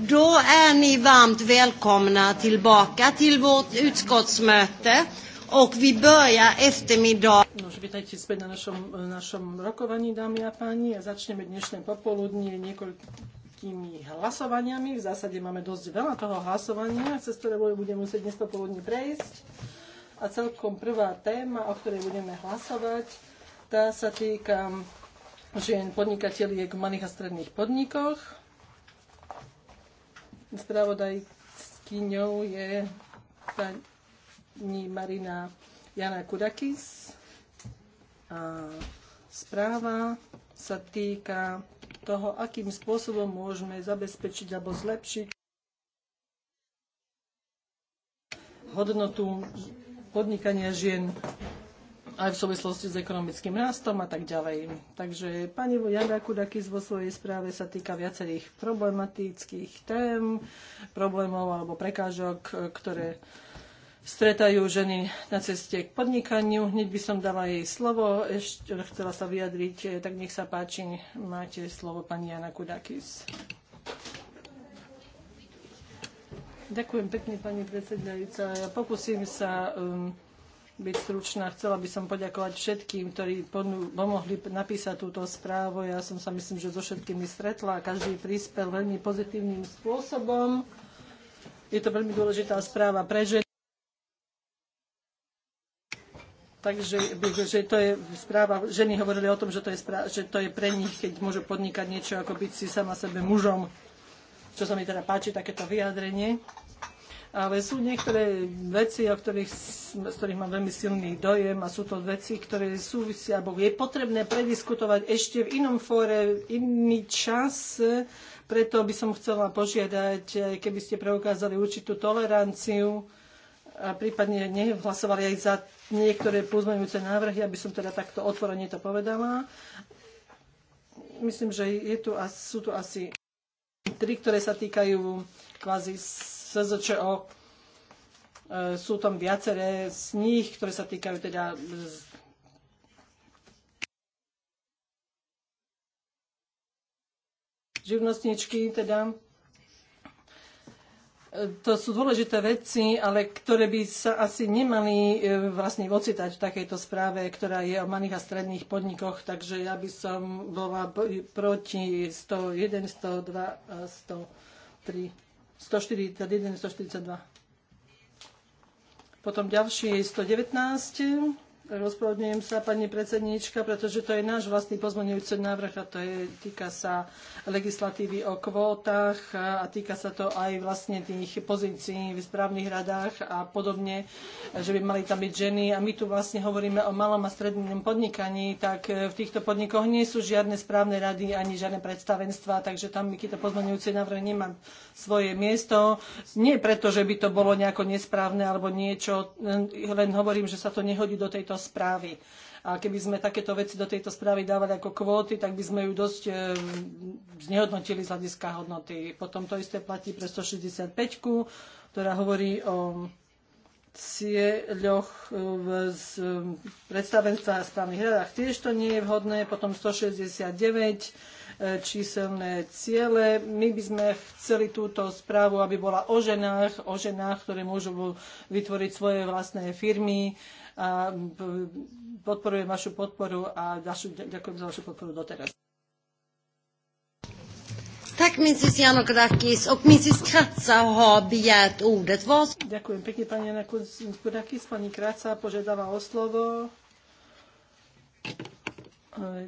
Då är ni varmt välkomna tillbaka till vårt utskottsmöte och vi börjar eftermiddag. Nož, vitajte späť na našom, našom rokovaní, dámy a páni, a začneme dnešné popoludnie niekoľkými hlasovaniami. V zásade máme dosť veľa toho hlasovania, cez ktoré budeme musieť dnes popoludne prejsť. A celkom prvá téma, o ktorej budeme hlasovať, tá sa týka žien podnikateliek v malých a stredných podnikoch Spravodajkyňou je pani Marina Jana Kudakis. A správa sa týka toho, akým spôsobom môžeme zabezpečiť alebo zlepšiť hodnotu podnikania žien aj v súvislosti s ekonomickým rastom a tak ďalej. Takže pani Jana Kudakis vo svojej správe sa týka viacerých problematických tém, problémov alebo prekážok, ktoré stretajú ženy na ceste k podnikaniu. Hneď by som dala jej slovo. Ešte chcela sa vyjadriť, tak nech sa páči. Máte slovo pani Jana Kudakis. Ďakujem pekne, pani predsedajúca. Ja pokúsim sa um, byť stručná. Chcela by som poďakovať všetkým, ktorí pomohli napísať túto správu. Ja som sa myslím, že so všetkými stretla a každý prispel veľmi pozitívnym spôsobom. Je to veľmi dôležitá správa pre ženy. Takže že to je správa, ženy hovorili o tom, že to, je správa, že to je pre nich, keď môžu podnikať niečo, ako byť si sama sebe mužom. Čo sa mi teda páči, takéto vyjadrenie ale sú niektoré veci, o ktorých, z ktorých mám veľmi silný dojem a sú to veci, ktoré súvisia, alebo je potrebné prediskutovať ešte v inom fóre, iný čas, preto by som chcela požiadať, eh, keby ste preukázali určitú toleranciu a prípadne nehlasovali aj za niektoré pozmeňujúce návrhy, aby som teda takto otvorene to povedala. Myslím, že je tu, sú tu asi tri, ktoré sa týkajú kvázi SZČO. E, sú tam viaceré z nich, ktoré sa týkajú teda živnostničky, teda e, to sú dôležité veci, ale ktoré by sa asi nemali e, vlastne ocitať v takejto správe, ktorá je o malých a stredných podnikoch, takže ja by som bola proti 101, 102 a 103. 141, 142. Teda Potom ďalšie je 119. Rozprodňujem sa, pani predsedníčka, pretože to je náš vlastný pozmeňujúci návrh a to je, týka sa legislatívy o kvótach a týka sa to aj vlastne tých pozícií v správnych radách a podobne, že by mali tam byť ženy. A my tu vlastne hovoríme o malom a strednom podnikaní, tak e, v týchto podnikoch nie sú žiadne správne rady ani žiadne predstavenstva, takže tam takýto pozmeňujúci návrh nemá svoje miesto. Nie preto, že by to bolo nejako nesprávne alebo niečo, e, len hovorím, že sa to nehodí do tejto správy. A keby sme takéto veci do tejto správy dávali ako kvóty, tak by sme ju dosť e, znehodnotili z hľadiska hodnoty. Potom to isté platí pre 165, ktorá hovorí o cieľoch e, z e, predstavenstva a správnych radách. Tiež to nie je vhodné. Potom 169 e, číselné ciele. My by sme chceli túto správu, aby bola o ženách, o ženách, ktoré môžu vytvoriť svoje vlastné firmy a podporujem vašu podporu a našu, ďakujem za vašu podporu doteraz. Tack Mrs Janokadakis och Mrs Kratsa har begärt ordet. Var... Ďakujem pekne pani Janokadakis. Pani Kratsa požiadava o slovo.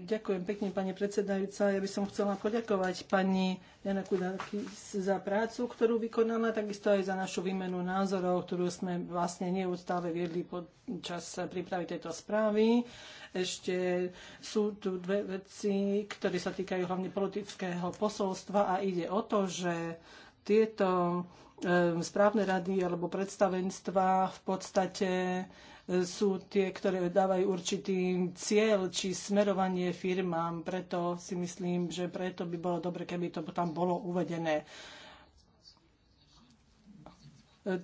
Ďakujem pekne, pani predsedajúca. Ja by som chcela poďakovať pani Jana Kudakis za prácu, ktorú vykonala, takisto aj za našu výmenu názorov, ktorú sme vlastne neustále viedli počas prípravy tejto správy. Ešte sú tu dve veci, ktoré sa týkajú hlavne politického posolstva a ide o to, že tieto správne rady alebo predstavenstva v podstate e, sú tie, ktoré dávajú určitý cieľ či smerovanie firmám. Preto si myslím, že preto by bolo dobre, keby to tam bolo uvedené. E,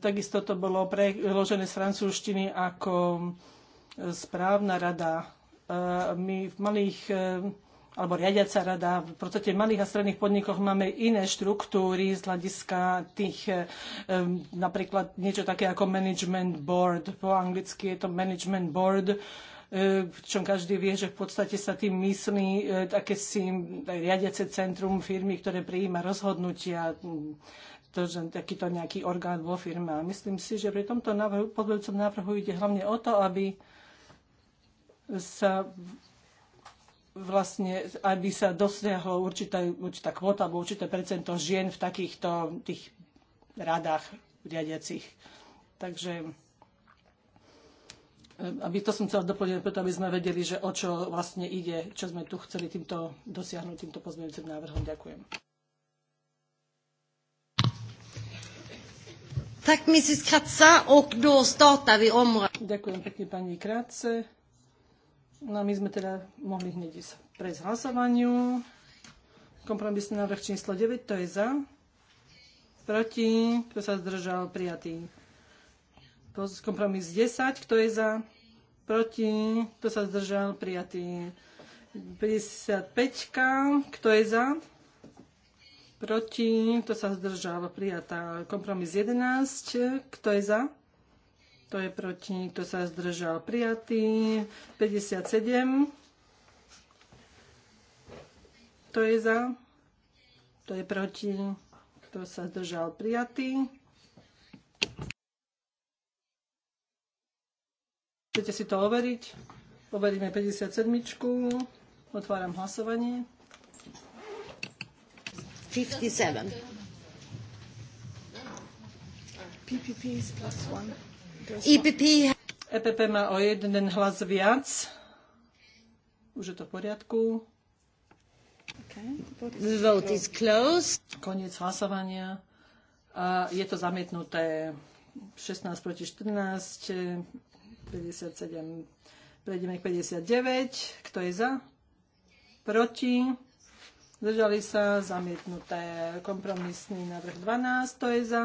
takisto to bolo preložené z francúzštiny ako e, správna rada. My v malých alebo riadiaca rada. V podstate v malých a stredných podnikoch máme iné štruktúry z hľadiska tých, um, napríklad niečo také ako management board. Po anglicky je to management board eh, v čom každý vie, že v podstate sa tým myslí eh, také si riadiace centrum firmy, ktoré prijíma rozhodnutia, hm, to, že takýto nejaký orgán vo firme. A myslím si, že pri tomto návrhu, podľúcom návrhu ide hlavne o to, aby sa vlastne, aby sa dosiahlo určitá, určitá kvota alebo určité percento žien v takýchto tých radách riadiacich. Takže e, aby to som chcela doplniť, preto aby sme vedeli, že o čo vlastne ide, čo sme tu chceli týmto dosiahnuť, týmto pozmeňujúcim návrhom. Ďakujem. Tak, Mrs. Kratza, och då startar vi omra- Ďakujem pekne pani Kratze. No my sme teda mohli hneď ísť prejsť hlasovaniu. Kompromisný návrh číslo 9, to je za. Proti, kto sa zdržal, prijatý. Kompromis 10, kto je za. Proti, kto sa zdržal, prijatý. 55, kto je za. Proti, kto sa zdržal, prijatá. Kompromis 11, kto je za to je proti, kto sa zdržal prijatý, 57, to je za, to je proti, kto sa zdržal prijatý. Chcete si to overiť? Overíme 57. Otváram hlasovanie. 57. PPP is plus one. EPP... EPP má o jeden hlas viac. Už je to v poriadku. The vote is closed. Koniec hlasovania. je to zamietnuté 16 proti 14, 57. Prejdeme k 59. Kto je za? Proti? Zdržali sa zamietnuté kompromisný návrh 12. Kto je za?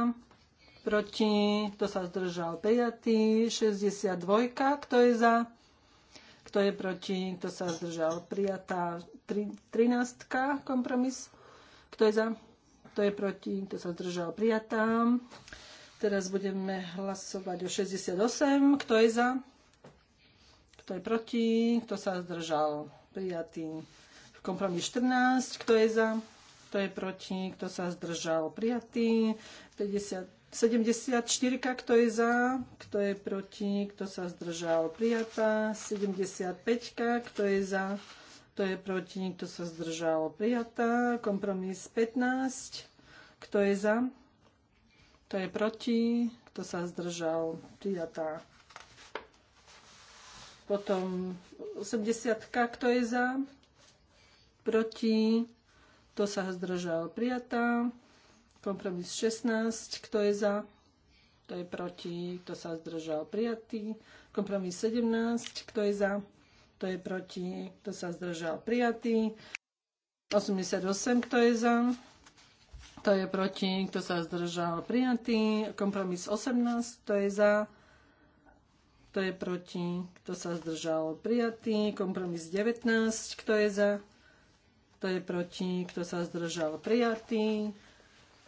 proti, kto sa zdržal prijatý, 62, kto je za, kto je proti, kto sa zdržal prijatá, 13, kompromis, kto je za, kto je proti, kto sa zdržal prijatá. Teraz budeme hlasovať o 68, kto je za, kto je proti, kto sa zdržal prijatý. Kompromis 14, kto je za, kto je proti, kto sa zdržal prijatý. 50, 74, kto je za, kto je proti, kto sa zdržal, prijatá. 75, kto je za, kto je proti, kto sa zdržal, prijatá. Kompromis 15, kto je za, kto je proti, kto sa zdržal, prijatá. Potom 80, kto je za, proti, kto sa zdržal, prijatá. Kompromis 16. Kto je za? Kto je proti? Kto sa zdržal? Prijatý. Kompromis 17. Kto je za? Kto je proti? Kto sa zdržal? Prijatý. 88. Kto je za? Kto je proti? Kto sa zdržal? Prijatý. Kompromis 18. Kto je za? Kto je proti? Kto sa zdržal? Prijatý. Kompromis 19. Kto je za? Kto je proti? Kto sa zdržal? Prijatý.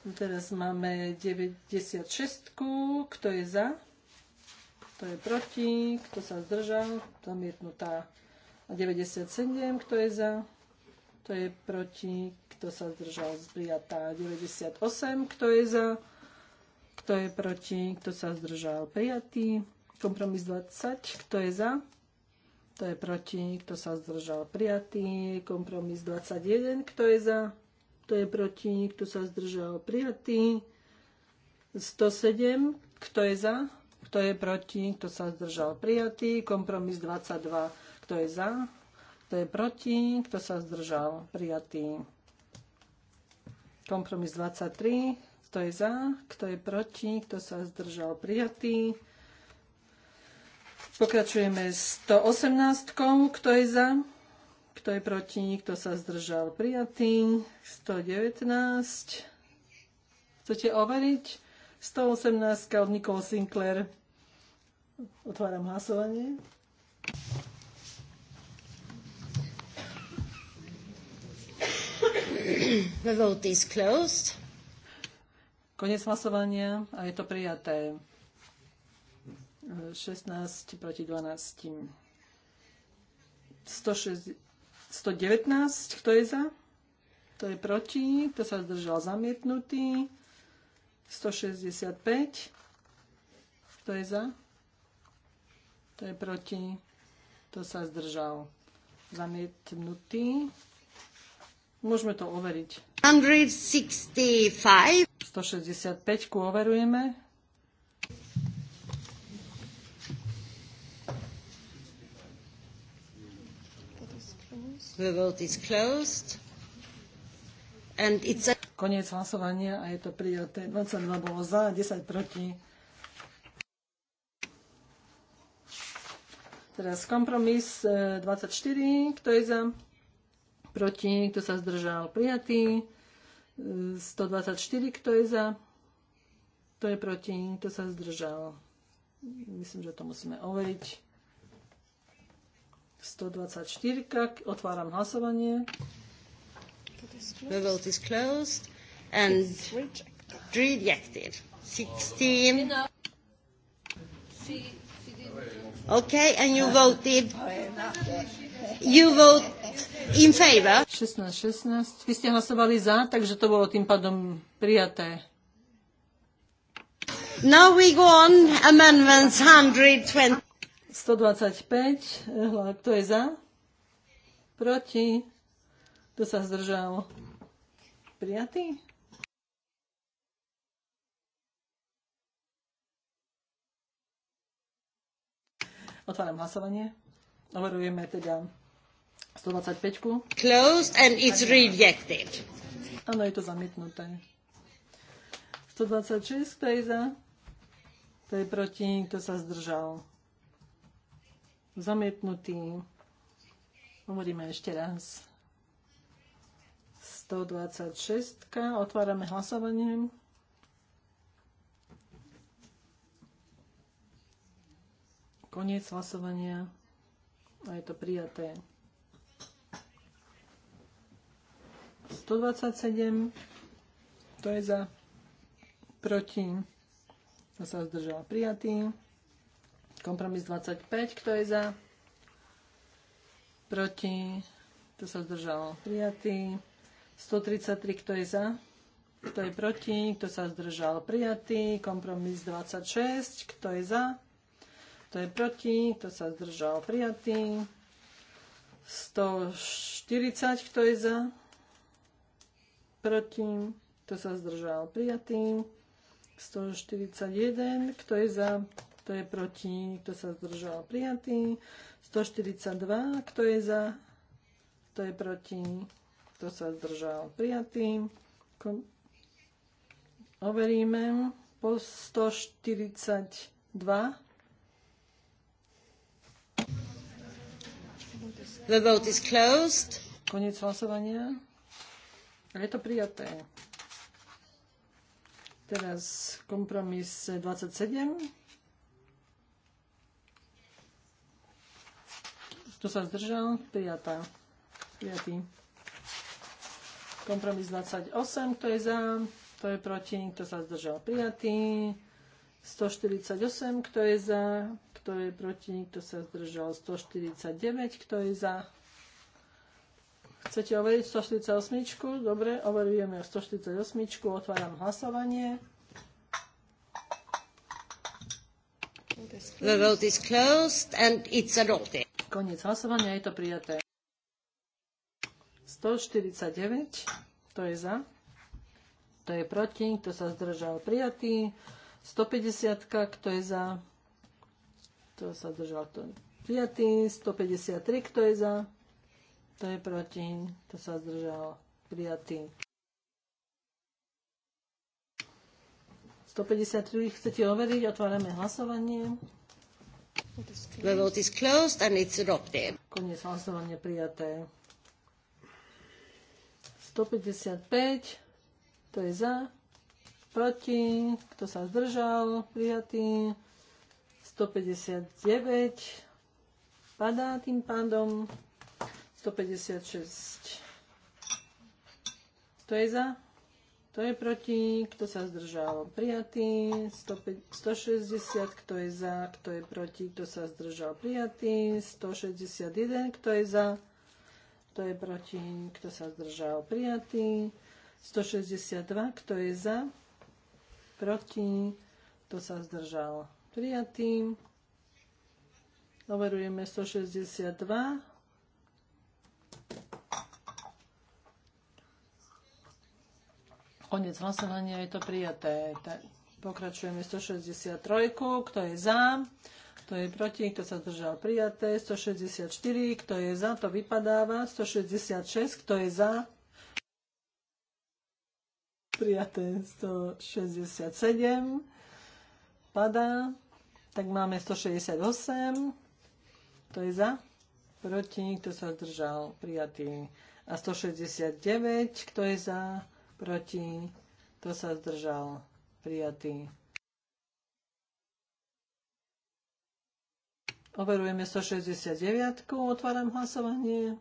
No teraz máme 96. Kto je za? Kto je proti? Kto sa zdržal? Zamietnutá. A 97. Kto je za? Kto je proti? Kto sa zdržal? Zbriatá. 98. Kto je za? Kto je proti? Kto sa zdržal? Prijatý. Kompromis 20. Kto je za? Kto je proti? Kto sa zdržal? Prijatý. Kompromis 21. Kto je za? kto je proti, kto sa zdržal prijatý. 107, kto je za, kto je proti, kto sa zdržal prijatý. Kompromis 22, kto je za, kto je proti, kto sa zdržal prijatý. Kompromis 23, kto je za, kto je proti, kto sa zdržal prijatý. Pokračujeme 118, kto je za, kto je proti? Kto sa zdržal? Prijatý. 119. Chcete overiť? 118 od Nicole Sinclair. Otváram hlasovanie. The vote is closed. Konec hlasovania a je to prijaté. 16 proti 12. 160 119, kto je za? Kto je proti? Kto sa zdržal zamietnutý? 165. Kto je za? Kto je proti? Kto sa zdržal zamietnutý? Môžeme to overiť. 165. 165 overujeme. Koniec hlasovania a je to prijaté. 22 bolo za, 10 proti. Teraz kompromis 24. E, Kto je za? Proti. Kto sa zdržal? Prijatý. 124. E, Kto je za? Kto je proti? Kto sa zdržal? Myslím, že to musíme overiť. 124. Otváram hlasovanie. The vote is closed and rejected. rejected. 16. Okay, and you voted. You vote in favor. 16, 16. Vy ste hlasovali za, takže to bolo tým pádom prijaté. Now we go on amendments 120. 125, eh, kto je za? Proti? Kto sa zdržal? Prijatý? Otváram hlasovanie. Overujeme teda 125. -ku. Closed and it's rejected. Áno, je to zamietnuté. 126, kto je za? Kto je proti? Kto sa zdržal? zamietnutý. Hovoríme ešte raz. 126. Otvárame hlasovanie. Koniec hlasovania. A je to prijaté. 127. To je za. Proti. To sa zdržal prijatý. Kompromis 25, kto je za? Proti? To sa zdržalo. Prijatý. 133, kto je za? Kto je proti? Kto sa zdržal? Prijatý. Kompromis 26. Kto je za? Kto je proti? Kto sa zdržal? Prijatý. 140. Kto je za? Proti. Kto sa zdržal? Prijatý. 141. Kto je za? kto je proti, kto sa zdržal prijatý. 142, kto je za, kto je proti, kto sa zdržal prijatý. overíme po 142. The vote is closed. Koniec hlasovania. Je to prijaté. Teraz kompromis 27. Kto sa zdržal? Prijatá. Prijatý. Kompromis 28. Kto je za? Kto je proti? Kto sa zdržal? Prijatý. 148, kto je za, kto je proti, kto sa zdržal, 149, kto je za. Chcete overiť 148? Dobre, overujeme 148, otváram hlasovanie. The vote is closed and it's adopted. Koniec hlasovania, je to prijaté. 149, to je za, kto je proti, to sa zdržal prijatý. 150, kto je za, to sa zdržal prijatý. 153, kto je za, to je proti, to sa zdržal prijatý. 153 chcete overiť, otvárame hlasovanie. The vote is closed and it's adopted. Koniec hlasovania prijaté. 155, to je za, proti, kto sa zdržal, prijatý. 159, padá tým pádom. 156, to je za, kto je proti? Kto sa zdržal? Prijatý. 160. Kto je za? Kto je proti? Kto sa zdržal? Prijatý. 161. Kto je za? Kto je proti? Kto sa zdržal? Prijatý. 162. Kto je za? Proti? Kto sa zdržal? Prijatý. Overujeme 162. Konec hlasovania je to prijaté. Pokračujeme 163. Kto je za? Kto je proti? Kto sa zdržal? Prijaté. 164. Kto je za? To vypadáva. 166. Kto je za? Prijaté. 167. Padá. Tak máme 168. Kto je za? Proti. Kto sa zdržal? Prijatý. A 169. Kto je za? proti, kto sa zdržal, prijatý. Overujeme 169. Otváram hlasovanie.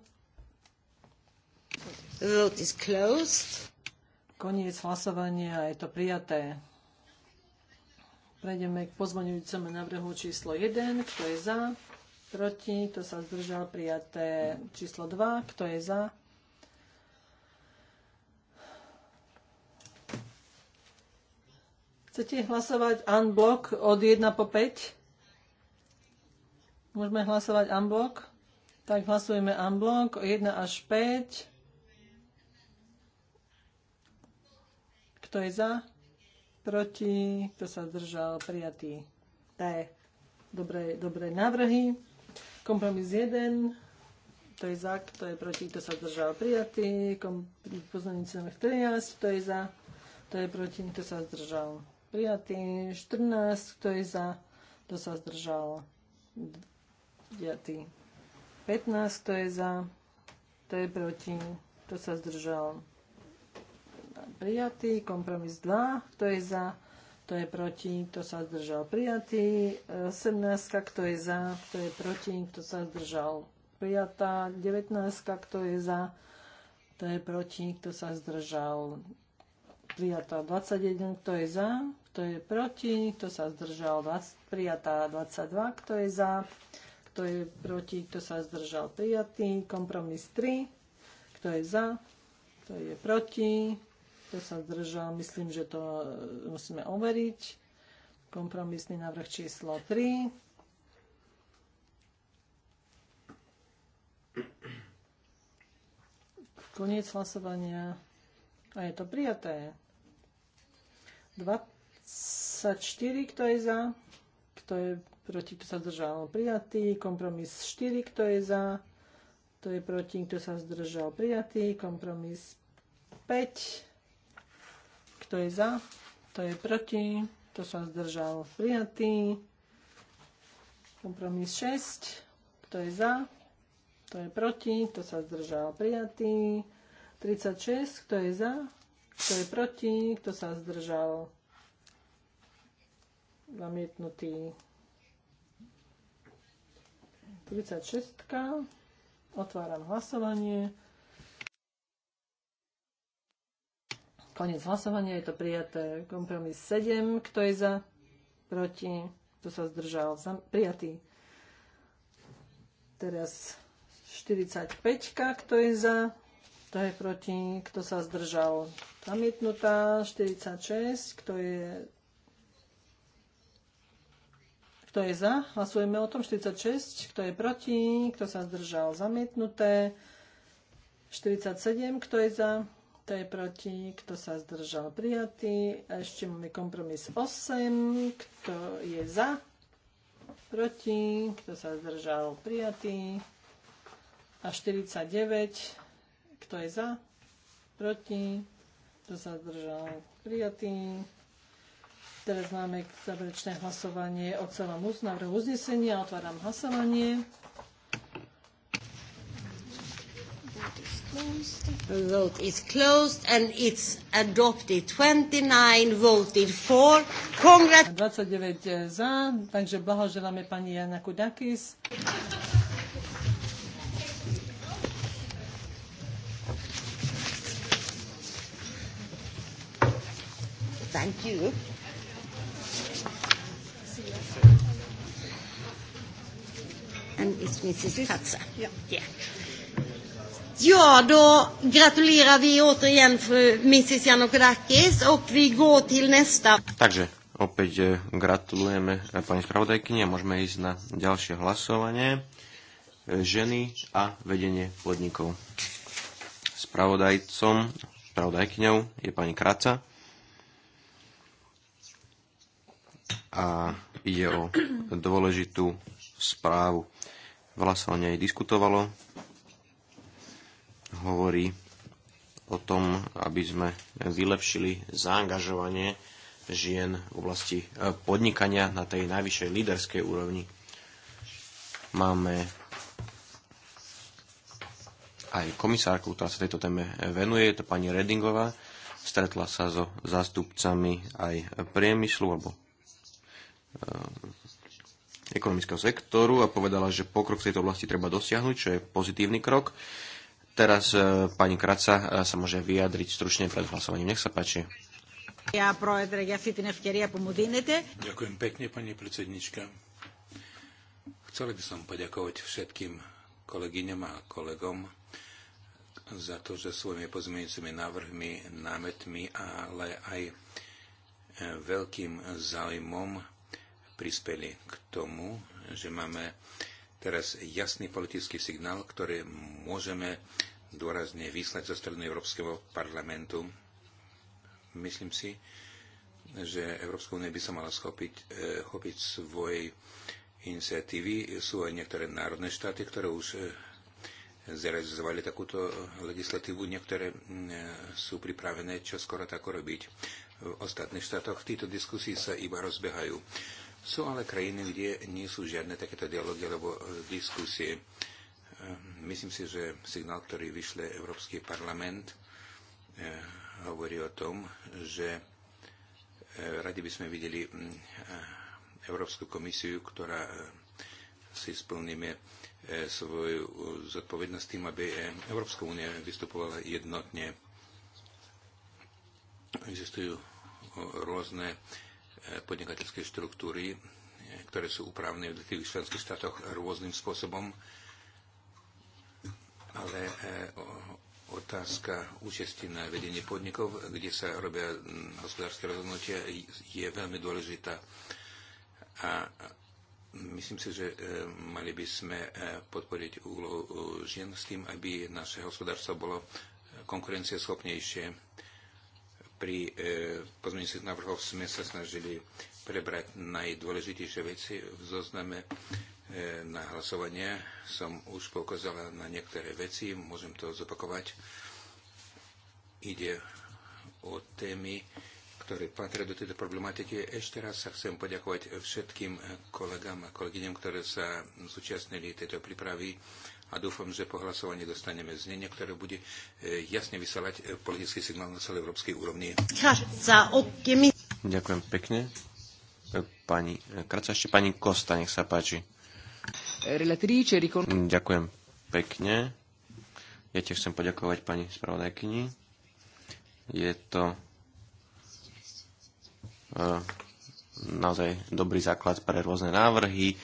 vote is closed. Koniec hlasovania, je to prijaté. Prejdeme k pozmaňujúcemu návrhu číslo 1. Kto je za? Proti? Kto sa zdržal? Prijaté číslo 2. Kto je za? Chcete hlasovať unblock od 1 po 5? Môžeme hlasovať unblock? Tak hlasujeme unblock 1 až 5. Kto je za? Proti? Kto sa zdržal? Prijatý. je Dobré, dobré návrhy. Kompromis 1. To je za? Kto je proti? Kto sa zdržal? Prijatý. Kom- Poznaním 13. Kto je za? Kto je proti? Kto sa zdržal? prijatý 14, kto je za, kto sa zdržal, prijatý 15, kto je za, kto je proti, kto sa zdržal, prijatý, kompromis 2, kto je za, kto je proti, kto sa zdržal, prijatý, 17, kto je za, kto je proti, kto sa zdržal, prijatá, 19, kto je za, kto je proti, kto sa zdržal, prijatá, 21, kto je za, kto je proti? Kto sa zdržal? 20, prijatá 22. Kto je za? Kto je proti? Kto sa zdržal? Prijatý. Kompromis 3. Kto je za? Kto je proti? Kto sa zdržal? Myslím, že to e, musíme overiť. Kompromisný návrh číslo 3. Koniec hlasovania. A je to prijaté. 24, kto je za, kto je proti, kto sa zdržal, prijatý. Kompromis 4, kto je za, kto je proti, kto sa zdržal, prijatý. Kompromis 5, kto je za, kto je proti, kto sa zdržal, prijatý. Kompromis 6, kto je za, kto je proti, kto sa zdržal, prijatý. 36, kto je za, kto je proti, kto sa zdržal, prijatý namietnutý 36. Otváram hlasovanie. Konec hlasovania, je to prijaté. Kompromis 7. Kto je za? Proti? Kto sa zdržal? Prijatý. Teraz 45. Kto je za? Kto je proti? Kto sa zdržal? Zamietnutá. 46. Kto je kto je za? Hlasujeme o tom. 46. Kto je proti? Kto sa zdržal? Zamietnuté. 47. Kto je za? Kto je proti? Kto sa zdržal? Prijatý. A ešte máme kompromis 8. Kto je za? Proti? Kto sa zdržal? Prijatý. A 49. Kto je za? Proti? Kto sa zdržal? Prijatý. Teraz máme záverečné hlasovanie o celom návrhu uznesenia. Otváram hlasovanie. The vote is closed and it's adopted. 29 voted for. Congrats. 29 za, takže blahoželáme pani Jana Kudakis. Thank you. Mrs Kratza. Ja. Yeah. Ja, då gratulerar vi återigen för Mrs Janokodakis och vi går till nästa. Takže opäť eh, gratulujeme eh, pani spravodajkyni a môžeme ísť na ďalšie hlasovanie. Eh, ženy a vedenie podnikov. Spravodajcom, spravodajkyňou je pani Kraca. A ide o dôležitú správu veľa sa o nej diskutovalo. Hovorí o tom, aby sme vylepšili zaangažovanie žien v oblasti e, podnikania na tej najvyššej líderskej úrovni. Máme aj komisárku, ktorá sa tejto téme venuje, je to pani Redingová. Stretla sa so zástupcami aj priemyslu alebo e, ekonomického sektoru a povedala, že pokrok v tejto oblasti treba dosiahnuť, čo je pozitívny krok. Teraz e, pani Kraca e, sa môže vyjadriť stručne pred hlasovaním. Nech sa páči. Ja, proedre, ja si Ďakujem pekne, pani predsednička. Chceli by som poďakovať všetkým kolegyňam a kolegom za to, že svojimi pozmeňujúcimi návrhmi, námetmi, ale aj e, veľkým záujmom prispeli k tomu, že máme teraz jasný politický signál, ktorý môžeme dôrazne vyslať zo strany Európskeho parlamentu. Myslím si, že Európska únia by sa mala schopiť, eh, chopiť svojej iniciatívy. Sú aj niektoré národné štáty, ktoré už eh, zrealizovali takúto legislatívu, niektoré mm, eh, sú pripravené čo skoro tak robiť. V ostatných štátoch Títo diskusie sa iba rozbiehajú. Sú ale krajiny, kde nie sú žiadne takéto dialógy alebo e, diskusie. E, myslím si, že signál, ktorý vyšle Európsky parlament, e, hovorí o tom, že radi by sme videli Európsku komisiu, ktorá si splníme svoju zodpovednosť tým, aby Európska únia vystupovala jednotne. Existujú rôzne podnikateľské štruktúry, ktoré sú upravné v tých členských štátoch rôznym spôsobom, ale eh, otázka účasti na vedenie podnikov, kde sa robia hm, hospodárske rozhodnutia, je veľmi dôležitá. A myslím si, že eh, mali by sme eh, podporiť úlohu žien s tým, aby naše hospodárstvo bolo konkurencieschopnejšie. Pri e, pozmeňujúcich návrhoch sme sa snažili prebrať najdôležitejšie veci v zozname e, na hlasovanie. Som už poukázala na niektoré veci, môžem to zopakovať. Ide o témy, ktoré patria do tejto problematiky. Ešte raz sa chcem poďakovať všetkým kolegám a kolegyňam, ktoré sa zúčastnili tejto prípravy a dúfam, že po hlasovaní dostaneme znenie, ktoré bude e, jasne vyselať e, politický signál na celej európskej úrovni. Ďakujem pekne. E, pani Kraca, ešte pani Kosta, nech sa páči. Mm, ďakujem pekne. Ja tiež chcem poďakovať pani spravodajkyni. Je to naozaj dobrý základ pre rôzne návrhy,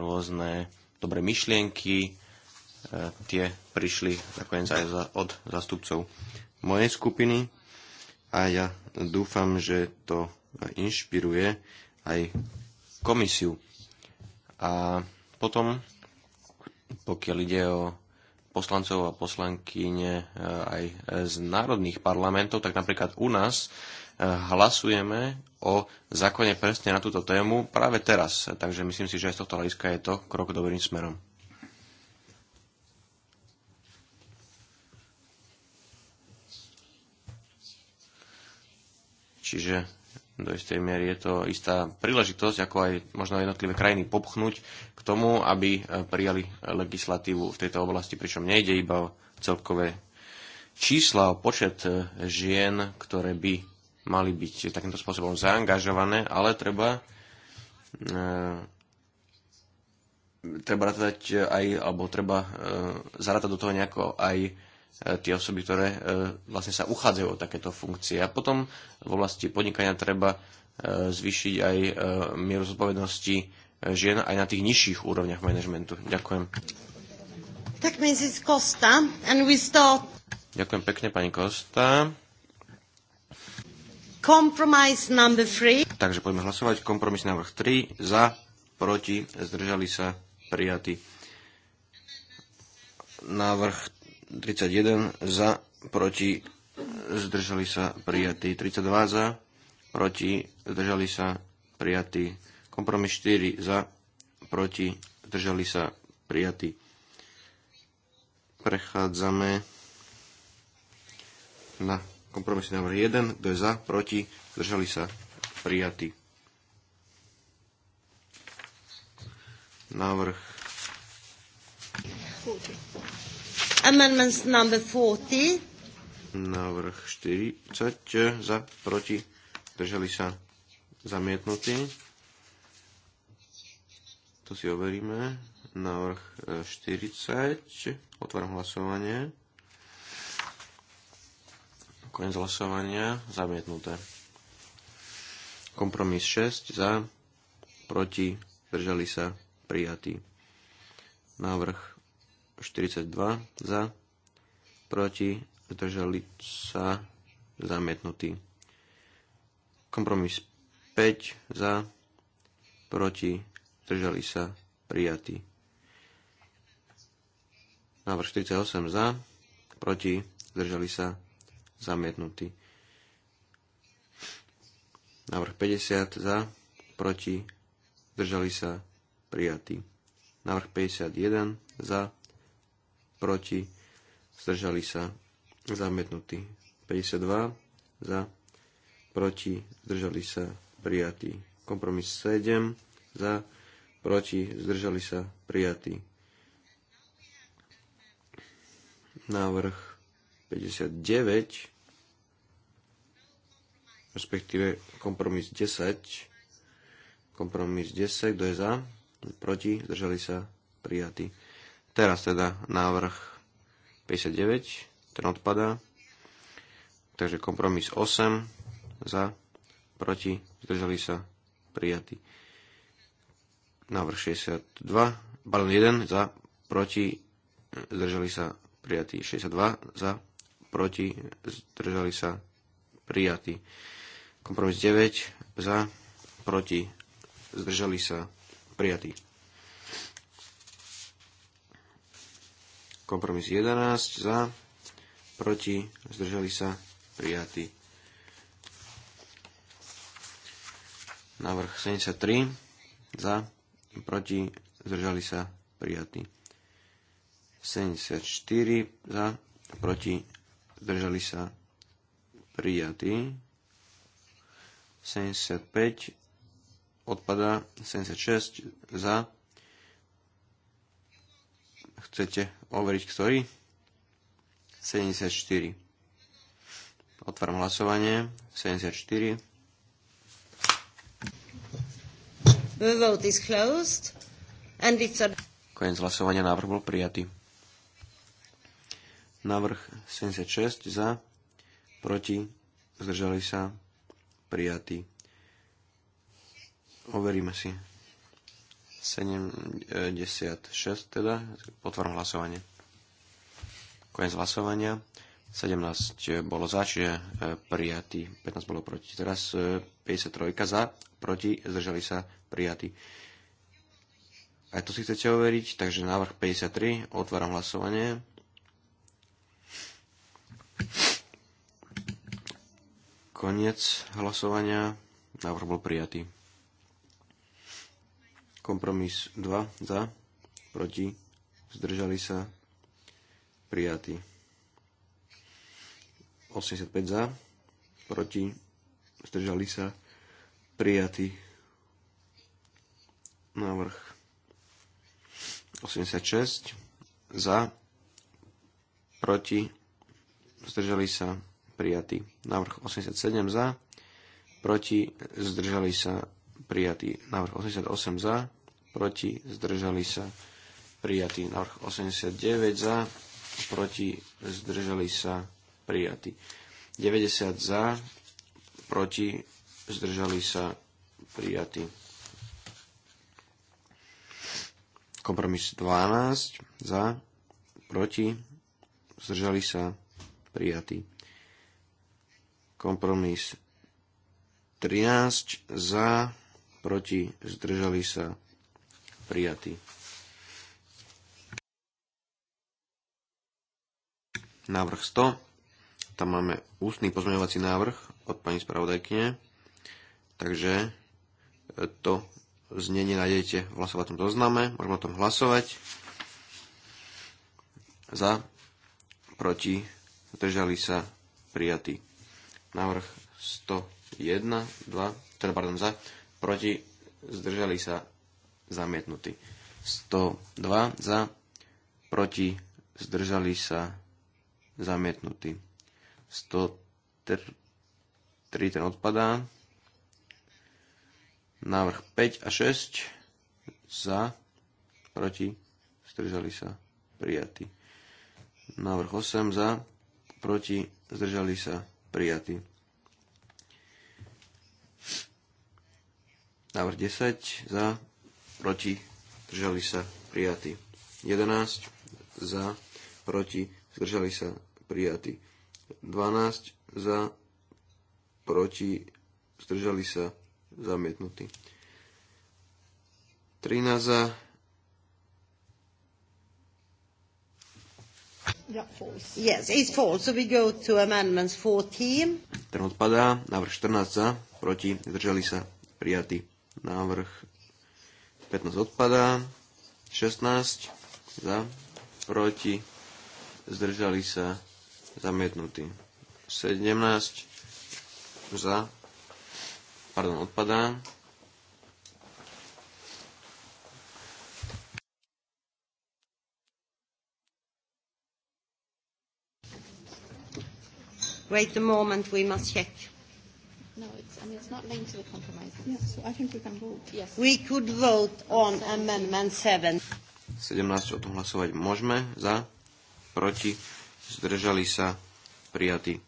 rôzne dobré myšlienky, E, tie prišli nakoniec aj za, od zastupcov mojej skupiny a ja dúfam, že to inšpiruje aj komisiu. A potom, pokiaľ ide o poslancov a poslankyne e, aj z národných parlamentov, tak napríklad u nás e, hlasujeme o zákone presne na túto tému práve teraz. Takže myslím si, že aj z tohto hľadiska je to krok dobrým smerom. Čiže do istej miery je to istá príležitosť, ako aj možno jednotlivé krajiny popchnúť k tomu, aby e, prijali legislatívu v tejto oblasti, pričom nejde iba o celkové čísla, o počet e, žien, ktoré by mali byť takýmto spôsobom zaangažované, ale treba e, treba rátať aj, alebo treba zarátať do toho nejako aj E, tie osoby, ktoré e, vlastne sa uchádzajú o takéto funkcie. A potom v oblasti podnikania treba e, zvýšiť aj mieru zodpovednosti žien aj na tých nižších úrovniach manažmentu. Ďakujem. Tak Mrs. Costa, and we start... Ďakujem pekne, pani Kosta. Compromise number three. Takže poďme hlasovať. Kompromis návrh 3. Za, proti, zdržali sa, prijatý. Návrh 31 za, proti, zdržali sa prijatí. 32 za, proti, zdržali sa prijatí. Kompromis 4 za, proti, zdržali sa prijatí. Prechádzame na kompromisný návrh 1. Kto je za, proti, zdržali sa prijatí. Návrh you. Amendments number 40. Návrh 40 eh, za, proti, držali sa zamietnutí. To si overíme. Návrh 40. Eh, Otváram hlasovanie. Koniec hlasovania. Zamietnuté. Kompromis 6 za, proti, držali sa, prijatý. Návrh 42 za, proti, zdržali sa, zamietnutý. Kompromis 5 za, proti, zdržali sa, prijatý. Návrh 48 za, proti, zdržali sa, zamietnutý. Návrh 50 za, proti, zdržali sa, prijatý. Návrh 51 za, proti, zdržali sa, zamietnutí. 52 za, proti, zdržali sa, prijatí. Kompromis 7 za, proti, zdržali sa, prijatí. Návrh 59, respektíve kompromis 10, kompromis 10, kto je za, proti, zdržali sa, prijatí. Teraz teda návrh 59, ten odpadá. Takže kompromis 8 za, proti, zdržali sa, prijatý. Návrh 62, pardon 1 za, proti, zdržali sa, prijatý. 62 za, proti, zdržali sa, prijatý. Kompromis 9 za, proti, zdržali sa, prijatý. Kompromis 11 za, proti, zdržali sa, prijatý. Návrh 73 za, proti, zdržali sa, prijatý. 74 za, proti, zdržali sa, prijatý. 75 odpada, 76 za, Chcete overiť ktorý? 74. Otváram hlasovanie. 74. The vote is closed and it's a... Koniec hlasovania, návrh bol prijatý. Návrh 76 za, proti, zdržali sa, prijatý. Overíme si. 76 teda. otvorím hlasovanie. Koniec hlasovania. 17 eh, bolo za, čiže eh, prijatý. 15 bolo proti. Teraz 53 eh, za, proti, zdržali sa prijatí. Aj to si chcete overiť, takže návrh 53. Otváram hlasovanie. Koniec hlasovania. Návrh bol prijatý. Kompromis 2 za, proti, zdržali sa, prijatý. 85 za, proti, zdržali sa, prijatý. Návrh 86 za, proti, zdržali sa, prijatý. Návrh 87 za, proti, zdržali sa, prijatý. Návrh 88 za, proti, zdržali sa, prijatý. Návrh 89 za, proti, zdržali sa, prijatý. 90 za, proti, zdržali sa, prijatý. Kompromis 12 za, proti, zdržali sa, prijatý. Kompromis 13 za, proti, zdržali sa, prijatý. Návrh 100. Tam máme ústny pozmeňovací návrh od pani spravodajkyne. Takže e, to znenie nájdete v hlasovacom zozname. Môžeme o tom hlasovať. Za, proti, zdržali sa, prijatý. Návrh 101, 2, teda pardon, za, proti, zdržali sa, zamietnutí. 102 za, proti, zdržali sa, zamietnutí, 103 ten odpadá. Návrh 5 a 6 za, proti, zdržali sa, prijatí, Návrh 8 za, proti, zdržali sa, prijatí. Návrh 10 za, proti, zdržali sa, prijatý. 11 za, proti, zdržali sa, prijatý. 12 za, proti, zdržali sa, zamietnutý. 13 za, Yes, it's false. So we go to amendments 14. Ten odpadá, návrh 14 za, proti, zdržali sa, prijatý. Návrh 15 odpadá. 16 za, proti, zdržali sa, zamietnutí. 17 za, pardon, odpadá. Wait a moment, we must check. No, it's, I mean, it's not linked to the compromise. Yeah, so I think we can vote. Yes. We could vote on 17. amendment 7. 17 o tom hlasovať môžeme. Za, proti, zdržali sa, prijatí.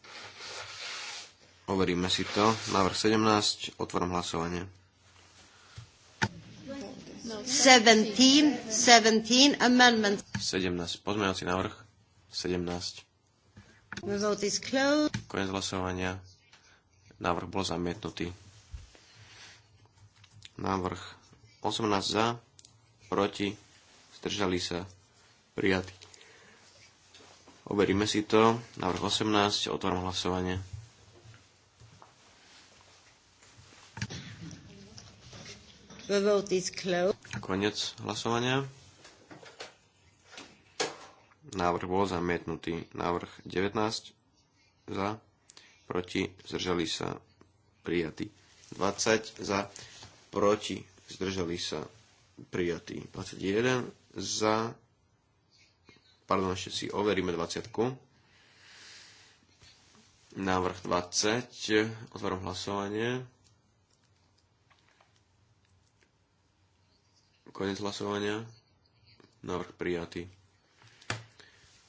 Overíme si to. Návrh 17, otváram hlasovanie. 17, no, 17, amendment. 17, pozmeňovací návrh. 17. Koniec hlasovania. Návrh bol zamietnutý. Návrh 18 za, proti, zdržali sa, prijatý. Overíme si to. Návrh 18, otváram hlasovanie. Konec hlasovania. Návrh bol zamietnutý. Návrh 19 za, proti, zdržali sa prijatí. 20 za, proti, zdržali sa prijatí. 21 za, pardon, ešte si overíme 20. Návrh 20, otváram hlasovanie. Konec hlasovania. Návrh prijatý.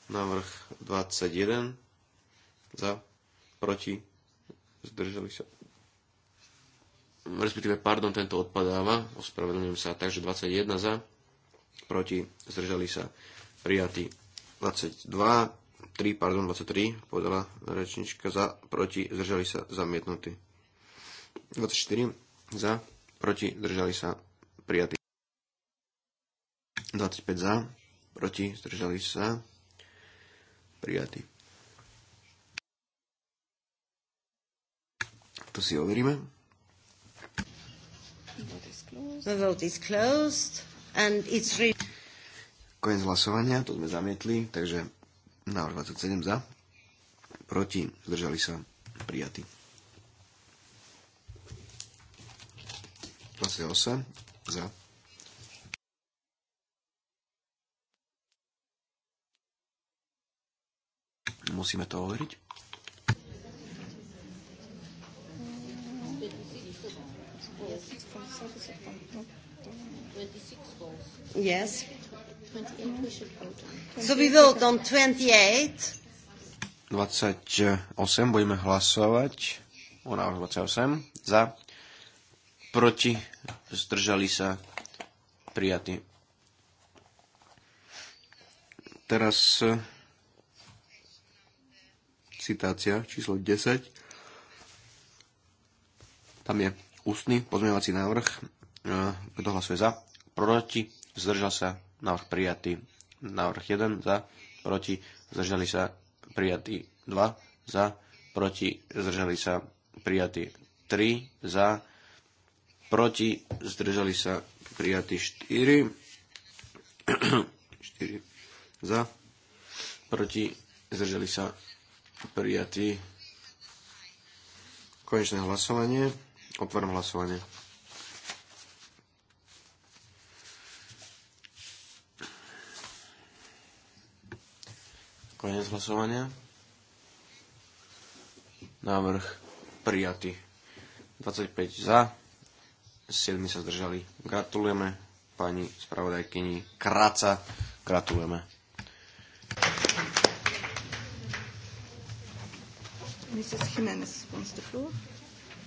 Návrh 21 za proti, zdržali sa. Respektíve, pardon, tento odpadáva, ospravedlňujem sa, takže 21 za, proti, zdržali sa, prijatí. 22, 3, pardon, 23, povedala rečnička, za, proti, zdržali sa, zamietnutí. 24 za, proti, zdržali sa, prijatí. 25 za, proti, zdržali sa, prijatí. To si overíme. Koniec hlasovania, to sme zamietli, takže návrh 27 za, proti, zdržali sa, prijatí. 28 za. Musíme to overiť. Yes. So we vote on 28. 28 budeme hlasovať o návrhu 28 za proti zdržali sa prijatí. Teraz eh, citácia číslo 10. Tam je Ústny pozmeňovací návrh. E, kto hlasuje za? Proti? Zdržal sa? Návrh prijatý. Návrh 1 za? Proti? Zdržali sa? Prijatý. 2 za? Proti? Zdržali sa? Prijatý. 3 za? Proti? Zdržali sa? Prijatý. 4 4 za? Proti? Zdržali sa? Prijatý. Konečné hlasovanie. Otvorím hlasovanie. Konec hlasovania. Návrh prijatý. 25 za, 7 sa zdržali. Gratulujeme pani spravodajkyni Kráca. Gratulujeme. Mrs. Jimenez wants the floor.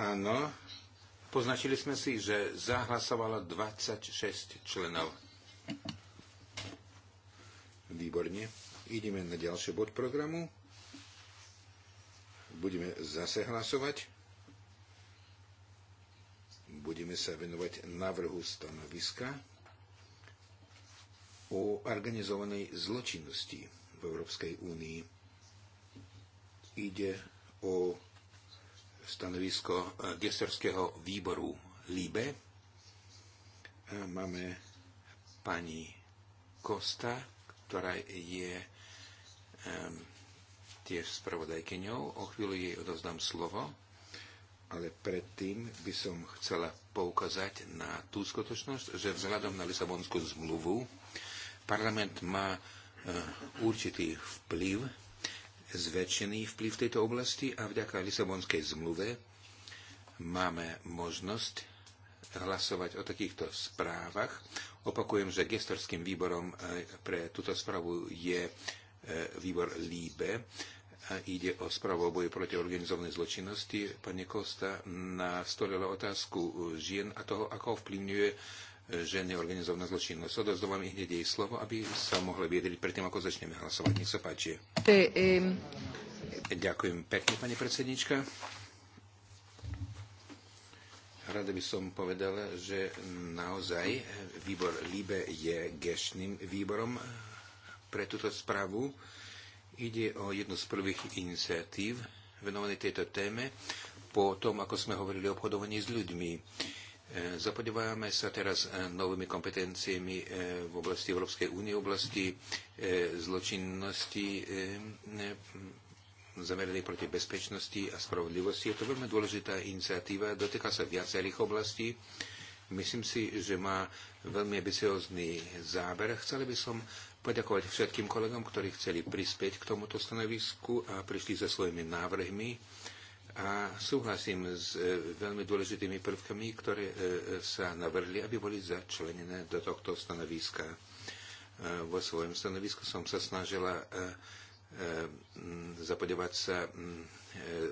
Áno, poznačili sme si, že zahlasovalo 26 členov. Výborne. Ideme na ďalší bod programu. Budeme zase hlasovať. Budeme sa venovať návrhu stanoviska o organizovanej zločinnosti v Európskej únii. Ide o stanovisko e, gestorského výboru LIBE. E, máme pani Kosta, ktorá je um, tiež spravodajkyňou. O chvíľu jej odovzdám slovo, ale predtým by som chcela poukázať na tú skutočnosť, že vzhľadom na Lisabonskú zmluvu parlament má uh, určitý vplyv zväčšený vplyv v tejto oblasti a vďaka Lisabonskej zmluve máme možnosť hlasovať o takýchto správach. Opakujem, že gestorským výborom e, pre túto správu je e, výbor LIBE. E, ide o správu o boji proti organizovanej zločinnosti. Pane Kosta nastolila otázku žien a toho, ako vplyvňuje ženy organizovaná zločinnosť. Odozdávam ich hneď jej slovo, aby sa mohli vyjadriť predtým, ako začneme hlasovať. Nech sa páči. Ďakujem pekne, pani predsednička. Rada by som povedala, že naozaj výbor LIBE je gešným výborom pre túto správu. Ide o jednu z prvých iniciatív venovanej tejto téme po tom, ako sme hovorili o obchodovaní s ľuďmi E, Zapodívame sa teraz e, novými kompetenciami e, v oblasti Európskej únie, v oblasti zločinnosti zameranej proti bezpečnosti a spravodlivosti. Je to veľmi dôležitá iniciatíva, dotýka sa viacerých oblastí. Myslím si, že má veľmi ambiciózny záber. Chceli by som poďakovať všetkým kolegom, ktorí chceli prispieť k tomuto stanovisku a prišli so svojimi návrhmi a súhlasím s e, veľmi dôležitými prvkami, ktoré e, e, sa navrhli, aby boli začlenené do tohto stanoviska. Vo svojom stanovisku som sa snažila zapodevať sa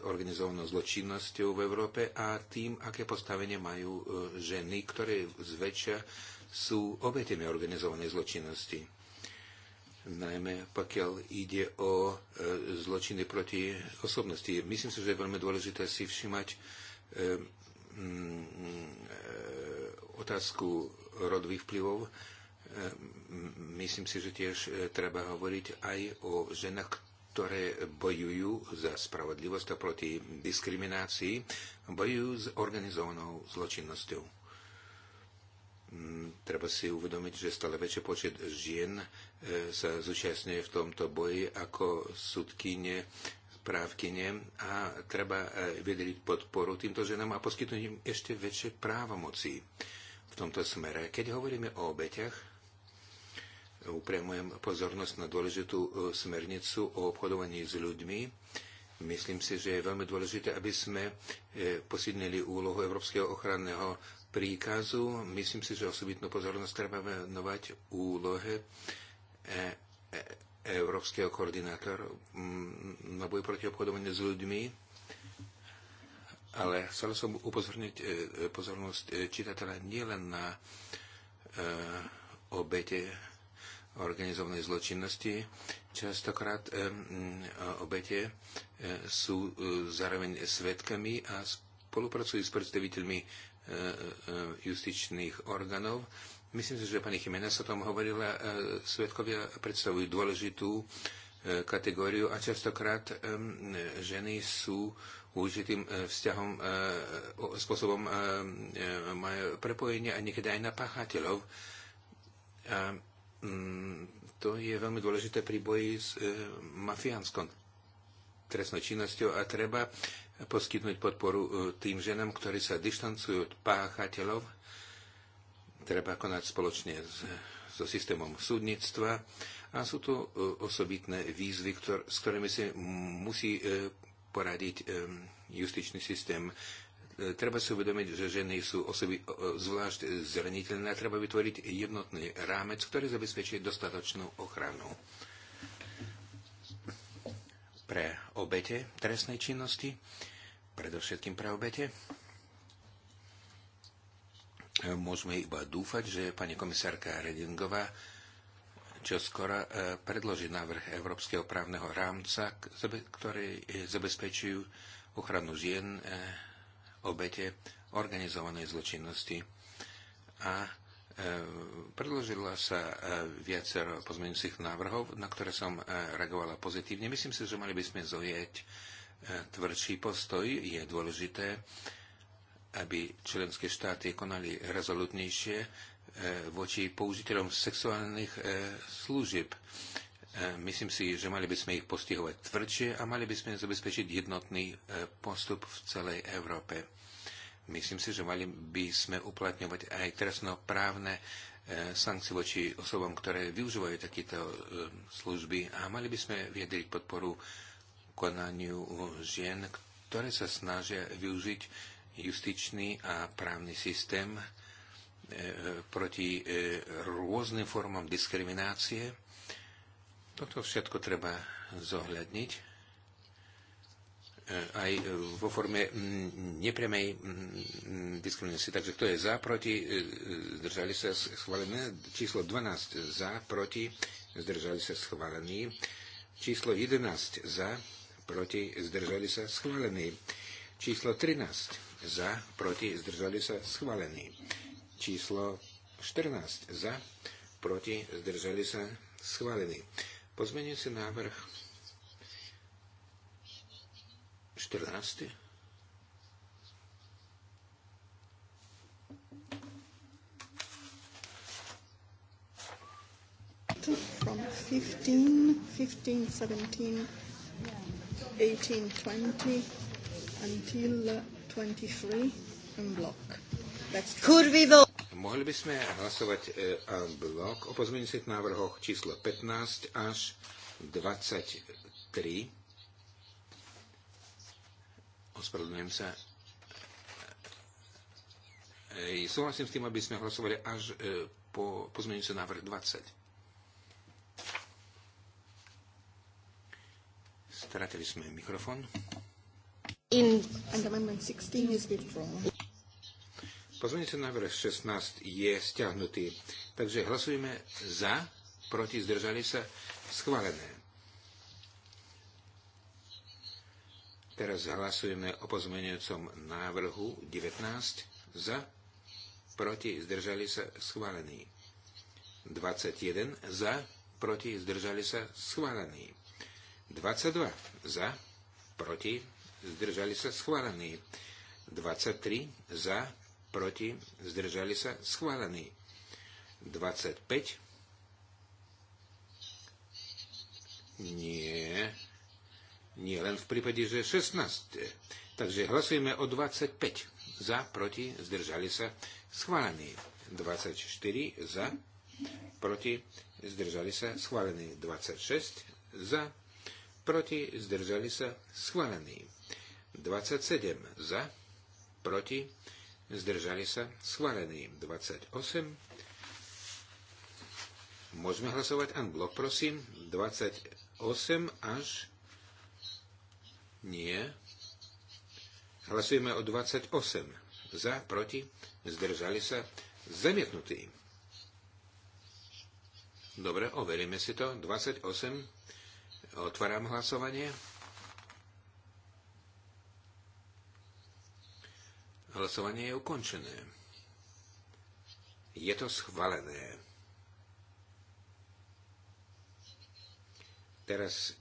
organizovanou zločinnosťou v Európe a tým, aké postavenie majú ženy, ktoré zväčša sú obetemi organizovanej zločinnosti najmä pokiaľ ide o e, zločiny proti osobnosti. Myslím si, že je veľmi dôležité si všimať e, mm, e, otázku rodových vplyvov. Myslím si, že tiež treba hovoriť aj o ženách, ktoré bojujú za spravodlivosť a proti diskriminácii, bojujú s organizovanou zločinnosťou. Mm, treba si uvedomiť, že stále väčší počet žien e, sa zúčastňuje v tomto boji ako sudkyne, právkyne a treba e, vydeliť podporu týmto ženám a poskytnúť im ešte väčšie právomoci v tomto smere. Keď hovoríme o obeťach, upriamujem pozornosť na dôležitú e, smernicu o obchodovaní s ľuďmi, Myslím si, že je veľmi dôležité, aby sme posilnili úlohu Európskeho ochranného príkazu. Myslím si, že osobitnú pozornosť treba venovať úlohe e, e, európskeho koordinátora mm, na boj proti obchodovaniu s ľuďmi. Ale chcel som upozorniť e, pozornosť čitateľa nielen na obete organizovanej zločinnosti. Častokrát obete sú zároveň svetkami a spolupracujú s predstaviteľmi E, e, justičných orgánov. Myslím si, že pani Chimena sa tom hovorila, e, svetkovia predstavujú dôležitú kategóriu a častokrát ženy sú určitým vzťahom, spôsobom majú prepojenie a niekedy aj na páchateľov. A mm, to je veľmi dôležité pri boji s mafiánskou trestnou činnosťou a treba poskytnúť podporu e, tým ženám, ktorí sa dištancujú od páchateľov. Treba konať spoločne s, so systémom súdnictva. A sú to e, osobitné výzvy, ktor, s ktorými si musí e, poradiť justičný systém. Treba si uvedomiť, že ženy sú osoby zvlášť zraniteľné a treba vytvoriť jednotný rámec, ktorý zabezpečí dostatočnú ochranu pre obete trestnej činnosti, predovšetkým pre obete. Môžeme iba dúfať, že pani komisárka Redingová čo skoro e, predloží návrh Európskeho právneho rámca, ktorý e, zabezpečujú ochranu žien, e, obete organizovanej zločinnosti a E, predložila sa e, viacero pozmeňujúcich návrhov, na ktoré som e, reagovala pozitívne. Myslím si, že mali by sme zojeť tvrdší postoj. Je dôležité, aby členské štáty konali rezolutnejšie voči použiteľom sexuálnych služieb. Myslím si, že mali by sme ich postihovať tvrdšie a mali by sme zabezpečiť jednotný postup v celej Európe. Myslím si, že mali by sme uplatňovať aj trestnoprávne e, sankcie voči osobom, ktoré využívajú takéto e, služby a mali by sme viedriť podporu konaniu žien, ktoré sa snažia využiť justičný a právny systém e, proti rôznym formám diskriminácie. Toto všetko treba zohľadniť Eh, aj eh, vo forme mm, nepremej mm, mm, diskriminácie. Takže kto je za, proti, eh, zdržali sa schválené. Číslo 12 za, proti, zdržali sa schválení. Číslo 11 za, proti, zdržali sa schválení. Číslo 13 za, proti, zdržali sa schválení. Číslo 14 za, proti, zdržali sa schválení. Pozmenil si návrh 14. From 15, 15, 17, 18, 20 until 23 uh, en block. Mohli by sme hlasovať e, en blok o pozmeňujúcich návrhoch číslo 15 až 23. Ospravedlňujem sa. E, súhlasím s tým, aby sme hlasovali až e, po sa návrh 20. Stratili sme mikrofón. In... And amendment 16 is withdrawn. Pozmeňujúci návrh 16 je stiahnutý. Takže hlasujeme za, proti, zdržali sa, schválené. Teraz hlasujeme o pozmenujúcom návrhu 19 za, proti, zdržali sa, schválený. 21 za, proti, zdržali sa, schválený. 22 za, proti, zdržali sa, schválený. 23 za, proti, zdržali sa, schválený. 25 nie, nie len v prípade, že 16. Takže hlasujeme o 25. Za, proti, zdržali sa. Schválený. 24 za, proti, zdržali sa. Schválený. 26 za, proti, zdržali sa. Schválený. 27 za, proti, zdržali sa. Schválený. 28. Môžeme hlasovať blok prosím. 28 až nie. Hlasujeme o 28. Za, proti, zdržali sa, zamietnutí. Dobre, overíme si to. 28. Otváram hlasovanie. Hlasovanie je ukončené. Je to schválené. Teraz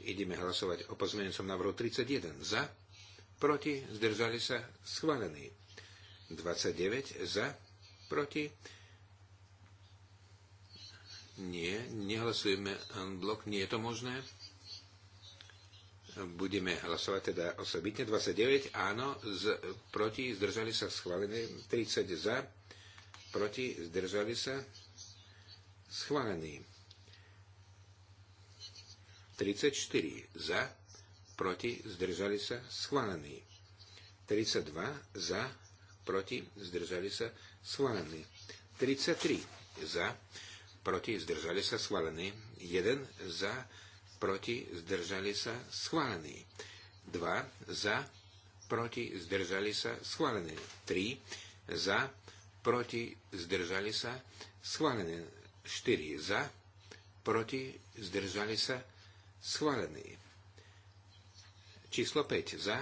Ideme hlasovať o pozmeňujúcom návrhu 31. Za. Proti. Zdržali sa. Schválený. 29. Za. Proti. Nie, nehlasujeme unblock, nie je to možné. Budeme hlasovať teda osobitne. 29, áno, z, proti, zdržali sa schválený, 30 za, proti, zdržali sa schválený. 34 za, proti, zdržali sa, schválený. 32 za, proti, zdržali sa, schválený. 33 za, proti, zdržali sa, schválený. 1 za, proti, zdržali sa, schválený. 2 za, proti, zdržali sa, schválený. 3 za, proti, zdržali sa, schválený. 4 za, proti, zdržali sa, schválený schválený. Číslo 5 za,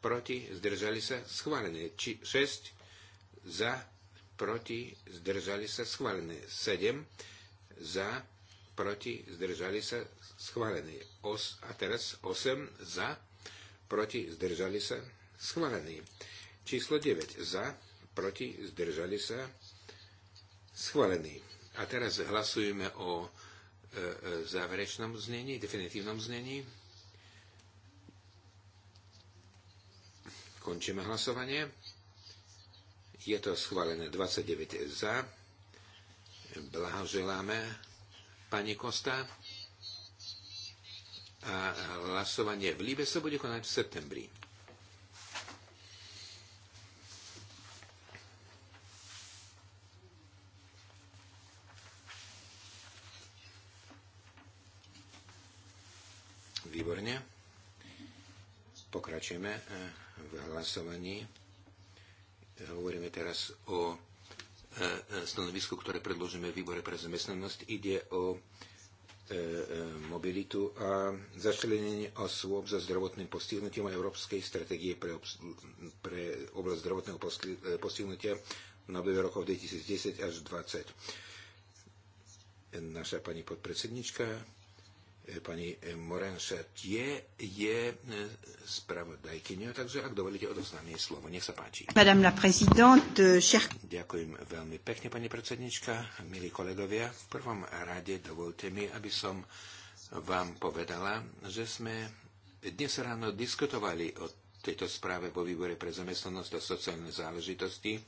proti, zdržali sa, schválené. Či 6 za, proti, zdržali sa, schválené. 7 za, proti, zdržali sa, schválené. Os, a teraz 8 za, proti, zdržali sa, schválený. Číslo 9 za, proti, zdržali sa, schválený. A teraz hlasujeme o E, záverečnom znení, definitívnom znení. Končíme hlasovanie. Je to schválené 29 za. Blahoželáme pani Kosta. A hlasovanie v Líbe sa bude konať v septembri. Výborne. Pokračujeme eh, v hlasovaní. Hovoríme teraz o eh, stanovisku, ktoré predložíme výbore pre zamestnanosť. Ide o eh, mobilitu a začlenenie osôb za zdravotným postihnutím a Európskej stratégie pre, pre oblasť zdravotného postihnutia na obdobie rokov 2010 až 2020. Naša pani podpredsednička Eh, pani eh, Moren tie je eh, spravodajkyňa, takže ak dovolíte, odoznám jej slovo. Nech sa páči. Madame la présidente, cher... Ďakujem veľmi pekne, pani predsednička, milí kolegovia. V prvom rade dovolte mi, aby som vám povedala, že sme dnes ráno diskutovali o tejto správe vo výbore pre zamestnanosť a sociálne záležitosti.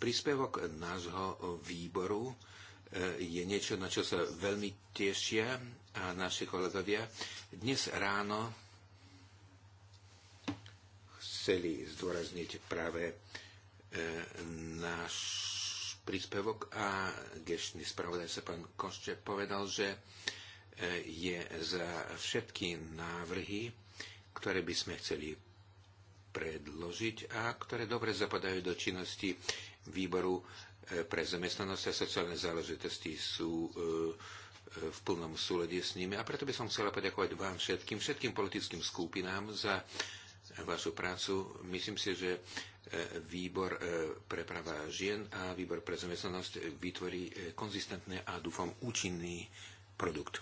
Príspevok nášho výboru E, je niečo, na čo sa veľmi tešia a naši kolegovia. Dnes ráno chceli zdôrazniť práve e, náš príspevok a gešný spravodajca pán Košče povedal, že e, je za všetky návrhy, ktoré by sme chceli predložiť a ktoré dobre zapadajú do činnosti výboru E, pre zamestnanosť a sociálne záležitosti sú e, e, v plnom súlede s nimi. A preto by som chcela poďakovať vám všetkým, všetkým politickým skupinám za vašu prácu. Myslím si, že výbor pre práva žien a výbor pre zamestnanosť vytvorí konzistentné a dúfam účinný produkt.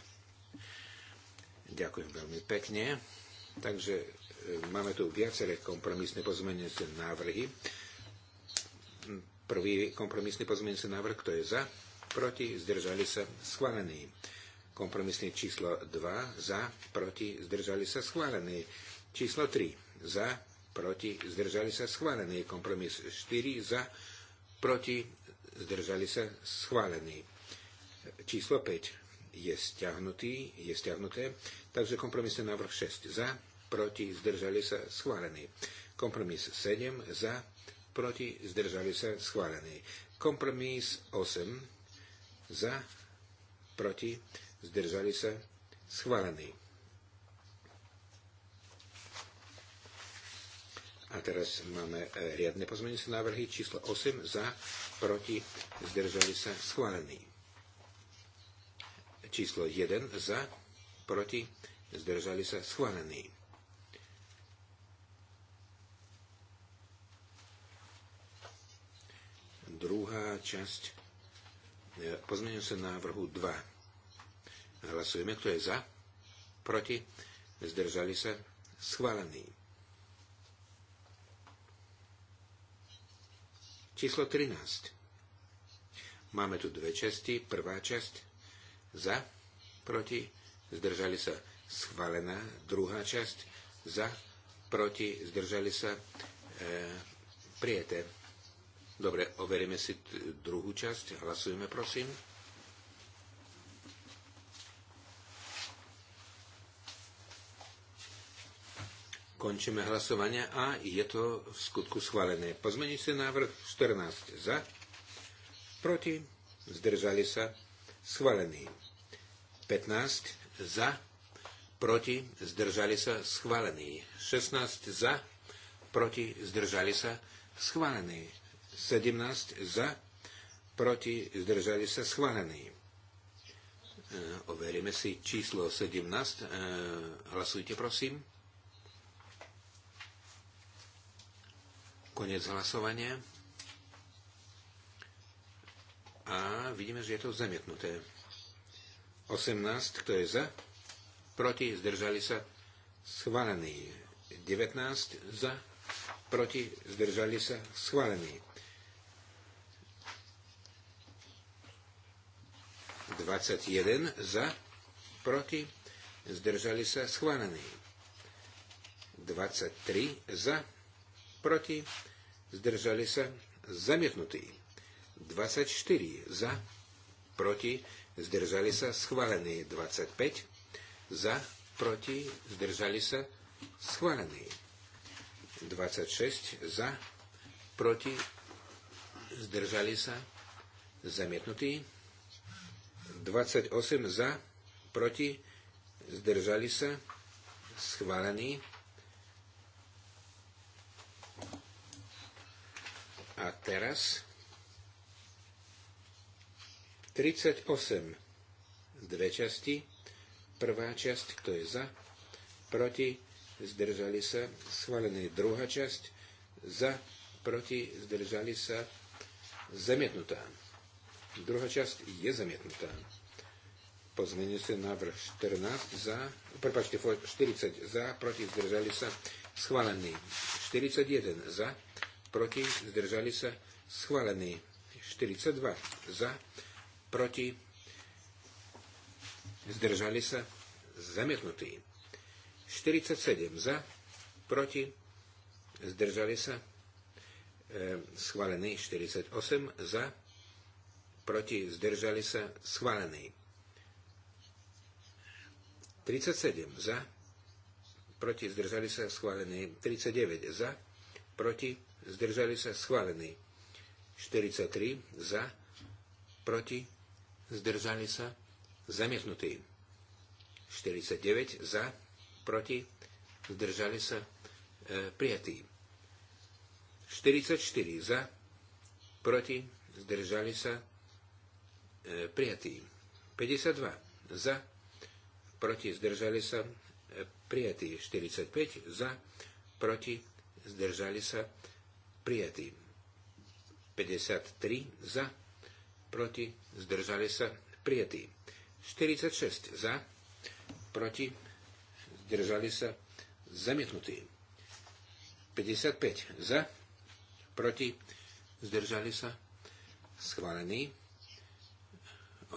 Ďakujem veľmi pekne. Takže máme tu viaceré kompromisné pozmeniace návrhy. Prvý kompromisný pozmeňujúci návrh, kto je za, proti, zdržali sa, schválený. Kompromisný číslo 2, za, proti, zdržali sa, schválený. Číslo 3, za, proti, zdržali sa, schválený. Kompromis 4, za, proti, zdržali sa, schválený. Číslo 5 je stiahnutý, je stiahnuté, takže kompromisný návrh 6, za, proti, zdržali sa, schválený. Kompromis 7, za, proti, zdržali sa, schválený. Kompromis 8, za, proti, zdržali sa, schválený. A teraz máme e, riadne pozmeňujúce návrhy číslo 8 za, proti, zdržali sa, schválený. Číslo 1 za, proti, zdržali sa, schválený. Druhá časť e, pozmeňujúce návrhu 2. Hlasujeme, kto je za, proti, zdržali sa, schválený. Číslo 13. Máme tu dve časti. Prvá časť za, proti, zdržali sa, schválená. Druhá časť za, proti, zdržali sa, e, prijaté. Dobre, overíme si druhú časť. Hlasujeme, prosím. Končíme hlasovanie a je to v skutku schválené. Pozmení sa návrh 14 za, proti, zdržali sa, schválený. 15 za, proti, zdržali sa, schválený. 16 za, proti, zdržali sa, schválený. 17 za, proti, zdržali sa schválení. E, overíme si číslo 17. E, hlasujte, prosím. Konec hlasovania. A vidíme, že je to zamietnuté. 18, kto je za? Proti, zdržali sa. Schválený. 19 za, proti, zdržali sa. Schválený. 21 za, proti, zdržali sa schválený. 23 za, proti, zdržali sa zamietnutý. 24 za, proti, zdržali sa schválený. 25 za, proti, zdržali sa schválený. 26 za, proti, zdržali sa zamietnutý. 28 za, proti, zdržali sa, schválený. A teraz 38. Dve časti. Prvá časť, kto je za, proti, zdržali sa, schválený. Druhá časť, za, proti, zdržali sa, zamietnutá. Druhá časť je zamietnutá. Pozmenujúci návrh 14 za, prepačte, 40 za, proti, zdržali sa, schválený. 41 za, proti, zdržali sa, schválený. 42 za, proti, zdržali sa, zamietnutý. 47 za, proti, zdržali sa, e, schválený. 48 za, proti, zdržali sa, schválený. 37 za, proti, zdržali sa, schválený. 39 za, proti, zdržali sa, schválený. 43 za, proti, zdržali sa, zamietnutý. 49 za, proti, zdržali sa, e, prijatý. 44 za, proti, zdržali sa, E, prijatý. 52 e, za, proti zdržali sa prijatý. 45 za, proti zdržali sa prijatý. 53 za, proti zdržali sa prijatý. 46 za, proti zdržali sa zamietnutý. 55 za, proti zdržali sa schválený.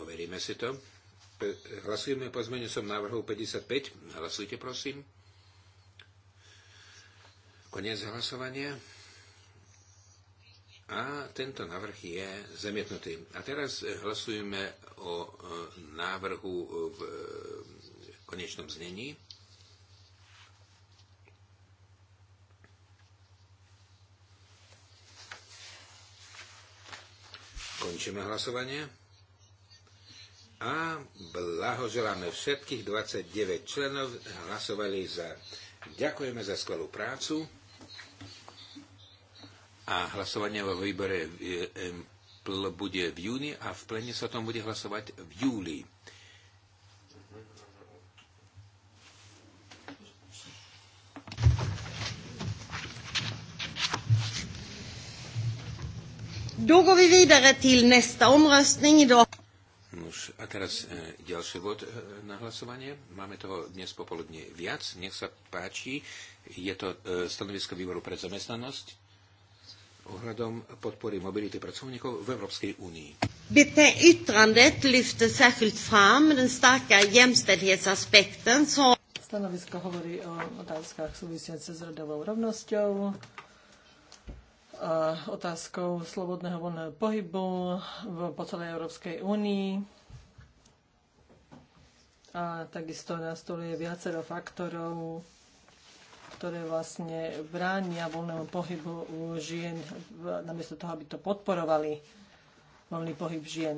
Overíme si to. Hlasujeme po som návrhu 55. Hlasujte, prosím. Konec hlasovania. A tento návrh je zamietnutý. A teraz hlasujeme o e, návrhu v e, konečnom znení. Končíme hlasovanie a blahoželáme všetkých 29 členov, hlasovali za. Ďakujeme za skvelú prácu a hlasovanie vo výbore bude v júni a v plene sa o tom bude hlasovať v júli. Då går vi vidare till nästa omröstning idag. Nož, a teraz e, ďalší bod e, na hlasovanie. Máme toho dnes popoludne viac. Nech sa páči. Je to e, stanovisko výboru pre zamestnanosť ohľadom podpory mobility pracovníkov v Európskej únii. Bitte yttrandet lyfte särskilt fram den starka jämställdhetsaspekten Stanovisko hovorí o otázkach súvisiace s rodovou rovnosťou otázkou slobodného voľného pohybu po celej Európskej únii. A takisto na stole je viacero faktorov, ktoré vlastne bránia voľnému pohybu u žien, namiesto toho, aby to podporovali voľný pohyb žien.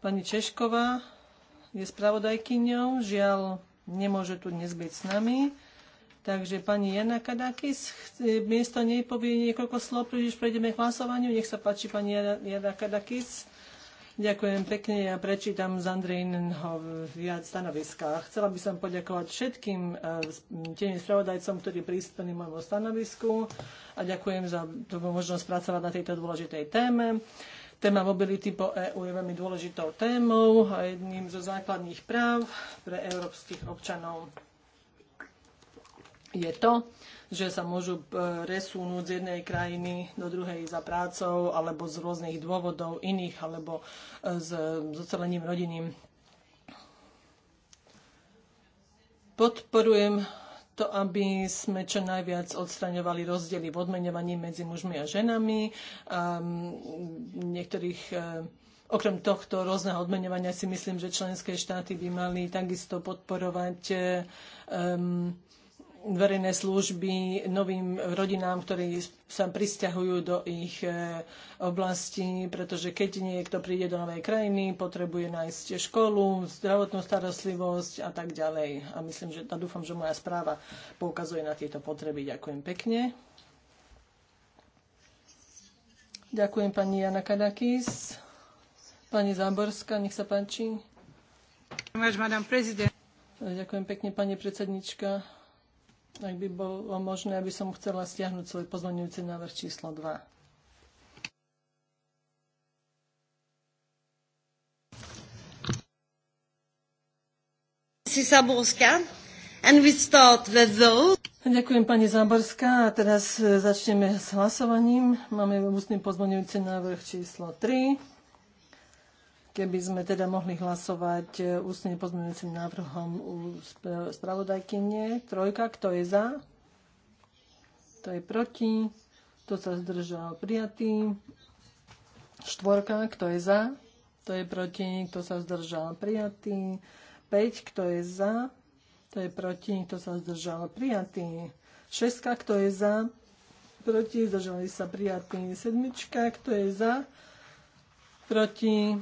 Pani Češková je spravodajkyňou, žiaľ nemôže tu dnes byť s nami Takže pani Jana Kadakis, miesto nej povie niekoľko slov, príliš prejdeme k hlasovaniu. Nech sa páči, pani Jana, Kadakis. Ďakujem pekne, ja prečítam z Andrejnho viac stanoviska. Chcela by som poďakovať všetkým eh, tým spravodajcom, ktorí prispeli môjmu stanovisku a ďakujem za tú možnosť pracovať na tejto dôležitej téme. Téma mobility po EU je veľmi dôležitou témou a jedným zo základných práv pre európskych občanov je to, že sa môžu presunúť e, z jednej krajiny do druhej za prácou alebo z rôznych dôvodov iných alebo e, s zocelením rodiny. Podporujem to, aby sme čo najviac odstraňovali rozdiely v odmenovaní medzi mužmi a ženami. Um, niektorých um, Okrem tohto rôzneho odmenovania si myslím, že členské štáty by mali takisto podporovať um, verejné služby novým rodinám, ktorí sa pristahujú do ich e, oblastí, pretože keď niekto príde do novej krajiny, potrebuje nájsť školu, zdravotnú starostlivosť a tak ďalej. A myslím, že a dúfam, že moja správa poukazuje na tieto potreby. Ďakujem pekne. Ďakujem pani Jana Kadakis. Pani Záborská, nech sa páči. Ďakujem pekne, pani predsednička ak by bolo možné, aby som chcela stiahnuť svoj pozvaniujúci návrh číslo 2. And we start the vote. Ďakujem pani Záborská a teraz e, začneme s hlasovaním. Máme ústny pozvaniujúci návrh číslo 3 keby sme teda mohli hlasovať e, ústne pozmeňujúcim návrhom u spravodajkyne. Trojka, kto je za? Kto je proti? Kto sa zdržal? Prijatý. Štvorka, kto je za? Kto je proti? Kto sa zdržal? Prijatý. 5, kto je za? Kto je proti? Kto sa zdržal? Prijatý. Šestka, kto je za? Proti, zdržali sa prijatý. Sedmička, kto je za? Proti,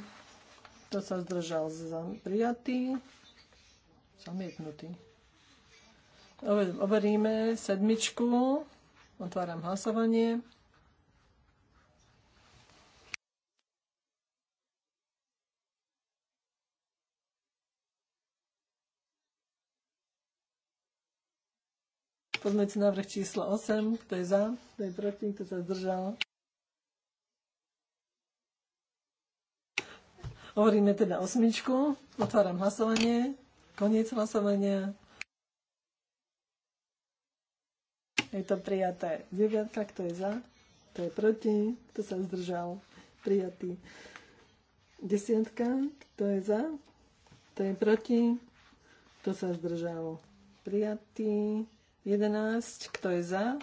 kto sa zdržal? Prijatý. Zamietnutý. Overíme sedmičku. Otváram hlasovanie. Pozmeňte návrh číslo 8. Kto je za? Kto je proti? Kto sa zdržal? Hovoríme teda osmičku. Otváram hlasovanie. Koniec hlasovania. Je to prijaté. Deviatka, kto je za? Kto je proti? Kto sa zdržal? Prijatý. Desiatka, kto je za? Kto je proti? Kto sa zdržal? Prijatý. 11, kto je za?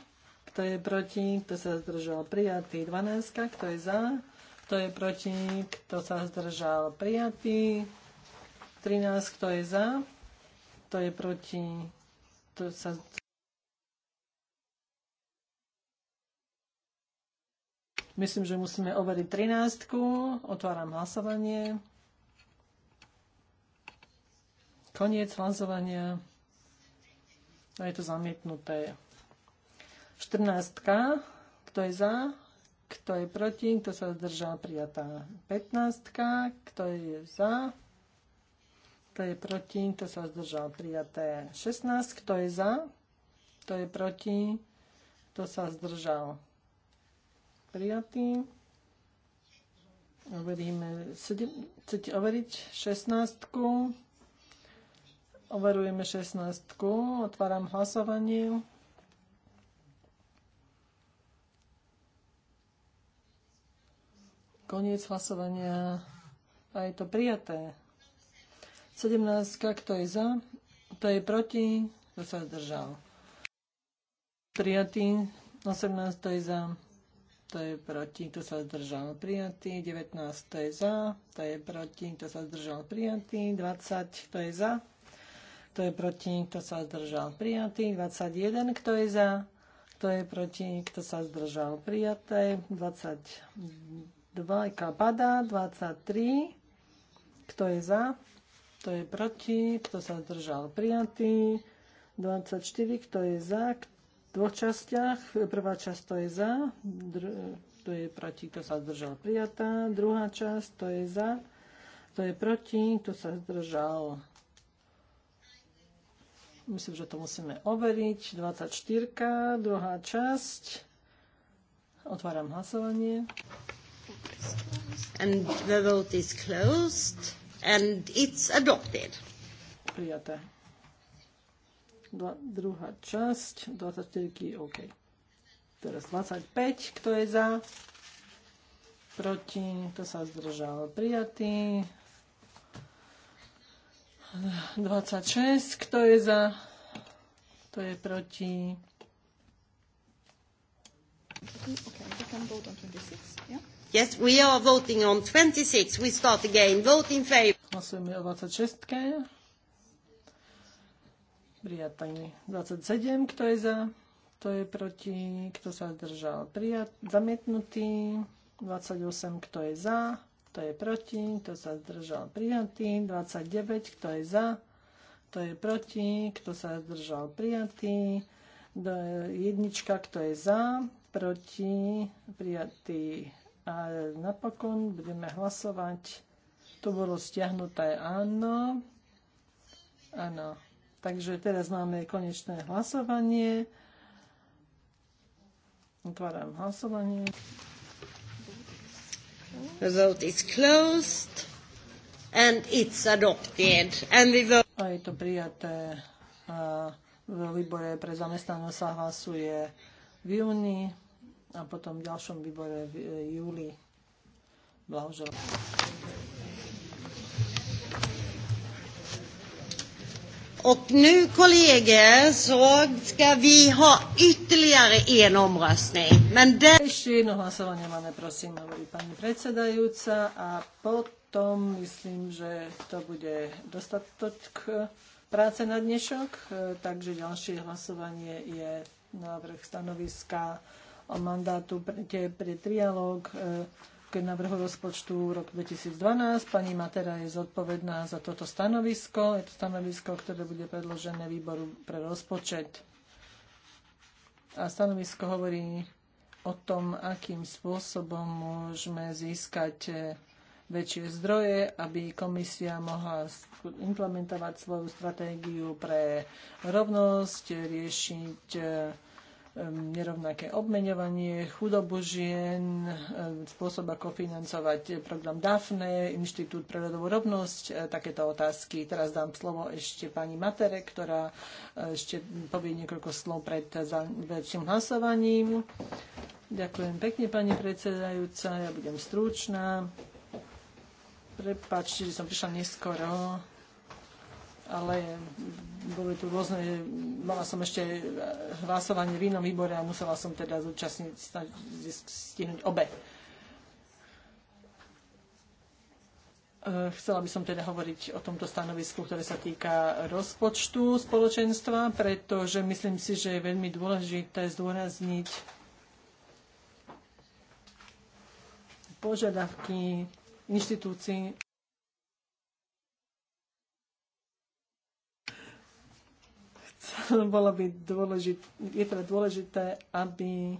Kto je proti? Kto sa zdržal? Prijatý. 12, kto je za? kto je proti, kto sa zdržal prijatý. 13, kto je za, kto je proti, kto sa Myslím, že musíme overiť 13. Otváram hlasovanie. Koniec hlasovania. A je to zamietnuté. 14. Kto je za? Kto je proti? Kto sa zdržal? Prijatá 15. Kto je za? Kto je proti? Kto sa zdržal? Prijaté 16. Kto je za? Kto je proti? Kto sa zdržal? Prijatý. Overíme, chcete overiť 16. Overujeme 16. Otváram hlasovanie. Koniec hlasovania. A je to prijaté. 17. Kto je za? Kto je proti? Kto sa zdržal? Prijatý. 18. Kto je za? Kto je proti? Kto sa zdržal? Prijatý. 19. Kto je za? Kto je proti? Kto sa zdržal? Prijatý. 20. Kto je za? Kto je proti? Kto sa zdržal? Prijatý. 21. Kto je za? Kto je proti? Kto sa zdržal? Prijaté. 20. Dvojka padá, 23. Kto je za? Kto je proti? Kto sa zdržal? Prijatý. 24. Kto je za? V dvoch častiach. Prvá časť to je za, dru- kto je proti, kto sa zdržal, prijatá. Druhá časť to je za, kto je proti, kto sa zdržal. Myslím, že to musíme overiť. 24. Druhá časť. Otváram hlasovanie. And the vote is closed, and it's adopted. Prijaté. Dva, druhá časť, 24, OK. Teraz 25, kto je za? Proti, kto sa zdržal? Prijatý. 26, kto je za? To je proti? Yes, we are voting on 26. We start again. Vote in favor. Hlasujeme o 26. Prijatý 27. Kto je za? Kto je proti? Kto sa zdržal? Prijat, zamietnutý. 28. Kto je za? Kto je proti? Kto sa zdržal? Prijatý. 29. Kto je za? Kto je proti? Kto sa zdržal? Prijatý. Do, jednička. Kto je za? proti, prijatý. A napokon budeme hlasovať. To bolo stiahnuté, áno. Áno. Takže teraz máme konečné hlasovanie. Otváram hlasovanie. The vote is closed and it's adopted. And we vote... A je to prijaté. A v výbore pre zamestnanosť sa hlasuje v júni a potom v ďalšom výbore v e, júli. Blahoželám. Och nu kollegor så ska vi ha ytterligare en omröstning. Men det... Ešte jedno hlasovanie máme, prosím, hovorí pani predsedajúca a potom myslím, že to bude dostatok e, práce na dnešok, e, takže ďalšie hlasovanie je návrh stanoviska o mandátu pre, pre trialóg e, k návrhu rozpočtu rok 2012. Pani Matera je zodpovedná za toto stanovisko. Je to stanovisko, ktoré bude predložené výboru pre rozpočet. A stanovisko hovorí o tom, akým spôsobom môžeme získať e, väčšie zdroje, aby komisia mohla implementovať svoju stratégiu pre rovnosť, riešiť e, nerovnaké obmeňovanie, chudobu žien, spôsob, ako financovať program DAFNE, Inštitút pre rodovú rovnosť, e, takéto otázky. Teraz dám slovo ešte pani Matere, ktorá e, ešte povie niekoľko slov pred väčším e, hlasovaním. Ďakujem pekne, pani predsedajúca. Ja budem stručná. Prepačte, že som prišla neskoro ale boli tu rôzne, mala som ešte hlasovanie v inom výbore a musela som teda zúčastniť, stihnúť obe. E, chcela by som teda hovoriť o tomto stanovisku, ktoré sa týka rozpočtu spoločenstva, pretože myslím si, že je veľmi dôležité zdôrazniť požiadavky inštitúcií bolo by dôležit, je teda dôležité, aby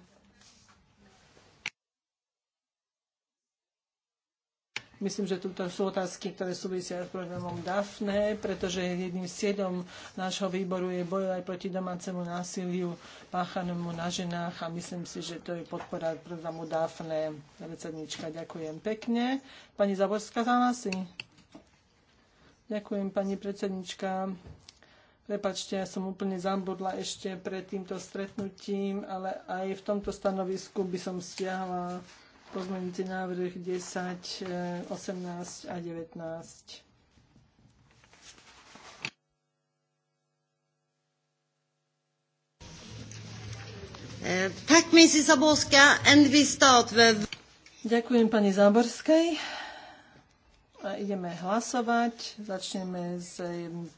Myslím, že tuto sú otázky, ktoré súvisia s programom DAFNE, pretože jedným z siedom nášho výboru je boj aj proti domácemu násiliu páchanému na ženách a myslím si, že to je podpora programu DAFNE. Recednička, ďakujem pekne. Pani Zaborská zahlasí. Ďakujem, pani predsednička. Prepačte, ja som úplne zambudla ešte pred týmto stretnutím, ale aj v tomto stanovisku by som stiahla pozmeňujúci návrh 10, 18 eh, a 19. Eh, Tack, and we start with... Ďakujem pani Záborskej. Ideme hlasovať. Začneme s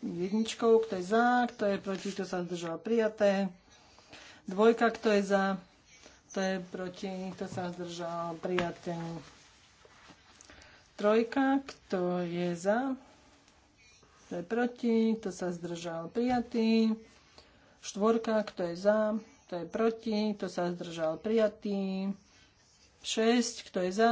jedničkou, kto je za, kto je proti, kto sa zdržal prijaté. Dvojka, kto je za, kto je proti, kto sa zdržal prijaté. Trojka, kto je za, kto je proti, kto sa zdržal prijatý. Štvorka, kto je za, kto je proti, kto sa zdržal prijatý. Šesť, kto je za,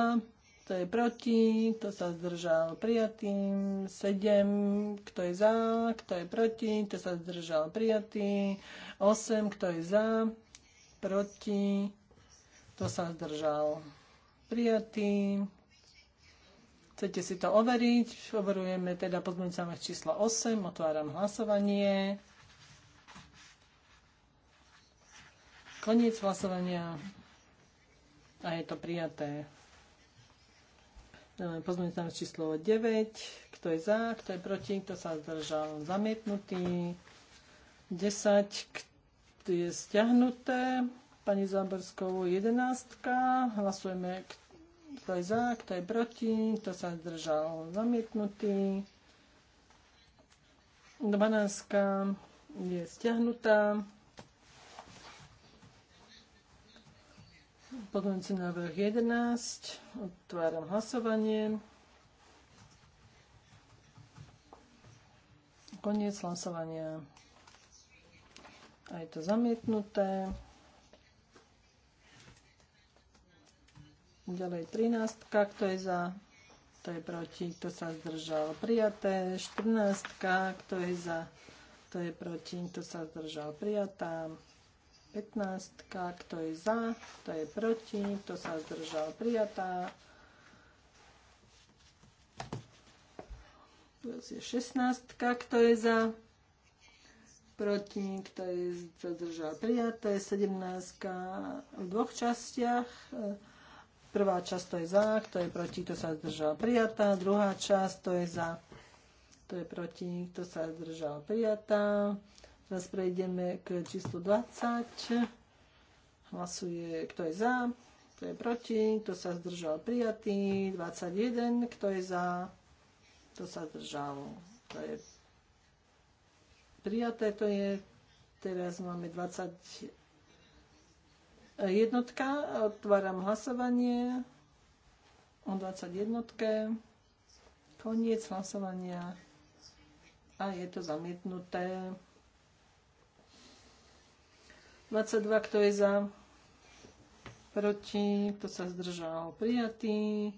kto je proti, kto sa zdržal prijatým, 7, kto je za, kto je proti, kto sa zdržal prijatý, 8, kto je za, proti, kto sa zdržal prijatý. Chcete si to overiť? Overujeme teda pozmeňujúci číslo 8, otváram hlasovanie. Koniec hlasovania a je to prijaté. Pozmeňujem tam číslo 9. Kto je za, kto je proti, kto sa zdržal zamietnutý. 10. Kto je stiahnuté. Pani Záborskou 11. Hlasujeme, kto je za, kto je proti, kto sa zdržal zamietnutý. 12. je stiahnutá. Pozmeňujúci návrh 11. Otváram hlasovanie. Koniec hlasovania. A je to zamietnuté. Ďalej 13. Kto je za? Kto je proti? Kto sa zdržal? Prijaté. 14. Kto je za? Kto je proti? Kto sa zdržal? Prijatá. 15, kto je za, kto je proti, kto sa zdržal, prijatá. 16, kto je za, proti, kto je zdržal, prijaté. 17 v dvoch častiach. Prvá časť to je za, kto je proti, kto sa zdržal, prijatá. Druhá časť to je za, kto je proti, kto sa zdržal, prijatá. Teraz prejdeme k číslu 20. Hlasuje, kto je za, kto je proti, kto sa zdržal prijatý. 21, kto je za, kto sa zdržal. To je prijaté, to je. Teraz máme 20 eh, jednotka. Otváram hlasovanie o 21. Koniec hlasovania. A je to zamietnuté. 22, kto je za? Proti, kto sa zdržal? Prijatý.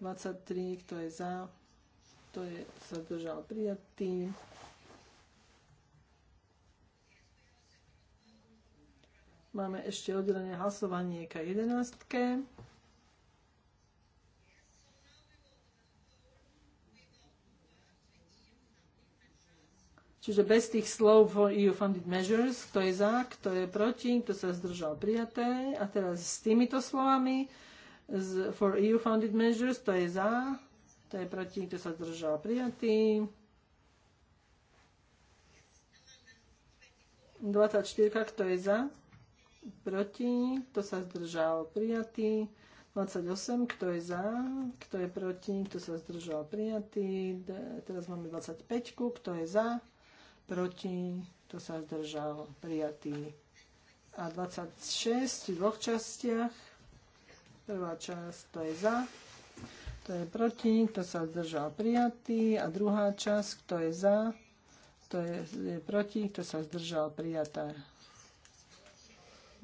23, kto je za? Kto je, sa zdržal? Prijatý. Máme ešte oddelené hlasovanie k 11. Čiže bez tých slov for EU funded measures, kto je za, kto je proti, kto sa zdržal prijaté. A teraz s týmito slovami for EU funded measures, kto je za, kto je proti, kto sa zdržal prijatý. 24, kto je za, proti, kto sa zdržal prijatý. 28, kto je za, kto je proti, kto sa zdržal prijatý. Teraz máme 25, kto je za, proti, to sa zdržal, prijatý. A 26 v dvoch častiach. Prvá časť, to je za, to je proti, to sa zdržal, prijatý. A druhá časť, kto je za, to je, je proti, to sa zdržal, prijatá.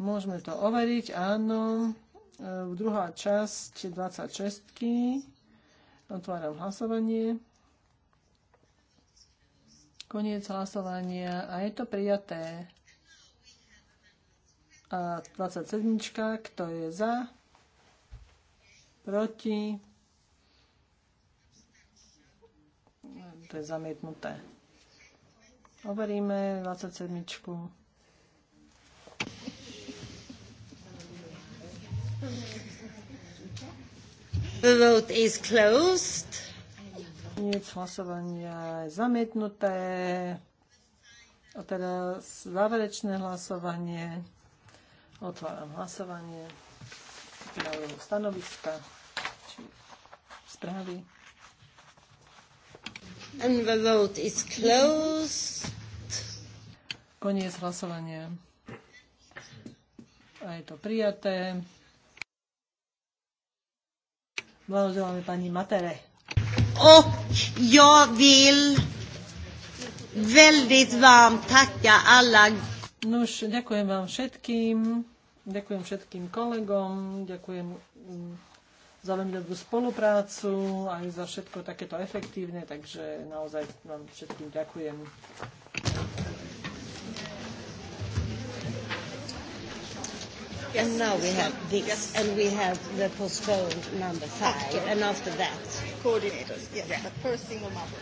Môžeme to overiť, áno. E, druhá časť 26. Otváram hlasovanie. Koniec hlasovania a je to prijaté. A 27. Kto je za? Proti? To je zamietnuté. Overíme 27. The vote is closed koniec hlasovania je zamietnuté. A teraz záverečné hlasovanie. Otváram hlasovanie návrhu stanoviska či správy. And the vote is closed. Koniec hlasovania. A je to prijaté. Blahoželáme pani Matere. Och jag vill väldigt varmt tacka alla. Nuž, ďakujem vám všetkým, ďakujem všetkým kolegom, ďakujem mm, za veľmi dobrú spoluprácu, aj za všetko takéto efektívne, takže naozaj vám všetkým ďakujem. Yes. And now we have this, yes. and we have the postponed number five, after. and after that. Coordinators, yes, yeah. the first single number.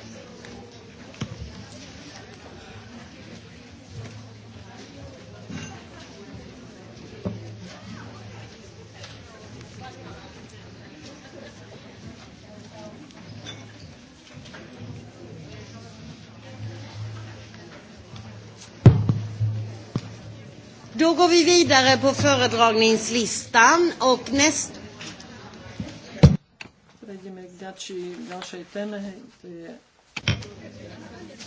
Då går vi vidare på föredragningslistan och näst...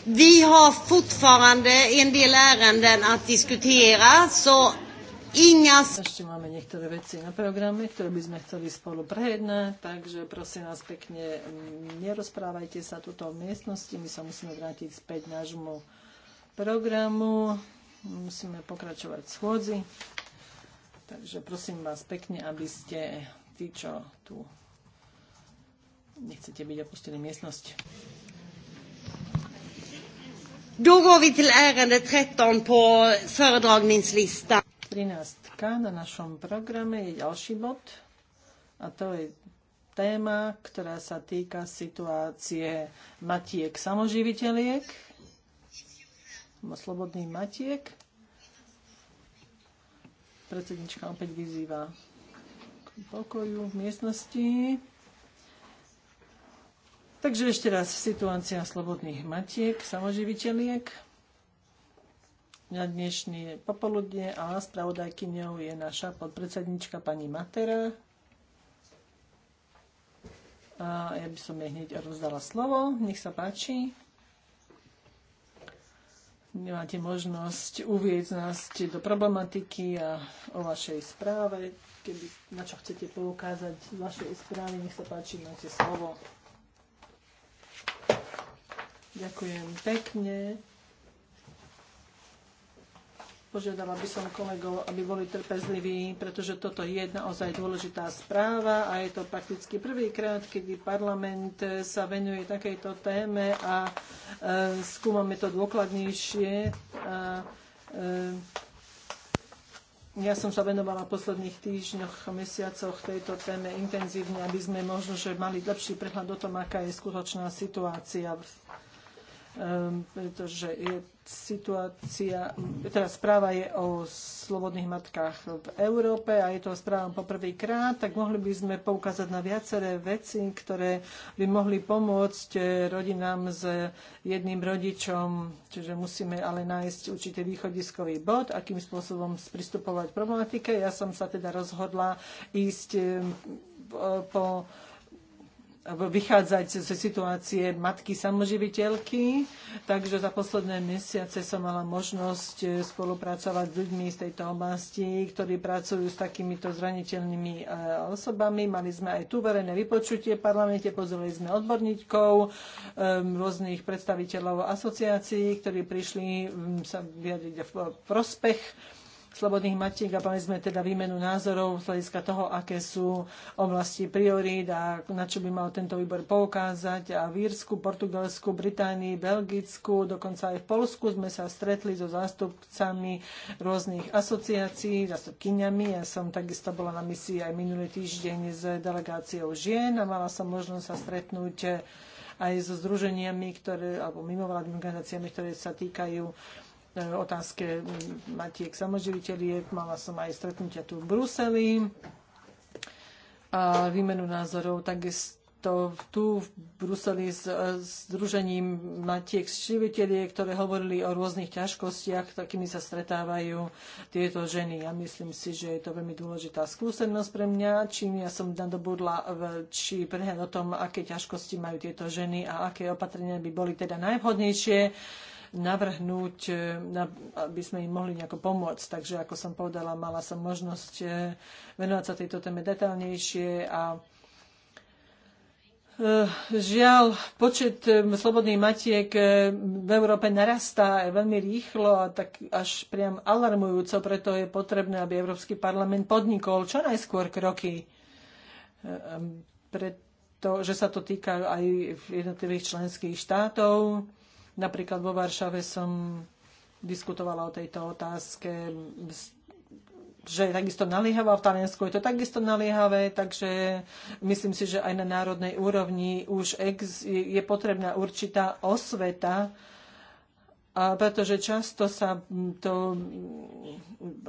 Vi har fortfarande en del ärenden att diskutera, så inga... Ešte máme niektoré veci na programe, ktoré by sme chceli spolu prejednať, takže prosím vás pekne, nerozprávajte sa tuto v miestnosti, my sa musíme vrátiť späť nášmu programu. Musíme pokračovať v schôdzi. Takže prosím vás pekne, aby ste tí, čo tu nechcete byť, opustili miestnosť. Då går vi till ärende 13 på föredragningslista. 13 na našom programe je ďalší bod a to je téma, ktorá sa týka situácie matiek samoživiteľiek. Slobodný Matiek. Predsednička opäť vyzýva k pokoju v miestnosti. Takže ešte raz situácia slobodných matiek, samoživiteľiek. Na dnešné popoludne a spravodajkyňou je naša podpredsednička pani Matera. A ja by som jej hneď rozdala slovo. Nech sa páči. Nemáte možnosť uviezť nás do problematiky a o vašej správe. Keby na čo chcete poukázať z vašej správy, nech sa páči, máte slovo. Ďakujem pekne. Požiadala by som kolegov, aby boli trpezliví, pretože toto je naozaj dôležitá správa a je to prakticky prvýkrát, kedy parlament sa venuje takejto téme a e, skúmame to dôkladnejšie. A, e, ja som sa venovala v posledných týždňoch, mesiacoch tejto téme intenzívne, aby sme možno, že mali lepší prehľad o tom, aká je skutočná situácia Ehm, pretože je situácia, teda správa je o slobodných matkách v Európe a je to správa poprvýkrát, tak mohli by sme poukázať na viaceré veci, ktoré by mohli pomôcť eh, rodinám s jedným rodičom, čiže musíme ale nájsť určitý východiskový bod, akým spôsobom pristupovať problematike. Ja som sa teda rozhodla ísť eh, po vychádzať z situácie matky samoživiteľky, takže za posledné mesiace som mala možnosť eh, spolupracovať s ľuďmi z tejto oblasti, ktorí pracujú s takýmito zraniteľnými eh, osobami. Mali sme aj tu verejné vypočutie v parlamente, pozreli sme odborníkov, ehm, rôznych predstaviteľov asociácií, ktorí prišli mm, sa vyjadriť v prospech slobodných matiek a mali sme teda výmenu názorov z hľadiska toho, aké sú oblasti priorít a na čo by mal tento výbor poukázať. A v Írsku, Portugalsku, Británii, Belgicku, dokonca aj v Polsku sme sa stretli so zástupcami rôznych asociácií, zástupkyňami. Ja som takisto bola na misii aj minulý týždeň s delegáciou žien a mala som možnosť sa stretnúť aj so združeniami, ktoré, alebo mimovládnymi organizáciami, ktoré sa týkajú E, otázke mm, matiek samoživiteľiek. Mala som aj stretnutia tu v Bruseli a výmenu názorov. Takisto tu v Bruseli s Združením e, matiek živiteľiek, ktoré hovorili o rôznych ťažkostiach, takými sa stretávajú tieto ženy. Ja myslím si, že je to veľmi dôležitá skúsenosť pre mňa, čím ja som nadobudla e, či prehľad o tom, aké ťažkosti majú tieto ženy a aké opatrenia by boli teda najvhodnejšie navrhnúť, e, aby sme im mohli nejako pomôcť. Takže, ako som povedala, mala som možnosť e, venovať sa tejto téme detaľnejšie a e, Žiaľ, počet slobodných matiek v Európe narastá veľmi rýchlo a tak až priam alarmujúco, preto je potrebné, aby Európsky parlament podnikol čo najskôr kroky, pretože sa to týka aj jednotlivých členských štátov Napríklad vo Varšave som diskutovala o tejto otázke, že je takisto naliehavá v Taliansku, je to takisto naliehavé, takže myslím si, že aj na národnej úrovni už ex, je potrebná určitá osveta a pretože často sa to,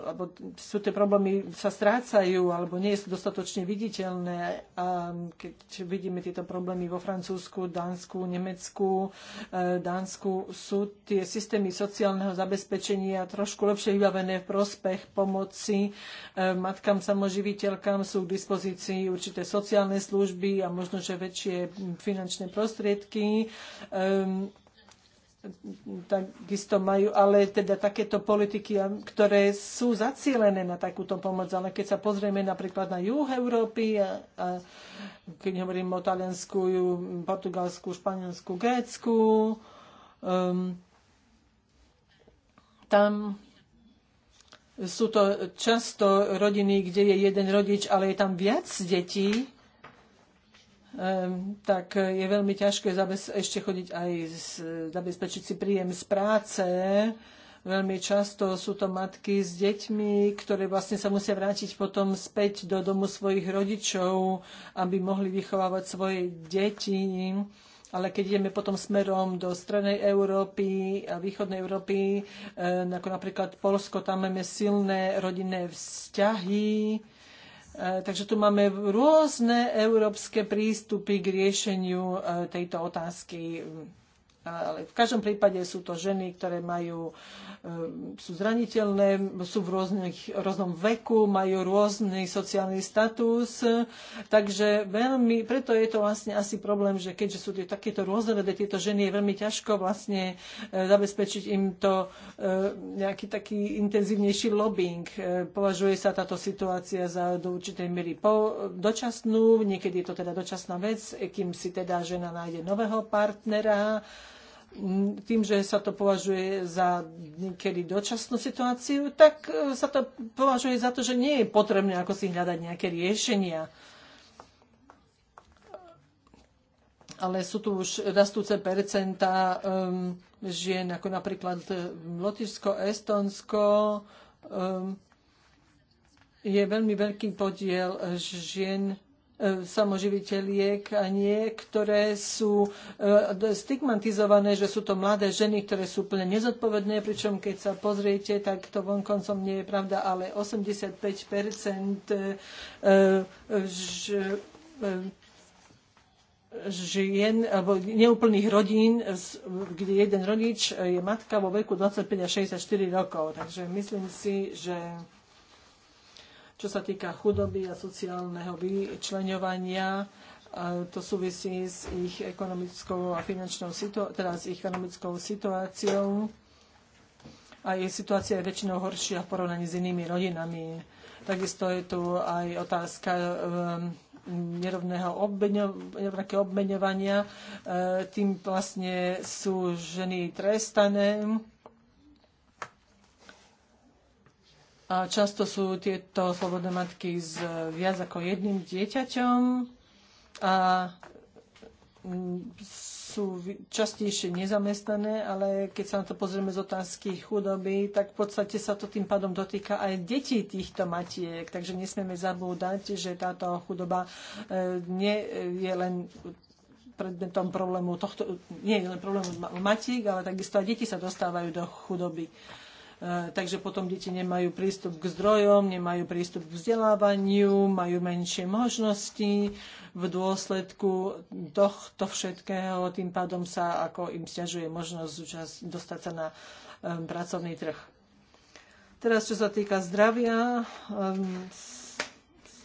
alebo sú tie problémy, sa strácajú, alebo nie sú dostatočne viditeľné. A keď vidíme tieto problémy vo Francúzsku, Dánsku, Nemecku, e, Dánsku, sú tie systémy sociálneho zabezpečenia trošku lepšie vybavené v prospech pomoci. E, matkám samoživiteľkám sú k dispozícii určité sociálne služby a možno, že väčšie finančné prostriedky ehm, takisto majú ale teda takéto politiky, ktoré sú zacielené na takúto pomoc. Ale keď sa pozrieme napríklad na juh Európy, a, a keď hovorím o Taliansku, Portugalsku, Španielsku, Grécku, um, tam sú to často rodiny, kde je jeden rodič, ale je tam viac detí tak je veľmi ťažké ešte chodiť aj zabezpečiť si príjem z práce. Veľmi často sú to matky s deťmi, ktoré vlastne sa musia vrátiť potom späť do domu svojich rodičov, aby mohli vychovávať svoje deti. Ale keď ideme potom smerom do strednej Európy a východnej Európy, ako napríklad Polsko, tam máme silné rodinné vzťahy E, takže tu máme rôzne európske prístupy k riešeniu e, tejto otázky ale v každom prípade sú to ženy, ktoré majú, e, sú zraniteľné, sú v rôznych, rôznom veku, majú rôzny sociálny status. Takže veľmi, preto je to vlastne asi problém, že keďže sú tie, takéto rôznorodé tieto ženy, je veľmi ťažko vlastne e, zabezpečiť im to e, nejaký taký intenzívnejší lobbying. Považuje sa táto situácia za do určitej miery po, dočasnú, niekedy je to teda dočasná vec, kým si teda žena nájde nového partnera, tým, že sa to považuje za niekedy dočasnú situáciu, tak e, sa to považuje za to, že nie je potrebné ako si hľadať nejaké riešenia. Ale sú tu už rastúce percentá um, žien, ako napríklad e, Lotyšsko, Estonsko. Um, je veľmi veľký podiel e, žien E, samoživiteľiek a nie, ktoré sú e, stigmatizované, že sú to mladé ženy, ktoré sú úplne nezodpovedné, pričom keď sa pozriete, tak to vonkoncom nie je pravda, ale 85 e, žien alebo neúplných rodín, kde jeden rodič je matka vo veku 25 až 64 rokov. Takže myslím si, že čo sa týka chudoby a sociálneho vyčleňovania. To súvisí s ich ekonomickou a finančnou situáciou, teda s ich ekonomickou situáciou. A jej situácia je väčšinou horšia v porovnaní s inými rodinami. Takisto je tu aj otázka ehm, nerovného obmeňovania. Ehm, tým vlastne sú ženy trestané často sú tieto slobodné matky s viac ako jedným dieťaťom a mm, sú častejšie nezamestnané, ale keď sa na to pozrieme z otázky chudoby, tak v podstate sa to tým pádom dotýka aj detí týchto matiek. Takže nesmieme zabúdať, že táto chudoba e, nie je len predmetom problému tohto, nie je len problému matiek, ale takisto aj deti sa dostávajú do chudoby. Eh, takže potom deti nemajú prístup k zdrojom, nemajú prístup k vzdelávaniu, majú menšie možnosti. V dôsledku tohto všetkého tým pádom sa ako im stiažuje možnosť dostať sa na pracovný trh. Teraz, čo sa týka zdravia,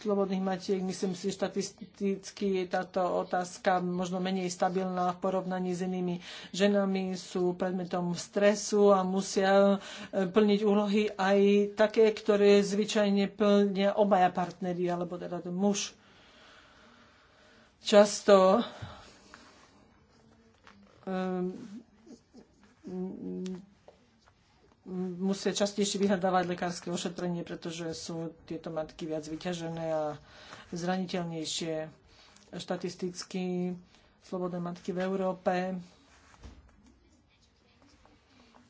slobodných matiek. Myslím si, štatisticky je táto otázka možno menej stabilná v porovnaní s inými ženami. Sú predmetom stresu a musia e, plniť úlohy aj také, ktoré zvyčajne plnia obaja partnery, alebo teda muž. Často um, musia častejšie vyhľadávať lekárske ošetrenie, pretože sú tieto matky viac vyťažené a zraniteľnejšie. Štatisticky slobodné matky v Európe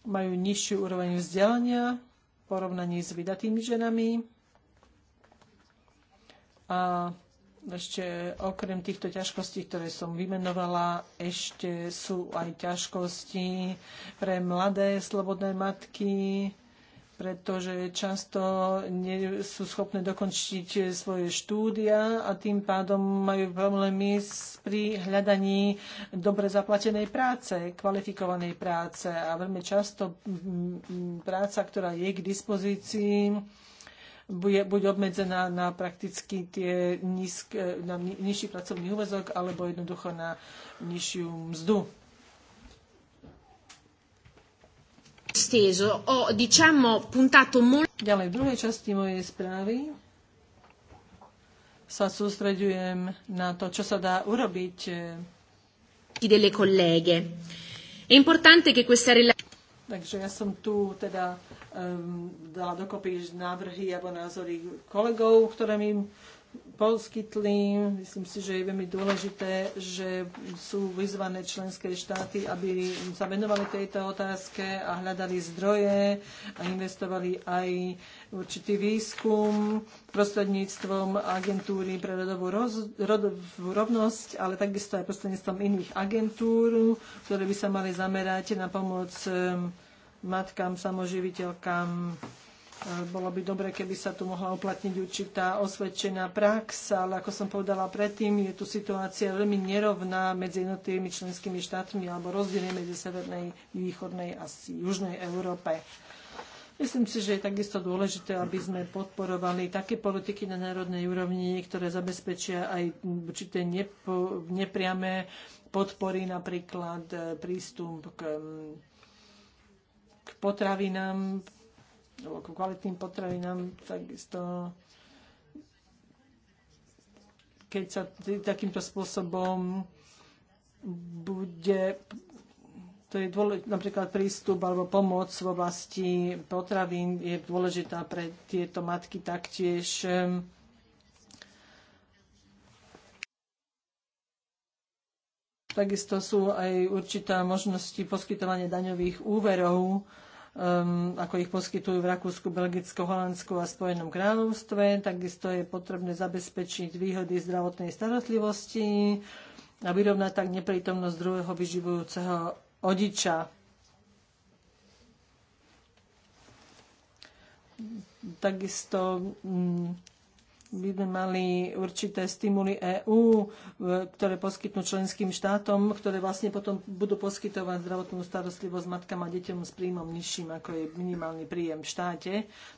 majú nižšiu úroveň vzdelania v porovnaní s vydatými ženami a ešte okrem týchto ťažkostí, ktoré som vymenovala, ešte sú aj ťažkosti pre mladé slobodné matky, pretože často nie sú schopné dokončiť svoje štúdia a tým pádom majú problémy pri hľadaní dobre zaplatenej práce, kvalifikovanej práce. A veľmi často práca, ktorá je k dispozícii, bude, buď obmedzená na prakticky tie nízk, na nižší pracovný úvezok alebo jednoducho na nižšiu mzdu. Steso, ho diciamo puntato molto... Ďalej v druhej časti mojej správy sa sústredujem na to, čo sa dá urobiť eh, delle colleghe. È importante che questa relazione Takže ja som tu teda um, dala dokopy návrhy alebo názory kolegov, ktoré mi poskytli. Myslím si, že je veľmi dôležité, že sú vyzvané členské štáty, aby sa venovali tejto otázke a hľadali zdroje a investovali aj určitý výskum prostredníctvom agentúry pre rodovú, roz, rodovú rovnosť, ale takisto aj prostredníctvom iných agentúr, ktoré by sa mali zamerať na pomoc eh, matkám, samoživiteľkám bolo by dobre, keby sa tu mohla uplatniť určitá osvedčená prax, ale ako som povedala predtým, je tu situácia veľmi nerovná medzi jednotlivými členskými štátmi alebo rozdielne medzi severnej, východnej a južnej Európe. Myslím si, že je takisto dôležité, aby sme podporovali také politiky na národnej úrovni, ktoré zabezpečia aj určité nepo, nepriame podpory, napríklad e, prístup k, mm, k potravinám ku kvalitným potravinám, takisto keď sa takýmto spôsobom bude to je dôležité, napríklad prístup alebo pomoc v oblasti potravín je dôležitá pre tieto matky taktiež. Takisto sú aj určité možnosti poskytovania daňových úverov um, ako ich poskytujú v Rakúsku, Belgicku, Holandsku a Spojenom kráľovstve. Takisto je potrebné zabezpečiť výhody zdravotnej starostlivosti a vyrovnať tak neprítomnosť druhého vyživujúceho odiča. Takisto um, by sme mali určité stimuly EÚ, e, ktoré poskytnú členským štátom, ktoré vlastne potom budú poskytovať zdravotnú starostlivosť matkám a deťom s príjmom nižším, ako je minimálny príjem v štáte.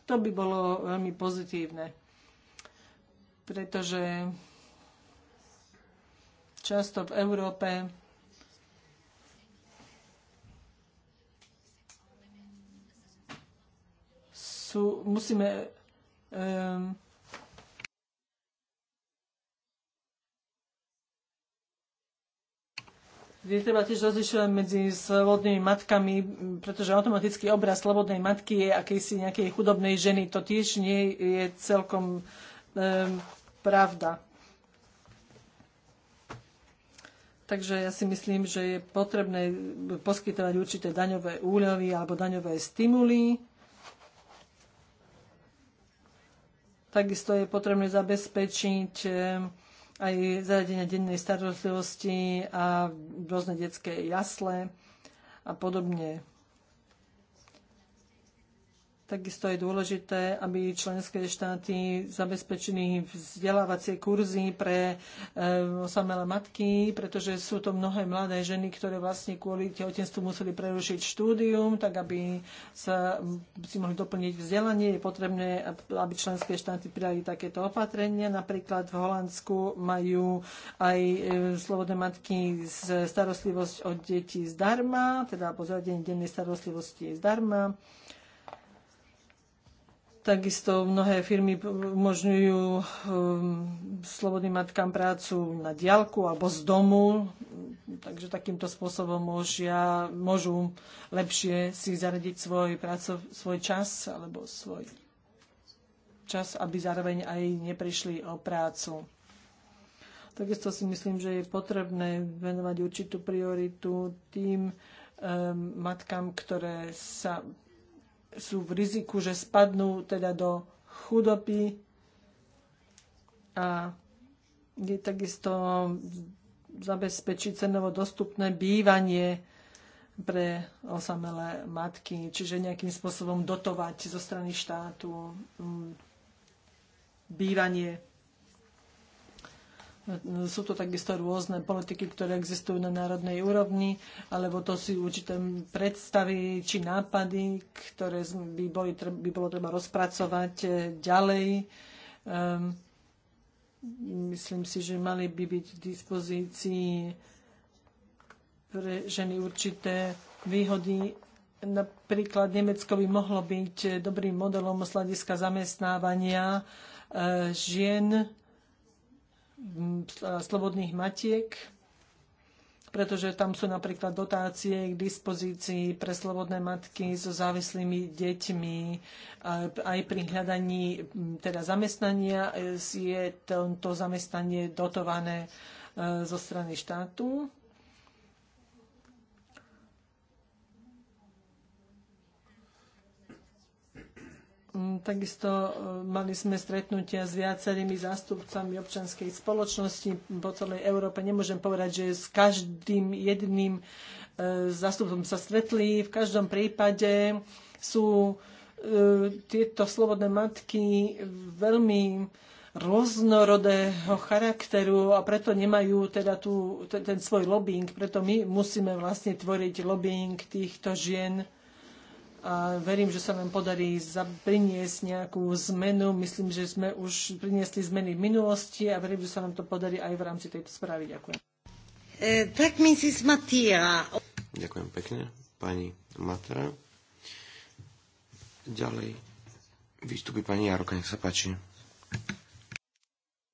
To by bolo veľmi pozitívne, pretože často v Európe sú, musíme um, Treba tiež rozlišovať medzi slobodnými matkami, pretože automatický obraz slobodnej matky je akejsi nejakej chudobnej ženy. To tiež nie je celkom e, pravda. Takže ja si myslím, že je potrebné poskytovať určité daňové úľavy alebo daňové stimuly. Takisto je potrebné zabezpečiť aj zariadenia dennej starostlivosti a rôzne detské jasle a podobne. Takisto je dôležité, aby členské štáty zabezpečili vzdelávacie kurzy pre eh, osamelé matky, pretože sú to mnohé mladé ženy, ktoré vlastne kvôli tehotenstvu museli prerušiť štúdium, tak aby sa, mm, si mohli doplniť vzdelanie. Je potrebné, aby členské štáty prijali takéto opatrenia. Napríklad v Holandsku majú aj eh, slobodné matky starostlivosť o detí zdarma, teda po zradení dennej starostlivosti je zdarma. Takisto mnohé firmy umožňujú um, slobodným matkám prácu na diálku alebo z domu, takže takýmto spôsobom môžia, môžu lepšie si zaradiť svoj, prácov, svoj čas alebo svoj čas, aby zároveň aj neprišli o prácu. Takisto si myslím, že je potrebné venovať určitú prioritu tým um, matkám, ktoré sa sú v riziku, že spadnú teda do chudoby a je takisto zabezpečiť cenovo dostupné bývanie pre osamelé matky, čiže nejakým spôsobom dotovať zo strany štátu mm, bývanie sú to takisto rôzne politiky, ktoré existujú na národnej úrovni, alebo to sú určité predstavy či nápady, ktoré by, boli, by bolo treba rozpracovať eh, ďalej. Ehm, myslím si, že mali by byť v dispozícii pre ženy určité výhody napríklad Nemecko by mohlo byť eh, dobrým modelom z hľadiska zamestnávania eh, žien Mm, slobodných matiek, pretože tam sú napríklad dotácie k dispozícii pre slobodné matky so závislými deťmi. Aj pri hľadaní mm, teda zamestnania e, je to zamestnanie dotované e, zo strany štátu. Mm, takisto e, mali sme stretnutia s viacerými zástupcami občanskej spoločnosti po celej Európe. Nemôžem povedať, že s každým jedným e, zástupcom sa stretli. V každom prípade sú e, tieto slobodné matky veľmi rôznorodého charakteru a preto nemajú teda tú, ten, ten svoj lobbying. Preto my musíme vlastne tvoriť lobbying týchto žien a verím, že sa nám podarí priniesť nejakú zmenu. Myslím, že sme už priniesli zmeny v minulosti a verím, že sa nám to podarí aj v rámci tejto správy. Ďakujem. E, tak Mrs. Matera. Ďakujem pekne, pani Matera. Ďalej vystupí pani Jaroka, nech sa páči.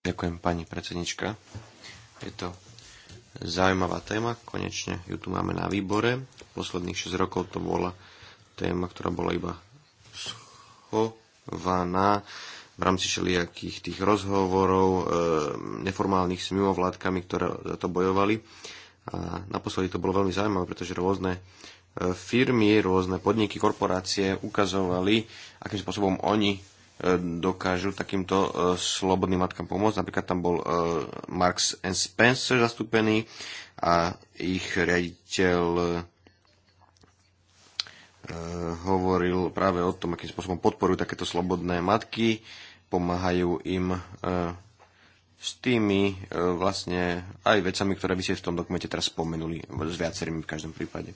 Ďakujem, pani predsednička. Je to zaujímavá téma, konečne ju tu máme na výbore. Posledných 6 rokov to bola téma, ktorá bola iba schovaná v rámci všelijakých tých rozhovorov, e, neformálnych s mimovládkami, ktoré za to bojovali. A naposledy to bolo veľmi zaujímavé, pretože rôzne e, firmy, rôzne podniky, korporácie ukazovali, akým spôsobom oni e, dokážu takýmto e, slobodným matkám pomôcť. Napríklad tam bol Marks and Spencer zastúpený a ich riaditeľ Eh, hovoril práve o tom, akým spôsobom podporujú takéto slobodné matky, pomáhajú im eh, s tými eh, vlastne aj vecami, ktoré by ste v tom dokumente teraz spomenuli, s viacerými v každom prípade.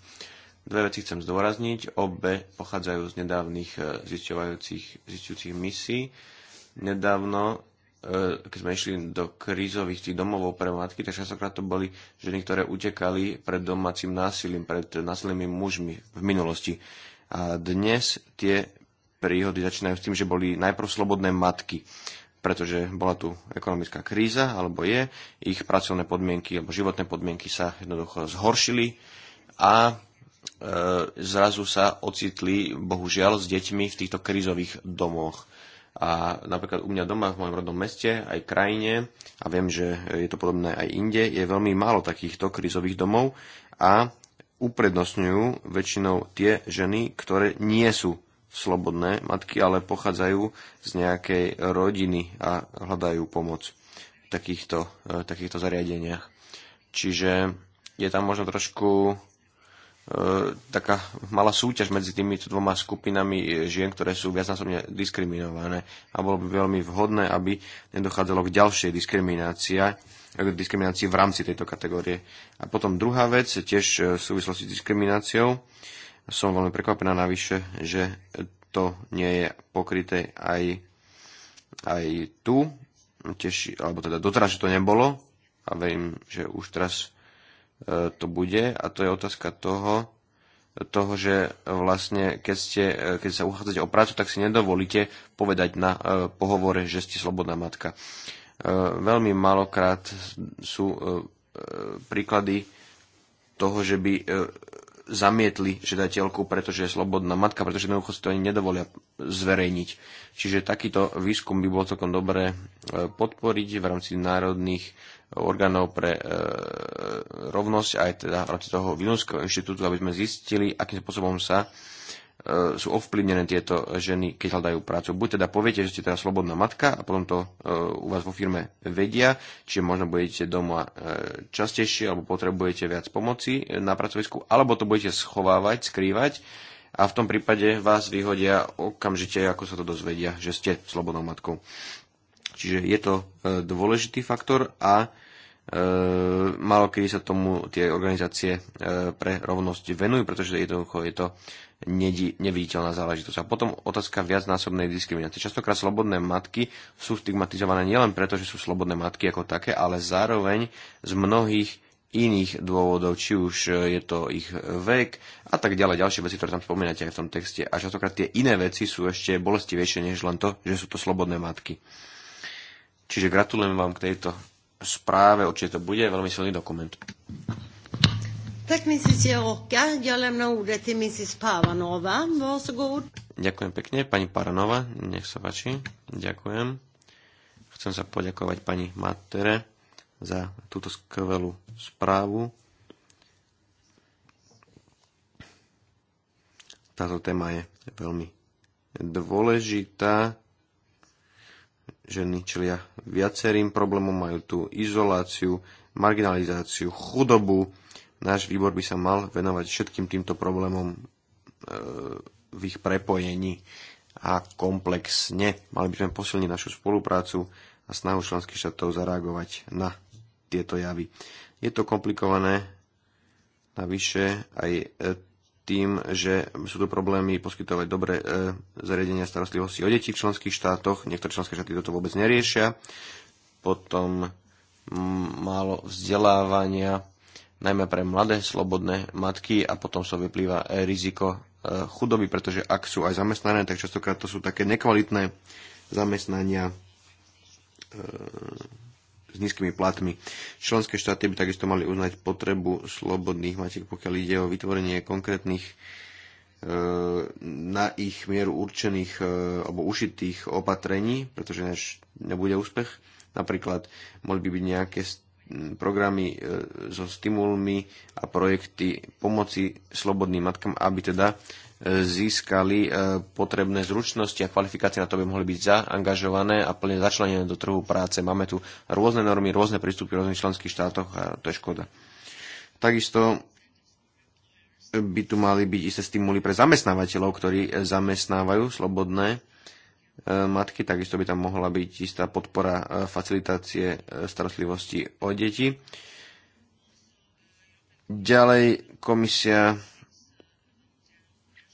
Dve veci chcem zdôrazniť. Obe pochádzajú z nedávnych zisťujúcich misií, Nedávno E, keď sme išli do krízových tých domovov pre matky, tak častokrát to boli ženy, ktoré utekali pred domácim násilím, pred násilnými mužmi v minulosti. A dnes tie príhody začínajú s tým, že boli najprv slobodné matky, pretože bola tu ekonomická kríza, alebo je, ich pracovné podmienky alebo životné podmienky sa jednoducho zhoršili a e, zrazu sa ocitli, bohužiaľ, s deťmi v týchto krízových domoch a napríklad u mňa doma v mojom rodnom meste, aj krajine, a viem, že je to podobné aj inde, je veľmi málo takýchto krízových domov a uprednostňujú väčšinou tie ženy, ktoré nie sú slobodné matky, ale pochádzajú z nejakej rodiny a hľadajú pomoc v takýchto, eh, takýchto zariadeniach. Čiže je tam možno trošku E, taká malá súťaž medzi týmito dvoma skupinami e, žien, ktoré sú viacnásobne diskriminované. A bolo by veľmi vhodné, aby nedochádzalo k ďalšej diskriminácii, e, k diskriminácii v rámci tejto kategórie. A potom druhá vec, tiež v súvislosti s diskrimináciou, som veľmi prekvapená navyše, že to nie je pokryté aj, aj tu, tiež, alebo teda doteraz, že to nebolo a verím, že už teraz E, to bude a to je otázka toho, toho, že vlastne keď, ste, e, keď sa uchádzate o prácu, tak si nedovolíte povedať na e, pohovore, že ste slobodná matka. Veľmi malokrát sú príklady toho, že by zamietli žiadateľku, pretože je slobodná matka, pretože jednoducho si to ani nedovolia zverejniť. Čiže takýto výskum by bolo celkom dobré podporiť v rámci národných orgánov pre e, rovnosť aj teda v rámci toho Vilonského inštitútu, aby sme zistili, akým spôsobom sa e, sú ovplyvnené tieto ženy, keď hľadajú prácu. Buď teda poviete, že ste teda slobodná matka a potom to e, u vás vo firme vedia, či možno budete doma e, častejšie alebo potrebujete viac pomoci e, na pracovisku, alebo to budete schovávať, skrývať a v tom prípade vás vyhodia okamžite, ako sa to dozvedia, že ste slobodnou matkou. Čiže je to e, dôležitý faktor a e, málo kedy sa tomu tie organizácie e, pre rovnosť venujú, pretože jednoducho je to neviditeľná záležitosť. A potom otázka viacnásobnej diskriminácie. Častokrát slobodné matky sú stigmatizované nielen preto, že sú slobodné matky ako také, ale zároveň z mnohých iných dôvodov, či už je to ich vek a tak ďalej, ďalšie veci, ktoré tam spomínate aj v tom texte. A častokrát tie iné veci sú ešte bolestivejšie než len to, že sú to slobodné matky. Čiže gratulujem vám k tejto správe, určite to bude veľmi silný dokument. Ďakujem pekne. Pani Paranova, nech sa páči. Ďakujem. Chcem sa poďakovať pani Matere za túto skvelú správu. Táto téma je veľmi dôležitá ženy čelia viacerým problémom, majú tu izoláciu, marginalizáciu, chudobu. Náš výbor by sa mal venovať všetkým týmto problémom e, v ich prepojení a komplexne. Mali by sme posilniť našu spoluprácu a snahu členských štátov zareagovať na tieto javy. Je to komplikované, navyše aj e, tým, že sú tu problémy poskytovať dobré e, zariadenia starostlivosti o deti v členských štátoch. Niektoré členské štáty toto vôbec neriešia. Potom málo vzdelávania, najmä pre mladé slobodné matky a potom sa so vyplýva e, riziko e, chudoby, pretože ak sú aj zamestnané, tak častokrát to sú také nekvalitné zamestnania, e, s nízkymi platmi. Členské štáty by takisto mali uznať potrebu slobodných matiek, pokiaľ ide o vytvorenie konkrétnych e, na ich mieru určených e, alebo ušitých opatrení, pretože než nebude úspech. Napríklad mohli by byť nejaké programy e, so stimulmi a projekty pomoci slobodným matkám, aby teda získali e, potrebné zručnosti a kvalifikácie na to by mohli byť zaangažované a plne začlenené do trhu práce. Máme tu rôzne normy, rôzne prístupy v rôznych členských štátoch a to je škoda. Takisto by tu mali byť isté stimuly pre zamestnávateľov, ktorí zamestnávajú slobodné e, matky, takisto by tam mohla byť istá podpora e, facilitácie starostlivosti o deti. Ďalej komisia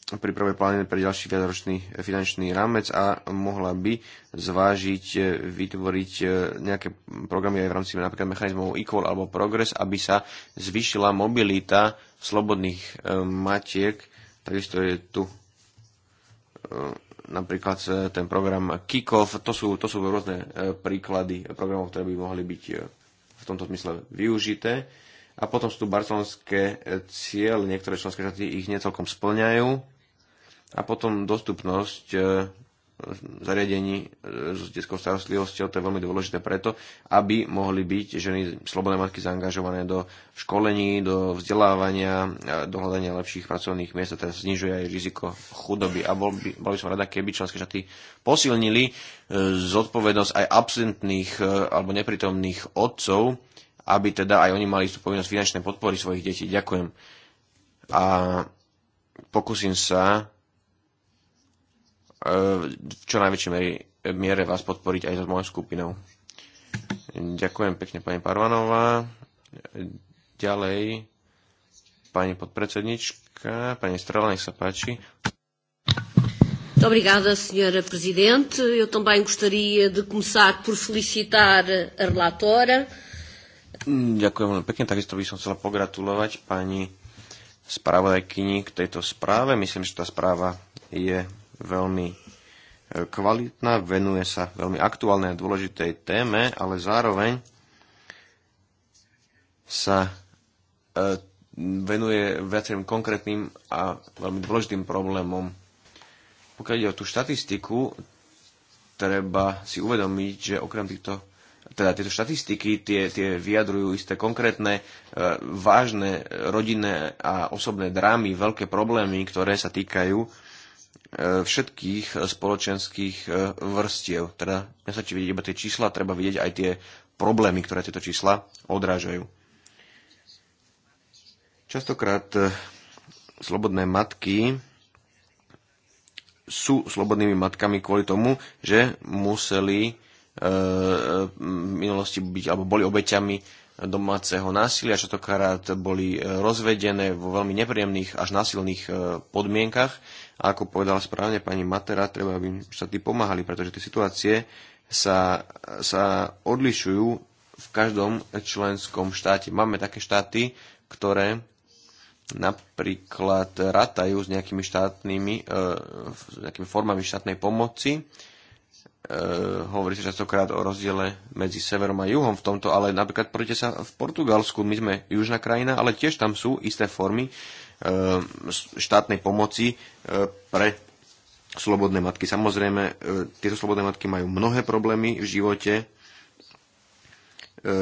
pripravuje plány pre ďalší viacročný finančný rámec a mohla by zvážiť, e, vytvoriť e, nejaké programy aj v rámci napríklad mechanizmov Equal alebo Progress, aby sa zvýšila mobilita slobodných e, matiek. Takisto je tu napríklad ten program Kikov. To sú, to sú rôzne príklady programov, ktoré by mohli byť v tomto zmysle využité. A potom sú tu barcelonské cieľ, niektoré členské štáty ich necelkom splňajú a potom dostupnosť e, zariadení e, s detskou starostlivosťou, to je veľmi dôležité preto, aby mohli byť ženy slobodné matky zaangažované do školení, do vzdelávania, do hľadania lepších pracovných miest a teraz znižuje aj riziko chudoby. A bol by, bol by som rada, keby členské štáty posilnili e, zodpovednosť aj absentných alebo neprítomných otcov, aby teda aj oni mali tú povinnosť finančnej podpory svojich detí. Ďakujem. A pokúsim sa v čo najväčšej miere vás podporiť aj s mojou skupinou. Ďakujem pekne pani Parvanová. Ďalej pani podpredsednička, pani Strela, nech sa páči. obrigada, senhora Presidente. Eu também gostaria de começar por felicitar a relatora. Ďakujem veľmi pekne, takisto by som chcela pogratulovať pani spravodajkyni k tejto správe. Myslím, že tá správa je veľmi e, kvalitná, venuje sa veľmi aktuálnej a dôležitej téme, ale zároveň sa e, venuje viacerým konkrétnym a veľmi dôležitým problémom. Pokiaľ ide o tú štatistiku, treba si uvedomiť, že okrem týchto teda tieto štatistiky, tie, tie vyjadrujú isté konkrétne, e, vážne rodinné a osobné drámy, veľké problémy, ktoré sa týkajú E, všetkých e, spoločenských e, vrstiev. Teda nestačí vidieť iba tie čísla, treba vidieť aj tie problémy, ktoré tieto čísla odrážajú. Častokrát slobodné matky sú slobodnými matkami kvôli tomu, že museli v minulosti byť alebo boli obeťami domáceho násilia, častokrát boli rozvedené vo veľmi nepríjemných až násilných podmienkach a ako povedala správne pani Matera, treba, aby štáty pomáhali, pretože tie situácie sa, sa odlišujú v každom členskom štáte. Máme také štáty, ktoré napríklad ratajú s nejakými štátnymi, e, s nejakými formami štátnej pomoci. E, hovorí sa častokrát o rozdiele medzi severom a juhom v tomto, ale napríklad poďte sa v Portugalsku, my sme južná krajina, ale tiež tam sú isté formy E, štátnej pomoci e, pre slobodné matky. Samozrejme, e, tieto slobodné matky majú mnohé problémy v živote,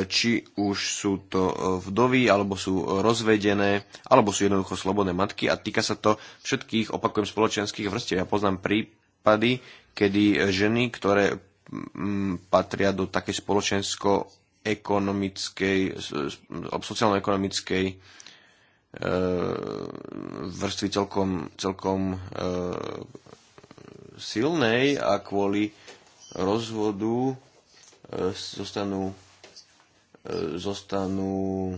či už sú to vdovy, alebo sú rozvedené, alebo sú jednoducho slobodné matky a týka sa to všetkých, opakujem, spoločenských vrstiev. Ja poznám prípady, kedy ženy, ktoré patria do takej spoločensko-ekonomickej, sociálno-ekonomickej E, vrstvy celkom, celkom e, silnej a kvôli rozvodu zostanú, e, zostanú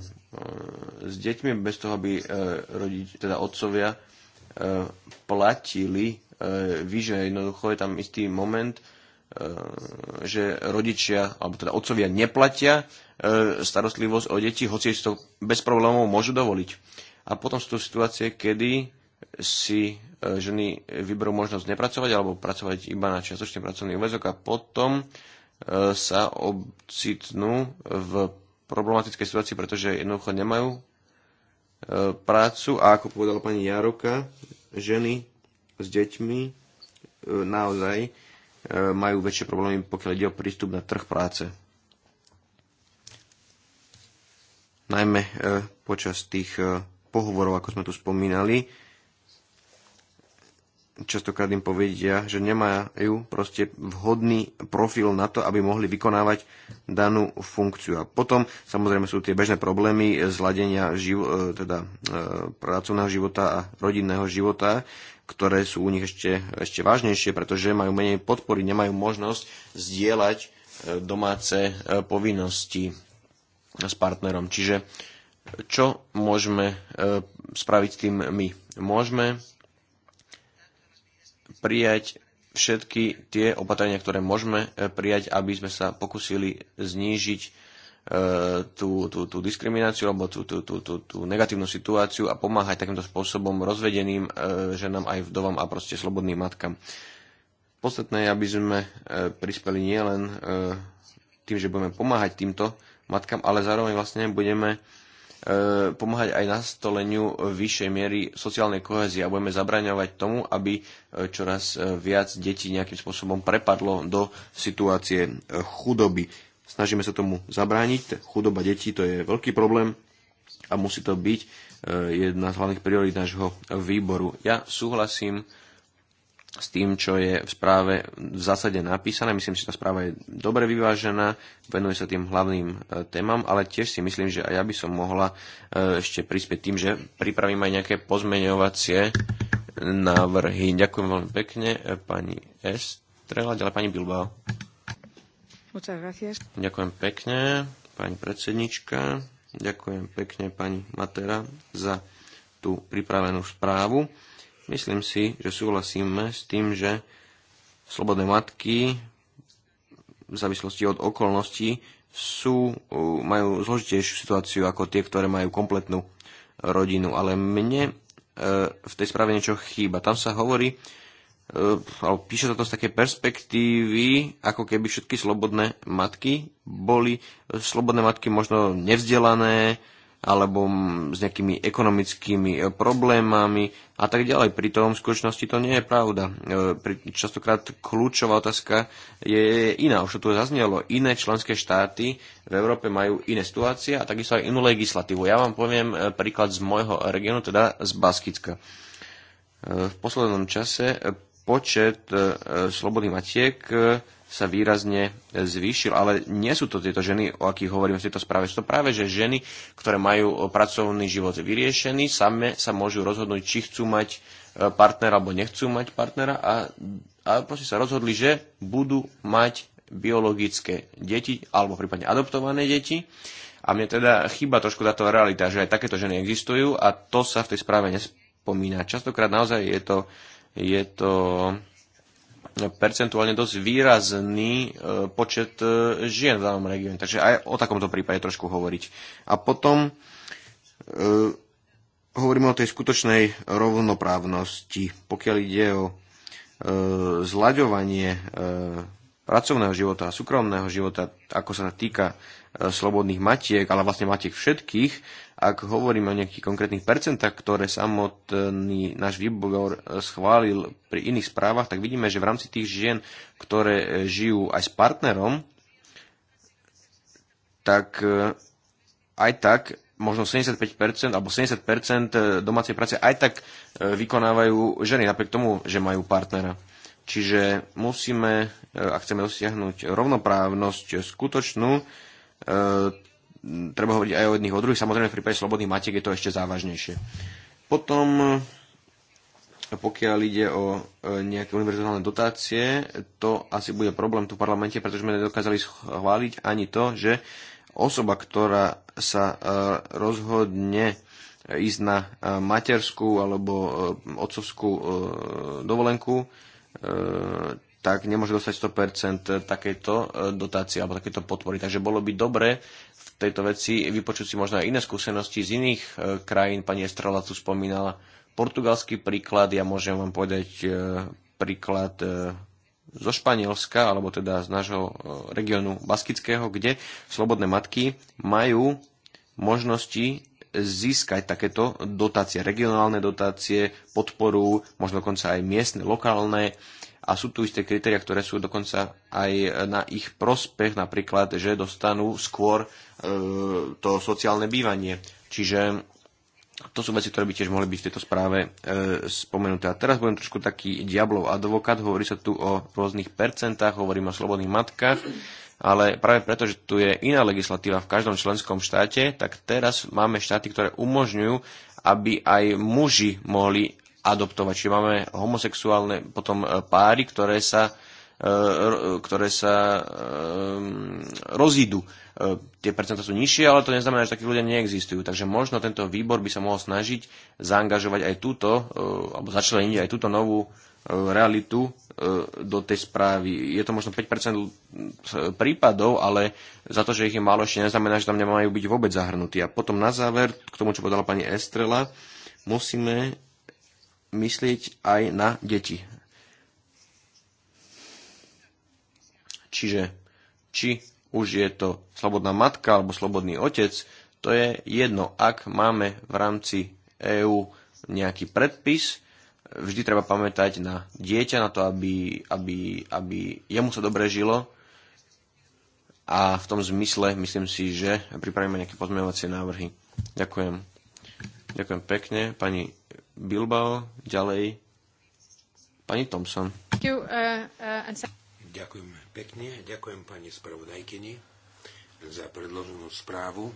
s deťmi bez toho, aby rodič, teda otcovia platili výže. Jednoducho je tam istý moment, že rodičia, alebo teda otcovia neplatia starostlivosť o deti, hoci si to bez problémov môžu dovoliť. A potom sú tu situácie, kedy si e, ženy vyberú možnosť nepracovať alebo pracovať iba na čiastočný pracovný úvezok a potom e, sa obcitnú v problematickej situácii, pretože jednoducho nemajú e, prácu a ako povedala pani Jaroka, ženy s deťmi naozaj majú väčšie problémy, pokiaľ ide o prístup na trh práce. Najmä počas tých pohovorov, ako sme tu spomínali. Častokrát im povedia, že nemajú proste vhodný profil na to, aby mohli vykonávať danú funkciu. A potom samozrejme sú tie bežné problémy zladenia živ- e, teda, e, pracovného života a rodinného života, ktoré sú u nich ešte, ešte vážnejšie, pretože majú menej podpory, nemajú možnosť zdieľať e, domáce povinnosti s partnerom. Čiže čo môžeme e, spraviť tým my? Môžeme prijať všetky tie opatrenia, ktoré môžeme e, prijať, aby sme sa pokúsili znížiť e, tú, tú, tú diskrimináciu alebo tú, tú, tú, tú, tú negatívnu situáciu a pomáhať takýmto spôsobom rozvedeným ženám aj vdovám a proste slobodným matkám. Podstatné je, aby sme prispeli nielen tým, že budeme pomáhať týmto matkám, ale zároveň vlastne budeme E, pomáhať aj nastoleniu vyššej miery sociálnej kohezie a budeme zabraňovať tomu, aby e, čoraz e, viac detí nejakým spôsobom prepadlo do situácie chudoby. Snažíme sa tomu zabrániť. Chudoba detí to je veľký problém a musí to byť jedna z hlavných priorít nášho výboru. Ja súhlasím s tým, čo je v správe v zásade napísané. Myslím, že tá správa je dobre vyvážená, venuje sa tým hlavným e, témam, ale tiež si myslím, že aj ja by som mohla e, ešte prispieť tým, že pripravím aj nejaké pozmeňovacie návrhy. Ďakujem veľmi pekne, e, pani Trela, ďalej pani Bilbao. Ďakujem pekne, pani predsednička. Ďakujem pekne, pani Matera, za tú pripravenú správu. Myslím si, že súhlasíme s tým, že slobodné matky v závislosti od okolností sú, majú zložitejšiu situáciu ako tie, ktoré majú kompletnú rodinu. Ale mne e, v tej správe niečo chýba. Tam sa hovorí, e, alebo píše sa to z také perspektívy, ako keby všetky slobodné matky boli e, slobodné matky možno nevzdelané, alebo s nejakými ekonomickými e, problémami a tak ďalej. tom v skutočnosti to nie je pravda. E, častokrát kľúčová otázka je iná, už to tu zaznelo. Iné členské štáty v Európe majú iné situácie a takisto aj inú legislatívu. Ja vám poviem e, príklad z môjho regiónu, teda z Baskicka. V poslednom čase počet slobodných matiek sa výrazne zvýšil, ale nie sú to tieto ženy, o akých hovoríme v tejto správe. Sú to práve že ženy, ktoré majú e, pracovný život vyriešený, same sa môžu rozhodnúť, či chcú mať e, partnera alebo nechcú mať partnera a, a proste sa rozhodli, že budú mať biologické deti alebo prípadne adoptované deti. A mne teda chýba trošku táto realita, že aj takéto ženy existujú a to sa v tej správe nespomína. Častokrát naozaj je to, je to percentuálne dosť výrazný e, počet e, žien v danom regióne. Takže aj o takomto prípade trošku hovoriť. A potom e, hovoríme o tej skutočnej rovnoprávnosti. Pokiaľ ide o e, zlaďovanie e, pracovného života a súkromného života, ako sa týka e, slobodných matiek, ale vlastne matiek všetkých, ak hovoríme o nejakých konkrétnych percentách, ktoré samotný náš výbor e, schválil pri iných správach, tak vidíme, že v rámci tých žien, ktoré e, žijú aj s partnerom, tak aj tak možno 75% alebo 70% domácej práce aj tak vykonávajú ženy, napriek tomu, že majú partnera. Čiže musíme, e, ak chceme dosiahnuť rovnoprávnosť skutočnú, e, treba hovoriť aj o jedných o druhých. Samozrejme, v prípade slobodných matiek je to ešte závažnejšie. Potom, pokiaľ ide o e, nejaké univerzálne dotácie, to asi bude problém tu v parlamente, pretože sme nedokázali schváliť ani to, že osoba, ktorá sa rozhodne ísť na materskú alebo otcovskú dovolenku, E, tak nemôže dostať 100% takéto e, dotácie alebo takéto podpory. Takže bolo by dobre v tejto veci vypočuť si možno aj iné skúsenosti z iných e, krajín. Pani Estrela tu spomínala portugalský príklad. Ja môžem vám povedať príklad zo Španielska, alebo teda z nášho regiónu Baskického, kde slobodné matky majú možnosti získať takéto dotácie, regionálne dotácie, podporu, možno dokonca aj miestne, lokálne. A sú tu isté kritéria, ktoré sú dokonca aj na ich prospech, napríklad, že dostanú skôr e, to sociálne bývanie. Čiže to sú veci, ktoré by tiež mohli byť v tejto správe e, spomenuté. A teraz budem trošku taký diablov advokát, hovorí sa tu o rôznych percentách, hovorím o slobodných matkách ale práve preto, že tu je iná legislatíva v každom členskom štáte, tak teraz máme štáty, ktoré umožňujú, aby aj muži mohli adoptovať. Čiže máme homosexuálne potom e, páry, ktoré sa e, e, ktoré sa rozídu. Tie percentá sú nižšie, ale to neznamená, že takí ľudia neexistujú. Takže možno tento výbor by sa mohol snažiť zaangažovať aj túto, alebo začleniť aj túto novú realitu e, do tej správy. Je to možno 5% prípadov, ale za to, že ich je málo, ešte neznamená, že tam nemajú byť vôbec zahrnutí. A potom na záver, k tomu, čo povedala pani Estrela, musíme myslieť aj na deti. Čiže či už je to slobodná matka alebo slobodný otec, to je jedno, ak máme v rámci EÚ nejaký predpis, vždy treba pamätať na dieťa, na to, aby, aby, aby jemu sa dobre žilo. A v tom zmysle myslím si, že pripravíme nejaké pozmeňovacie návrhy. Ďakujem. Ďakujem pekne. Pani Bilbao, ďalej. Pani Thompson. Uh, uh, Ďakujem pekne. Ďakujem pani spravodajkyni za predloženú správu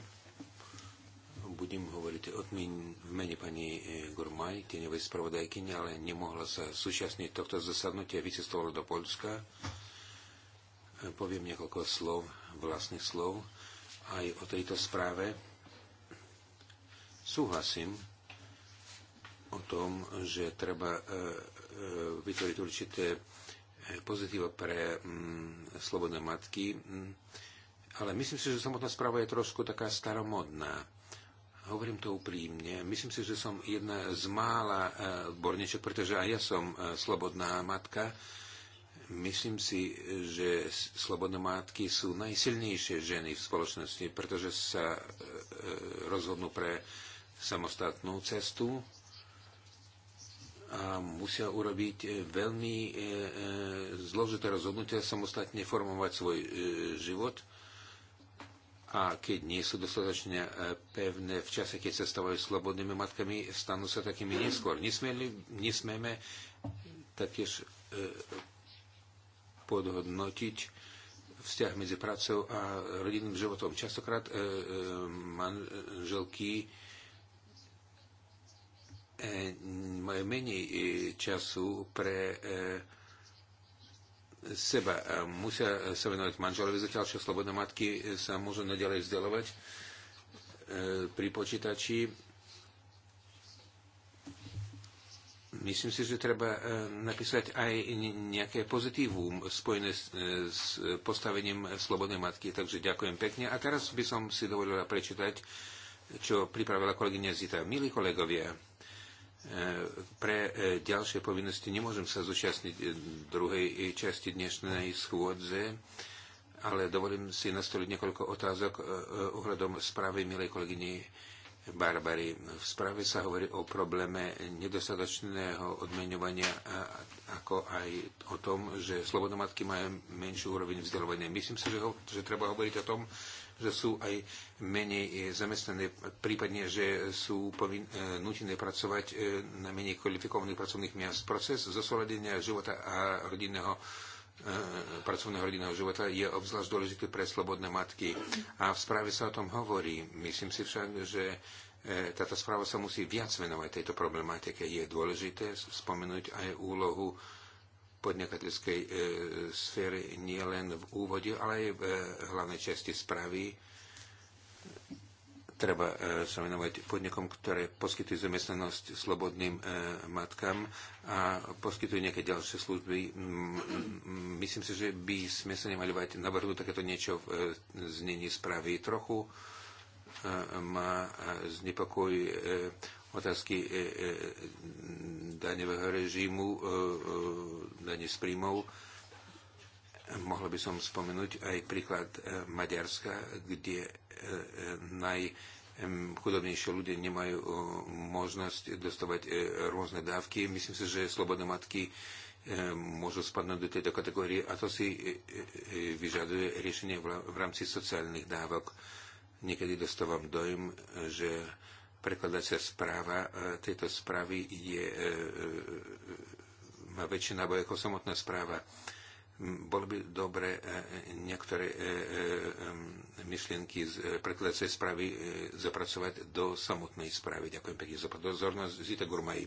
budem hovoriť odmien v mene pani e, Gurmaj, tieňovej spravodajkyne, ale nemohla sa súčasniť tohto zasadnutia, vycestovala do Polska. E, poviem niekoľko slov, vlastných slov, aj o tejto správe. Súhlasím o tom, že treba e, vytvoriť určité pozitíva pre mm, slobodné matky, mm, ale myslím si, že samotná správa je trošku taká staromodná. Hovorím to úprimne. Myslím si, že som jedna z mála e, odborníčok, pretože aj ja som e, slobodná matka. Myslím si, že slobodné matky sú najsilnejšie ženy v spoločnosti, pretože sa e, rozhodnú pre samostatnú cestu a musia urobiť veľmi zložité rozhodnutia, samostatne formovať svoj život – a keď nie sú dostatočne e, pevné v čase, keď sa stávajú slobodnými matkami, stanú sa takými neskôr. Nesmieli, nesmieme taktiež e, podhodnotiť vzťah medzi prácou a rodinným životom. Častokrát e, manželky majú menej času pre seba musia sa venovať manželovi, zatiaľ čo slobodné matky sa môžu nadalej vzdelovať e, pri počítači. Myslím si, že treba e, napísať aj nejaké pozitívum spojené e, s postavením slobodnej matky. Takže ďakujem pekne. A teraz by som si dovolila prečítať, čo pripravila kolegyňa Zita. Milí kolegovia, E, pre e, ďalšie povinnosti nemôžem sa zúčastniť e, druhej časti dnešnej schôdze, ale dovolím si nastoliť niekoľko otázok ohľadom správy milej kolegyne Barbary. V správe sa hovorí o probléme nedostatočného odmeňovania ako aj o tom, že slobodomatky majú menšiu úroveň vzdelovania. Myslím si, že, ho, že treba hovoriť o tom, že sú aj menej eh, zamestnané, prípadne, že sú povin- eh, nutené pracovať eh, na menej kvalifikovaných pracovných miast. Proces zosúladenia života a rodinného pracovného rodinného života je obzvlášť dôležitý pre slobodné matky. A v správe sa o tom hovorí. Myslím si však, že táto správa sa musí viac venovať tejto problematike. Je dôležité spomenúť aj úlohu podnikateľskej e, sféry nie len v úvode, ale aj v e, hlavnej časti správy. Treba e, sa venovať podnikom, ktoré poskytujú zamestnanosť slobodným matkám a poskytujú nejaké ďalšie služby. Myslím si, že by sme sa nemali bať navrhnúť takéto niečo v znení správy. Trochu ma znepokojí otázky e, e, daňového režimu, e, dane z príjmov. Mohla by som spomenúť aj príklad Maďarska, kde najchudobnejšie ľudia nemajú možnosť dostávať rôzne dávky. Myslím si, že slobodné matky môžu spadnúť do tejto kategórie a to si vyžaduje riešenie v rámci sociálnych dávok. Niekedy dostávam dojem, že prekladacia správa e, tejto správy je, e, e, má väčšie náboj ako samotná správa. Bolo by dobre niektoré myšlienky z prekladacej správy zapracovať do samotnej správy. Ďakujem pekne za pozornosť. Zita Gurmaj.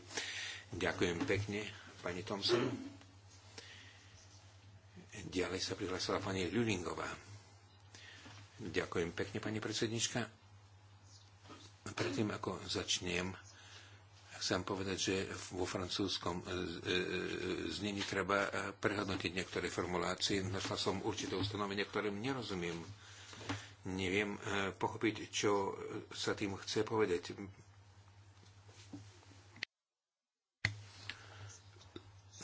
Ďakujem pekne, pani Thompson. Ďalej sa prihlásila pani Ľulingová. Ďakujem pekne, pani predsednička. Predtým, ako začnem, chcem povedať, že vo francúzskom e, e, e, znení treba prehodnotiť niektoré formulácie. Našla som určité ustanovenie, ktorým nerozumiem. Neviem pochopiť, čo sa tým chce povedať.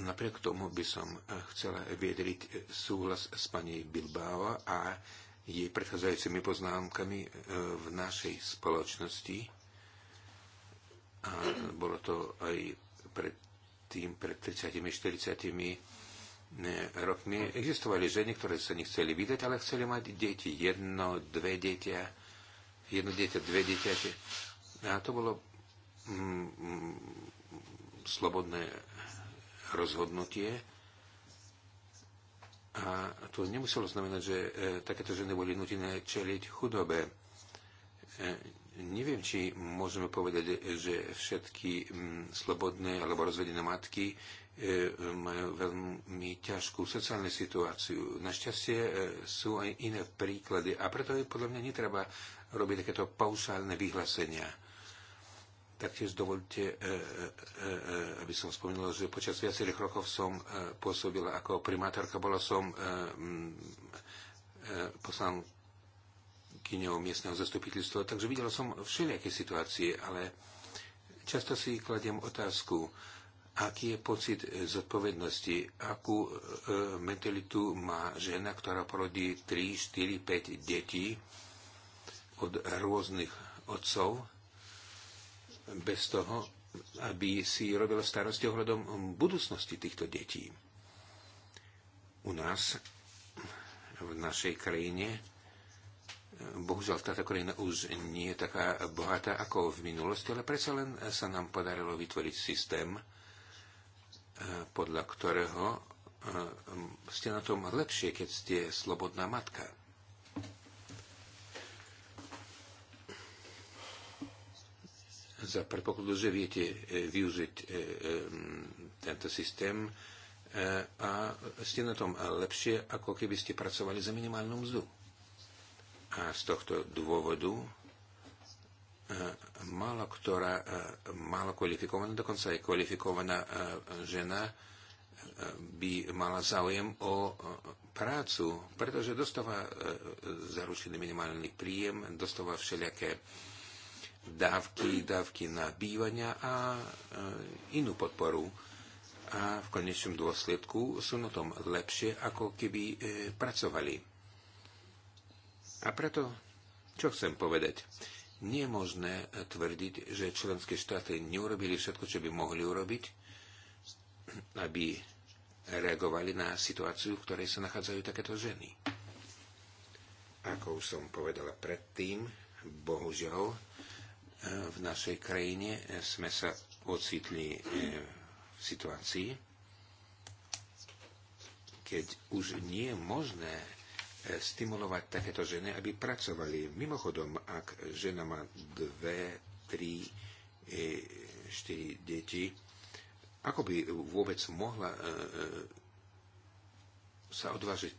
Napriek tomu by som chcela vyjadriť súhlas s pani Bilbao a jej predchádzajúcimi poznámkami e, v našej spoločnosti. A bolo to aj pred tým, pred 30-40 e, rokmi. Existovali ženy, ktoré sa nechceli vydať, ale chceli mať deti. Jedno, dve dieťa, jedno dieťa, dve dieťate. A to bolo mm, mm, slobodné rozhodnutie a to nemuselo znamenať, že e, takéto ženy boli nutené čeliť chudobe. E, neviem, či môžeme povedať, že všetky slobodné alebo rozvedené matky e, majú veľmi ťažkú sociálnu situáciu. Našťastie sú aj iné príklady a preto podľa mňa netreba robiť takéto paušálne vyhlásenia Taktiež dovolte, e, e, e, aby som spomenul, že počas viacerých rokov som pôsobil ako primátorka, bola som poslankyňou miestneho zastupiteľstva, takže videl som všelijaké situácie, ale často si kladiem otázku, aký je pocit zodpovednosti, akú mentalitu má žena, ktorá porodí 3, 4, 5 detí od rôznych otcov, bez toho, aby si robilo starosti ohľadom budúcnosti týchto detí. U nás, v našej krajine, bohužiaľ táto krajina už nie je taká bohatá ako v minulosti, ale predsa len sa nám podarilo vytvoriť systém, eh, podľa ktorého eh, ste na tom lepšie, keď ste slobodná matka. za predpokladu, že viete e, využiť e, e, tento systém a ste na tom lepšie, ako keby ste pracovali za minimálnu mzdu. A z tohto dôvodu malo ktorá, malo kvalifikovaná, dokonca aj kvalifikovaná žena by mala záujem o prácu, pretože dostáva zaručený minimálny príjem, dostáva všelijaké dávky, dávky na bývania a e, inú podporu. A v konečnom dôsledku sú na tom lepšie, ako keby e, pracovali. A preto, čo chcem povedať? Nie je možné tvrdiť, že členské štáty neurobili všetko, čo by mohli urobiť, aby reagovali na situáciu, v ktorej sa nachádzajú takéto ženy. Ako už som povedala predtým, bohužiaľ, v našej krajine sme sa ocitli eh, v situácii, keď už nie je možné eh, stimulovať takéto ženy, aby pracovali. Mimochodom, ak žena má dve, tri, eh, štyri deti, ako by vôbec mohla sa odvážiť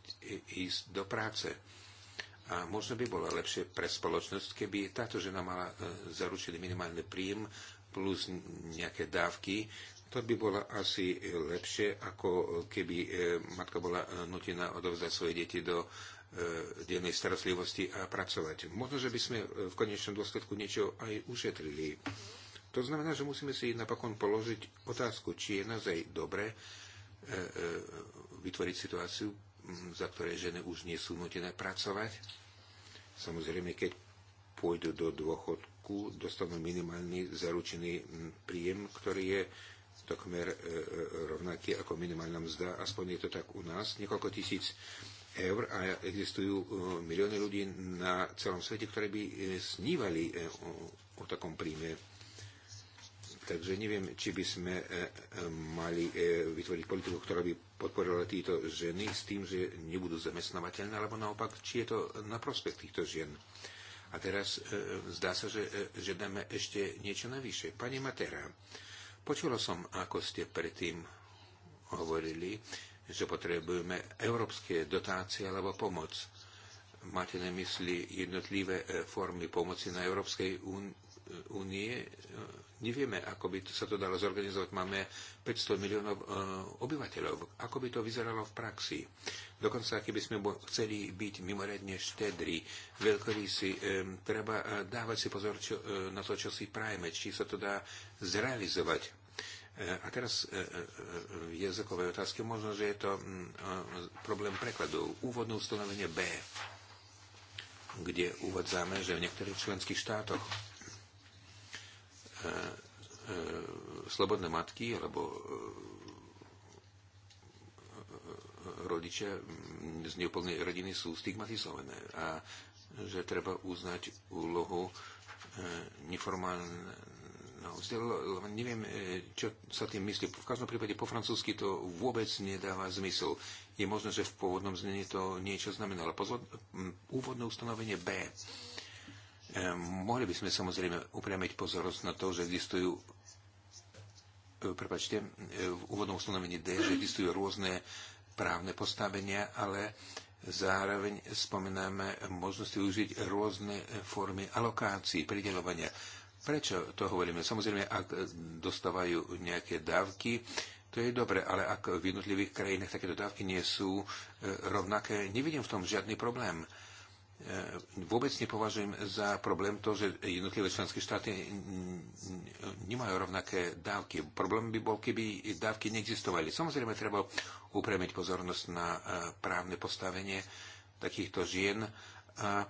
ísť do práce? A možno by bolo lepšie pre spoločnosť, keby táto žena mala e, zaručený minimálny príjem plus nejaké dávky. To by bolo asi lepšie, ako keby e, matka bola e, nutená odovzdať svoje deti do dennej starostlivosti a pracovať. Možno, že by sme v konečnom dôsledku niečo aj ušetrili. To znamená, že musíme si napokon položiť otázku, či je naozaj dobre vytvoriť situáciu, za ktoré ženy už nie sú nutené pracovať Samozrejme, keď pôjdu do dôchodku, dostanú minimálny zaručený príjem, ktorý je takmer e, e, rovnaký ako minimálna mzda. Aspoň je to tak u nás. Niekoľko tisíc eur a existujú e, milióny ľudí na celom svete, ktorí by snívali o, o takom príjme. Takže neviem, či by sme mali vytvoriť politiku, ktorá by podporila títo ženy s tým, že nebudú zamestnávateľné, alebo naopak, či je to na prospech týchto žien. A teraz e, zdá sa, že e, žiadame ešte niečo navyše. Pani Matera, počula som, ako ste predtým hovorili, že potrebujeme európske dotácie alebo pomoc. Máte na mysli jednotlivé e, formy pomoci na Európskej únie, e, e, Nevieme, ako by sa to dalo zorganizovať. Máme 500 miliónov e, obyvateľov. Ako by to vyzeralo v praxi? Dokonca, keby sme chceli byť mimoriadne štedri, veľkorysí, e, treba e, dávať si pozor e, na to, čo si prajeme, či sa to dá zrealizovať. A teraz v jazykovej otázke možno, že je to mm, problém prekladov. Úvodné ustanovenie B, kde uvádzame, že v niektorých členských štátoch E, e, slobodné matky alebo e, rodičia z neúplnej rodiny sú stigmatizované a že treba uznať úlohu neformálneho vzdelávania. Neviem, čo sa tým myslí. V každom prípade po francúzsky to vôbec nedáva zmysel. Je možné, že v pôvodnom znení to niečo znamenalo. Pozor, úvodné ustanovenie B Ehm, mohli by sme samozrejme upriamiť pozornosť na to, že existujú e, prepačte, e, v úvodnom ustanovení D, že existujú rôzne právne postavenia, ale zároveň spomíname možnosti užiť rôzne formy alokácií, pridelovania. Prečo to hovoríme? Samozrejme, ak dostávajú nejaké dávky, to je dobre, ale ak v jednotlivých krajinách takéto dávky nie sú e, rovnaké, nevidím v tom žiadny problém. E, vôbec nepovažujem za problém to, že jednotlivé členské štáty nemajú rovnaké dávky. Problém by bol, keby dávky neexistovali. Samozrejme, treba upremiť pozornosť na e, právne postavenie takýchto žien a e,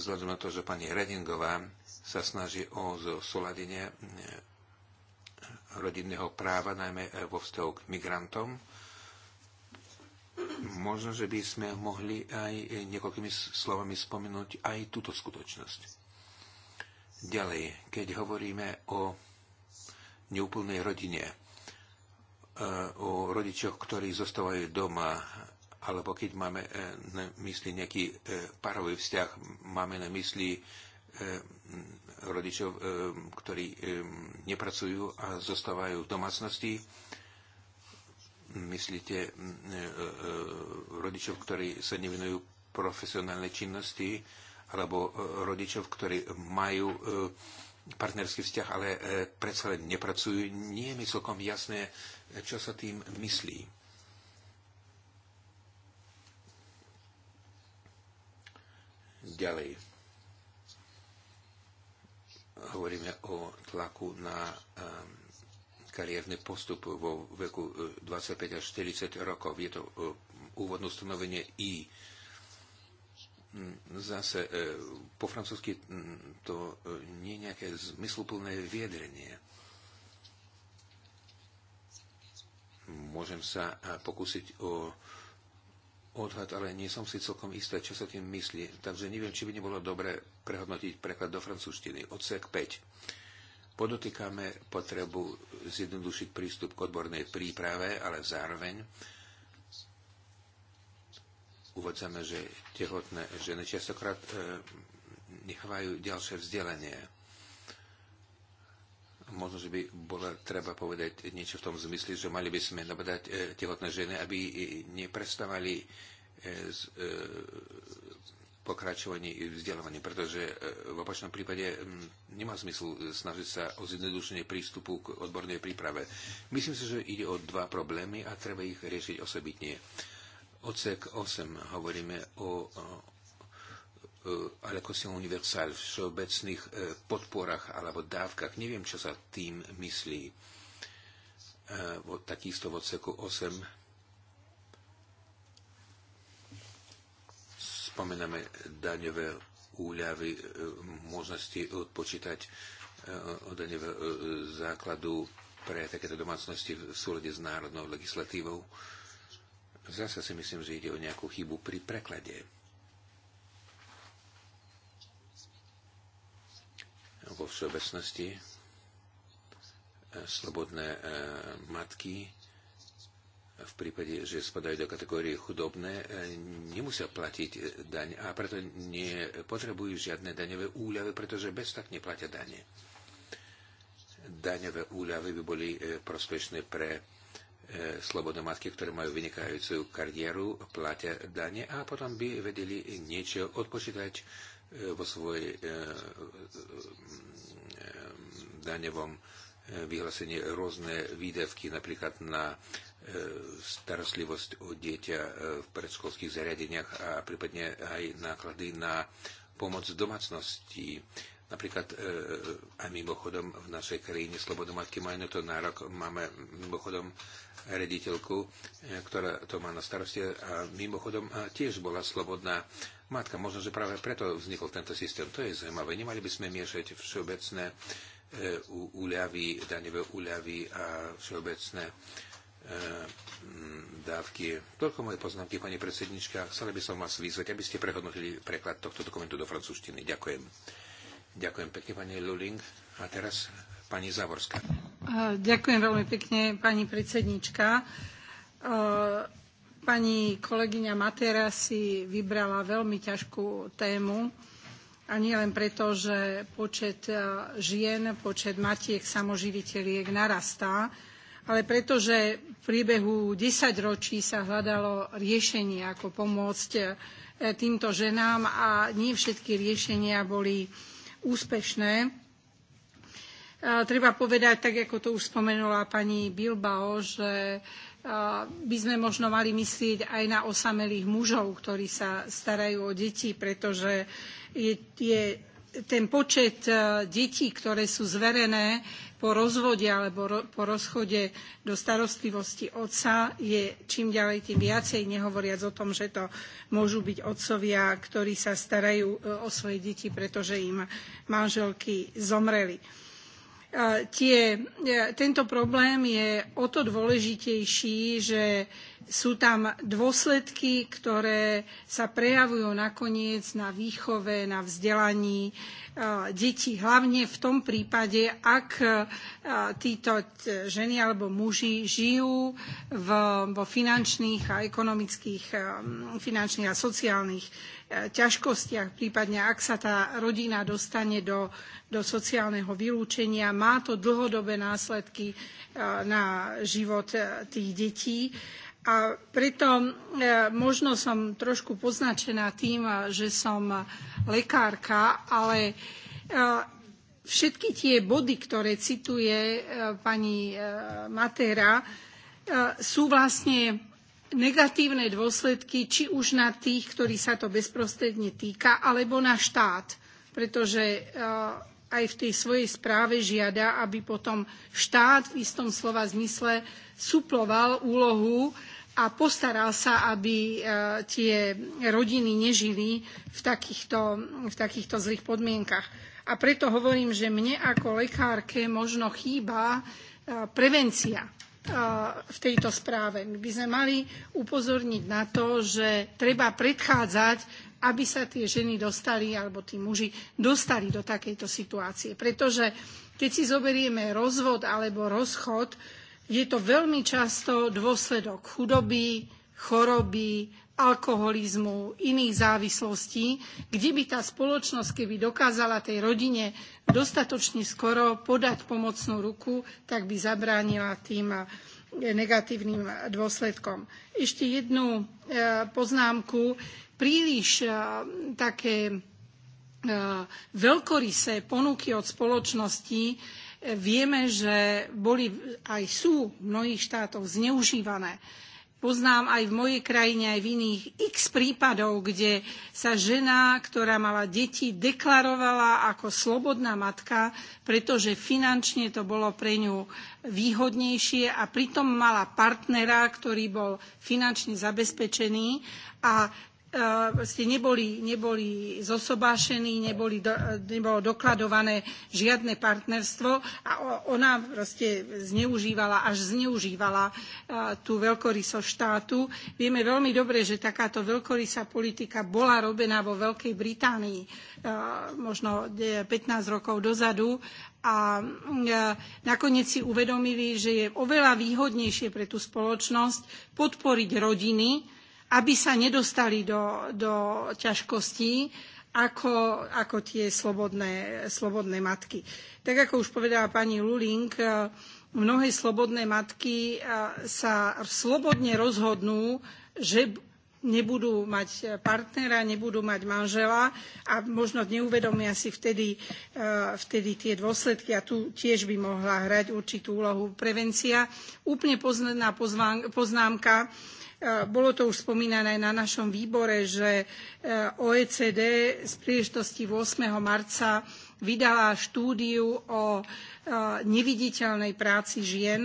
vzhľadom na to, že pani Redingová sa snaží o zosúladenie rodinného práva, najmä vo vzťahu k migrantom, možno, že by sme mohli aj niekoľkými slovami spomenúť aj túto skutočnosť. Ďalej, keď hovoríme o neúplnej rodine, e, o rodičoch, ktorí zostávajú doma, alebo keď máme e, na mysli nejaký e, parový vzťah, máme na mysli rodičov, ktorí nepracujú a zostávajú v domácnosti, myslíte e, e, rodičov, ktorí sa nevinujú profesionálnej činnosti, alebo e, rodičov, ktorí majú partnerský vzťah, ale predsa len nepracujú. Nie je mi celkom jasné, čo sa tým myslí. Ďalej. Hovoríme o tlaku na um, kariérny postup vo veku 25 e, až 40 rokov. Je to e, úvodné ustanovenie I. Mm, zase e, po francúzsky mm, to nie je nejaké zmysluplné viedrenie. Môžem sa pokúsiť o odhad, ale nie som si celkom istá, čo sa tým myslí. Takže neviem, či by nebolo dobre prehodnotiť preklad do francúzštiny. Odsek 5 Podotýkame potrebu zjednodušiť prístup k odbornej príprave, ale zároveň uvádzame, že tehotné ženy častokrát e, nechávajú ďalšie vzdelenie. Možno, že by bolo treba povedať niečo v tom zmysle, že mali by sme nabadať e, tehotné ženy, aby e, neprestávali e, e, pokračovaní i vzdelávaní, pretože e, v opačnom prípade nemá zmysl e, snažiť sa o zjednodušenie prístupu k odbornej príprave. Myslím si, že ide o dva problémy a treba ich riešiť osobitne. Odsek 8 hovoríme o e, univerzál, v všeobecných podporách alebo dávkach. Neviem, čo sa tým myslí. Takisto v odseku 8 spomíname daňové úľavy, e, možnosti odpočítať e, od e, základu pre takéto domácnosti v súlede s národnou legislatívou. Zase si myslím, že ide o nejakú chybu pri preklade. Vo všeobecnosti slobodné matky v prípade, že spadajú do kategórie chudobné, e, nemusia platiť e, daň a preto nepotrebujú žiadne daňové úľavy, pretože bez tak neplatia dane. Daňové úľavy by boli e, prospešné pre slobodné matky, ktoré majú vynikajúcu kariéru, platia dane a potom by vedeli niečo odpočítať vo svojej daňovom vyhlásení rôzne výdavky, napríklad na starostlivosť o dieťa e, v predškolských zariadeniach a prípadne aj náklady na pomoc domácnosti. Napríklad e, aj mimochodom v našej krajine Slobodu Matky majú to nárok. Máme mimochodom rediteľku, e, ktorá to má na starosti a mimochodom tiež bola slobodná matka. Možno, že práve preto vznikol tento systém. To je zaujímavé. Nemali by sme miešať všeobecné uľavy, daňové uľavy a všeobecné E, dávky. Toľko moje poznámky, pani predsednička. Chcela by som vás vyzvať, aby ste prehodnotili preklad tohto dokumentu do francúzštiny. Ďakujem. Ďakujem pekne, pani Luling. A teraz pani Zavorská. E, ďakujem veľmi pekne, pani predsednička. E, pani kolegyňa Matera si vybrala veľmi ťažkú tému. A nie len preto, že počet žien, počet matiek, samoživiteľiek narastá, ale pretože v priebehu desaťročí sa hľadalo riešenie, ako pomôcť e, týmto ženám a nie všetky riešenia boli úspešné. E, treba povedať, tak ako to už spomenula pani Bilbao, že e, by sme možno mali myslieť aj na osamelých mužov, ktorí sa starajú o deti, pretože je, je ten počet e, detí, ktoré sú zverené po rozvode alebo ro, po rozchode do starostlivosti otca je čím ďalej tým viacej, nehovoriac o tom, že to môžu byť otcovia, ktorí sa starajú e, o svoje deti, pretože im manželky zomreli E, tento problém je o to dôležitejší, že sú tam dôsledky, ktoré sa prejavujú nakoniec na výchove, na vzdelaní e, detí, hlavne v tom prípade, ak e, títo ženy alebo muži žijú vo finančných a ekonomických, finančných a sociálnych ťažkostiach, prípadne ak sa tá rodina dostane do, do sociálneho vylúčenia. Má to dlhodobé následky e, na život e, tých detí. A preto e, možno som trošku poznačená tým, že som lekárka, ale všetky tie body, ktoré cituje pani Matera, sú vlastne negatívne dôsledky či už na tých, ktorí sa to bezprostredne týka, alebo na štát, pretože e, aj v tej svojej správe žiada, aby potom štát v istom slova zmysle suploval úlohu a postaral sa, aby e, tie rodiny nežili v takýchto, v takýchto zlých podmienkach. A preto hovorím, že mne ako lekárke možno chýba e, prevencia v tejto správe. My by sme mali upozorniť na to, že treba predchádzať, aby sa tie ženy dostali, alebo tí muži dostali do takejto situácie. Pretože keď si zoberieme rozvod alebo rozchod, je to veľmi často dôsledok chudoby, choroby, alkoholizmu, iných závislostí, kde by tá spoločnosť, keby dokázala tej rodine dostatočne skoro podať pomocnú ruku, tak by zabránila tým eh, negatívnym dôsledkom. Ešte jednu eh, poznámku. Príliš eh, také veľkorysé ponuky od spoločnosti vieme, že boli aj sú v mnohých štátoch zneužívané Poznám aj v mojej krajine, aj v iných x prípadov, kde sa žena, ktorá mala deti, deklarovala ako slobodná matka, pretože finančne to bolo pre ňu výhodnejšie a pritom mala partnera, ktorý bol finančne zabezpečený a Eh, ste neboli, neboli zosobášení, neboli do, nebolo dokladované žiadne partnerstvo a ona proste zneužívala, až zneužívala eh, tú veľkorysosť štátu. Vieme veľmi dobre, že takáto veľkorysá politika bola robená vo Veľkej Británii eh, možno 15 rokov dozadu a nakoniec si uvedomili, že je oveľa výhodnejšie pre tú spoločnosť podporiť rodiny, aby sa nedostali do, do ťažkostí ako, ako tie slobodné, slobodné matky. Tak ako už povedala pani Luling, eh, mnohé slobodné matky eh, sa slobodne rozhodnú, že nebudú mať partnera, nebudú mať manžela a možno neuvedomia si vtedy, eh, vtedy tie dôsledky a tu tiež by mohla hrať určitú úlohu prevencia. Úplne posledná poznámka bolo to už spomínané na našom výbore, že e, OECD z príležitosti 8. marca vydala štúdiu o e, neviditeľnej práci žien,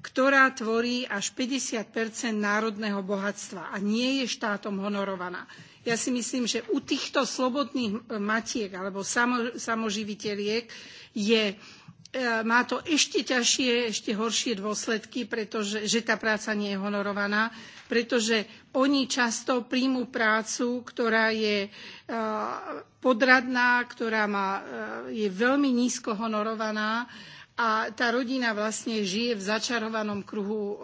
ktorá tvorí až 50 národného bohatstva a nie je štátom honorovaná. Ja si myslím, že u týchto slobodných matiek alebo samoživiteľiek je E, má to ešte ťažšie, ešte horšie dôsledky, pretože že tá práca nie je honorovaná, pretože oni často príjmu prácu, ktorá je e, podradná, ktorá má, e, je veľmi nízko honorovaná a tá rodina vlastne žije v začarovanom kruhu,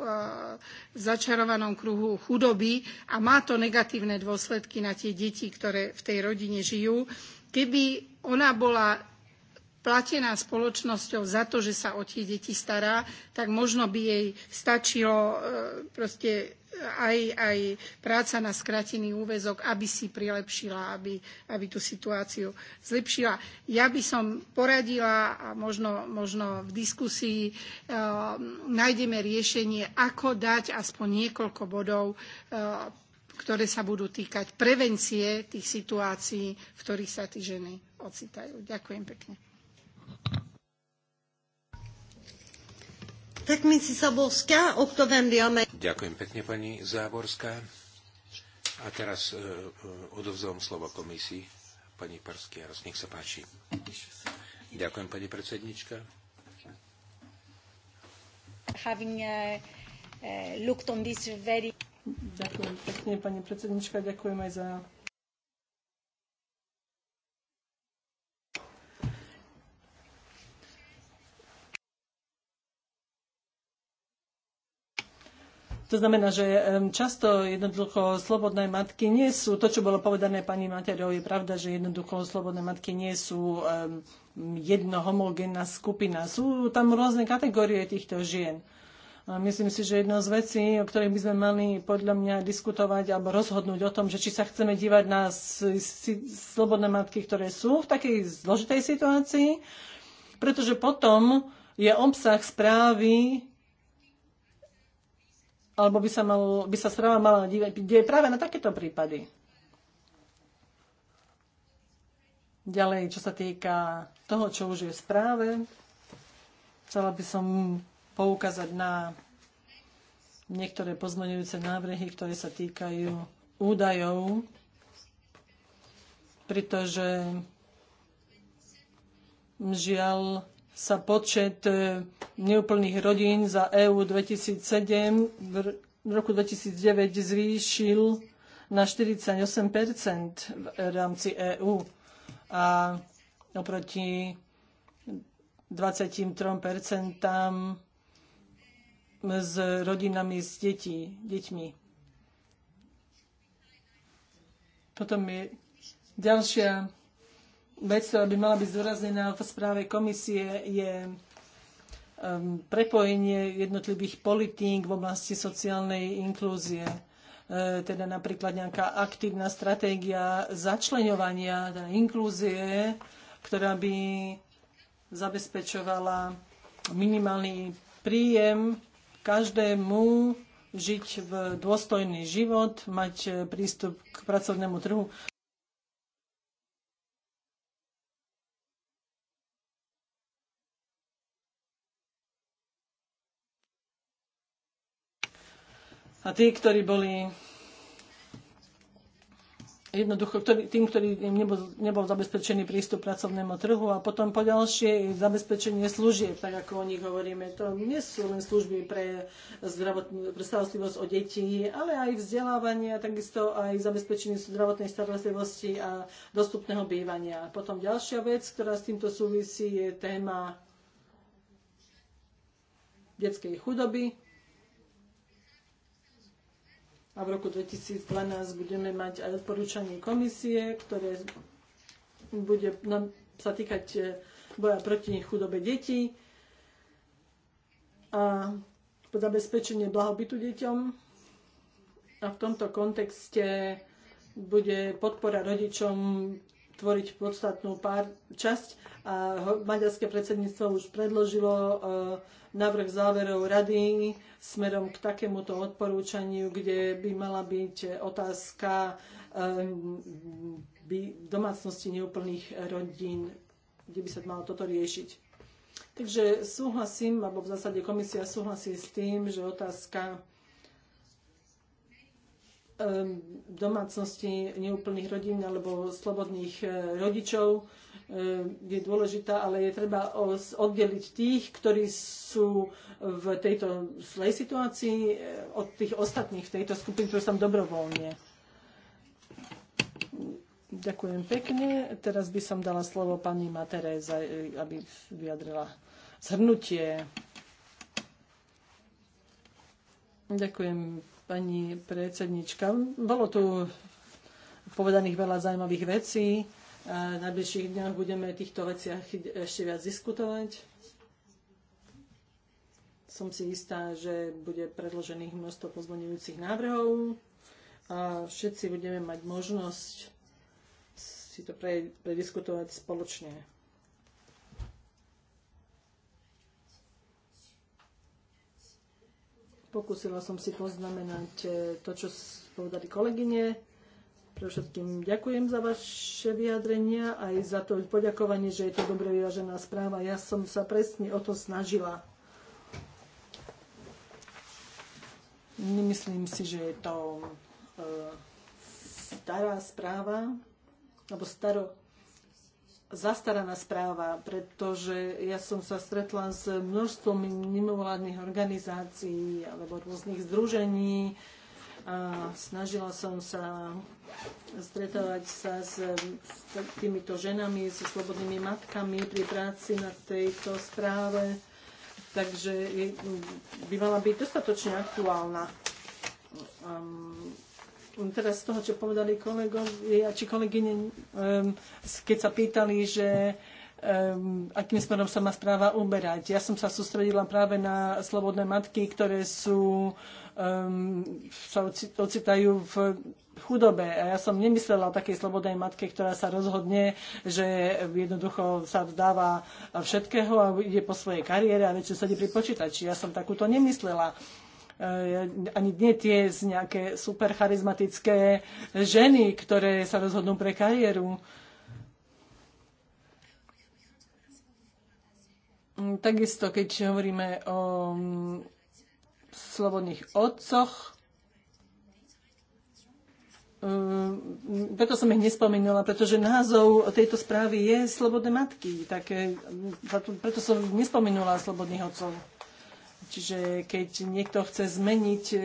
v začarovanom kruhu chudoby a má to negatívne dôsledky na tie deti, ktoré v tej rodine žijú. Keby ona bola platená spoločnosťou za to, že sa o tie deti stará, tak možno by jej stačilo e, proste aj, aj práca na skratený úväzok, aby si prilepšila, aby, aby tú situáciu zlepšila. Ja by som poradila a možno, možno v diskusii e, nájdeme riešenie, ako dať aspoň niekoľko bodov e, ktoré sa budú týkať prevencie tých situácií, v ktorých sa tí ženy ocitajú. Ďakujem pekne. Tekmici Saborská, o ktorom vieme. Ďakujem pekne, pani Záborská. A teraz e, e odovzdám slovo komisii. Pani Parskiaros, nech sa páči. Ďakujem, pani predsednička. E, e, Ďakujem pekne, pani predsednička. Ďakujem aj za To znamená, že často jednoducho slobodné matky nie sú, to čo bolo povedané pani materiou, je pravda, že jednoducho slobodné matky nie sú jedno homogénna skupina. Sú tam rôzne kategórie týchto žien. A myslím si, že jedna z vecí, o ktorých by sme mali podľa mňa diskutovať alebo rozhodnúť o tom, že či sa chceme dívať na slobodné matky, ktoré sú v takej zložitej situácii, pretože potom je obsah správy alebo by sa, mal, by sa správa mala dívať je práve na takéto prípady. Ďalej, čo sa týka toho, čo už je v správe, chcela by som poukázať na niektoré pozmeňujúce návrhy, ktoré sa týkajú údajov, pretože žiaľ sa počet e, neúplných rodín za EU 2007 v roku 2009 zvýšil na 48 v rámci EU a oproti 23 s rodinami s detí, deťmi. Potom je ďalšia vec, ktorá by mala byť zdôraznená v správe komisie, je um, prepojenie jednotlivých politík v oblasti sociálnej inklúzie e, teda napríklad nejaká aktívna stratégia začleňovania, teda inklúzie, ktorá by zabezpečovala minimálny príjem každému žiť v dôstojný život, mať e, prístup k pracovnému trhu A tí, ktorí boli jednoducho ktorý, tým, ktorým nebol, nebol zabezpečený prístup pracovnému trhu a potom po ďalšie zabezpečenie služieb, tak ako o nich hovoríme. To nie sú len služby pre, zdravotnú, pre starostlivosť o deti, ale aj vzdelávanie, takisto aj zabezpečenie zdravotnej starostlivosti a dostupného bývania. Potom ďalšia vec, ktorá s týmto súvisí, je téma detskej chudoby, a v roku 2012 budeme mať aj odporúčanie komisie, ktoré bude sa týkať e, boja proti chudobe detí a zabezpečenie blahobytu deťom. A v tomto kontexte bude podpora rodičom tvoriť podstatnú pár, časť a maďarské predsedníctvo už predložilo e, návrh záverov rady smerom k takémuto odporúčaniu, kde by mala byť otázka e, by domácnosti neúplných rodín, kde by sa malo toto riešiť. Takže súhlasím, alebo v zásade komisia súhlasí s tým, že otázka domácnosti neúplných rodín alebo slobodných eh, rodičov eh, je dôležitá, ale je treba oddeliť tých, ktorí sú v tejto zlej situácii eh, od tých ostatných v tejto skupine, ktorí sú tam dobrovoľne. Ďakujem pekne. Teraz by som dala slovo pani Matere, aby vyjadrila zhrnutie. Ďakujem pani predsednička. Bolo tu povedaných veľa zaujímavých vecí. V najbližších dňoch budeme o týchto veciach ešte viac diskutovať. Som si istá, že bude predložených množstvo pozvonujúcich návrhov a všetci budeme mať možnosť si to prediskutovať spoločne. Pokúsila som si poznamenať e, to, čo povedali kolegyne. Pre všetkým ďakujem za vaše vyjadrenia, aj za to poďakovanie, že je to dobre vyvážená správa. Ja som sa presne o to snažila. Nemyslím si, že je to e, stará správa, alebo staro zastaraná správa, pretože ja som sa stretla s množstvom mimovládnych organizácií alebo rôznych združení a snažila som sa stretávať sa s, s týmito ženami, so slobodnými matkami pri práci na tejto správe, takže by mala byť dostatočne aktuálna. Um, teraz z toho, čo povedali kolegovia či kolegyne, keď sa pýtali, že um, akým smerom sa má správa uberať. Ja som sa sústredila práve na slobodné matky, ktoré sú, um, sa ocitajú v chudobe. A ja som nemyslela o takej slobodnej matke, ktorá sa rozhodne, že jednoducho sa vzdáva všetkého a ide po svojej kariére a väčšie sedí pri počítači. Ja som takúto nemyslela. E, ani nie tie z nejaké super charizmatické ženy, ktoré sa rozhodnú pre kariéru. Takisto, keď hovoríme o mm, slobodných otcoch, e, preto som ich nespomenula, pretože názov tejto správy je Slobodné matky. Tak e, preto som nespomenula slobodných otcov. Čiže keď niekto chce zmeniť e,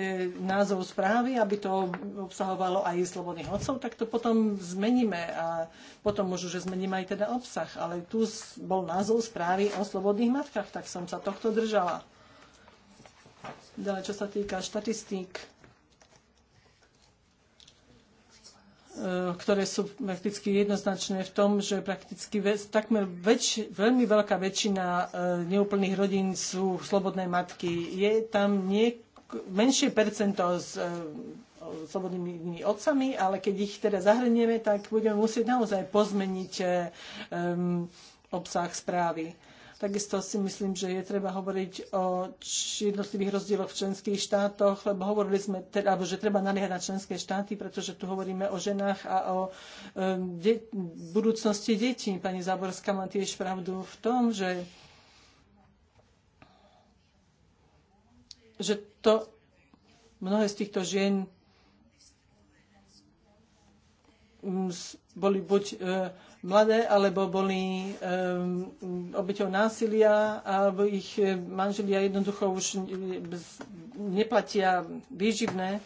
názov správy, aby to obsahovalo aj slobodných odcov, tak to potom zmeníme a potom môžu, že zmeníme aj teda obsah. Ale tu bol názov správy o slobodných matkách, tak som sa tohto držala. Ďalej, čo sa týka štatistík, E, ktoré sú prakticky jednoznačné v tom, že prakticky takmer väč, veľmi veľká väčšina e, neúplných rodín sú slobodné matky. Je tam niek- menšie percento s e, slobodnými otcami, ale keď ich teda zahrnieme, tak budeme musieť naozaj pozmeniť um, obsah správy. Takisto si myslím, že je treba hovoriť o jednotlivých rozdieloch v členských štátoch, lebo hovorili sme, teda, že treba naliehať na členské štáty, pretože tu hovoríme o ženách a o de- budúcnosti detí. Pani Záborská má tiež pravdu v tom, že že to mnohé z týchto žien boli buď e, mladé alebo boli um, obeťou násilia alebo ich e, manželia jednoducho už neplatia výživné.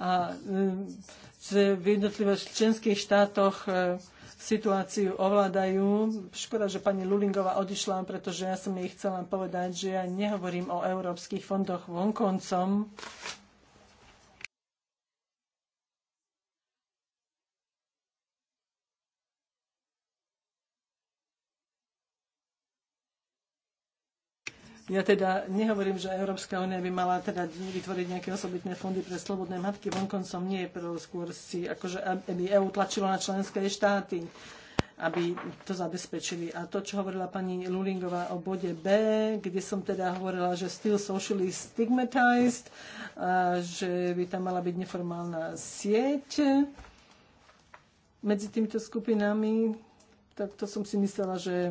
A v jednotlivých členských štátoch e, situáciu ovládajú. Škoda, že pani Lulingová odišla, pretože ja som jej chcela povedať, že ja nehovorím o európskych fondoch vonkoncom, Ja teda nehovorím, že Európska únia by mala teda vytvoriť nejaké osobitné fondy pre slobodné matky, vonkoncom nie, pro skôr si, akože aby EU tlačilo na členské štáty, aby to zabezpečili. A to, čo hovorila pani Lulingová o bode B, kde som teda hovorila, že still socially stigmatized, a že by tam mala byť neformálna sieť medzi týmito skupinami, tak to som si myslela, že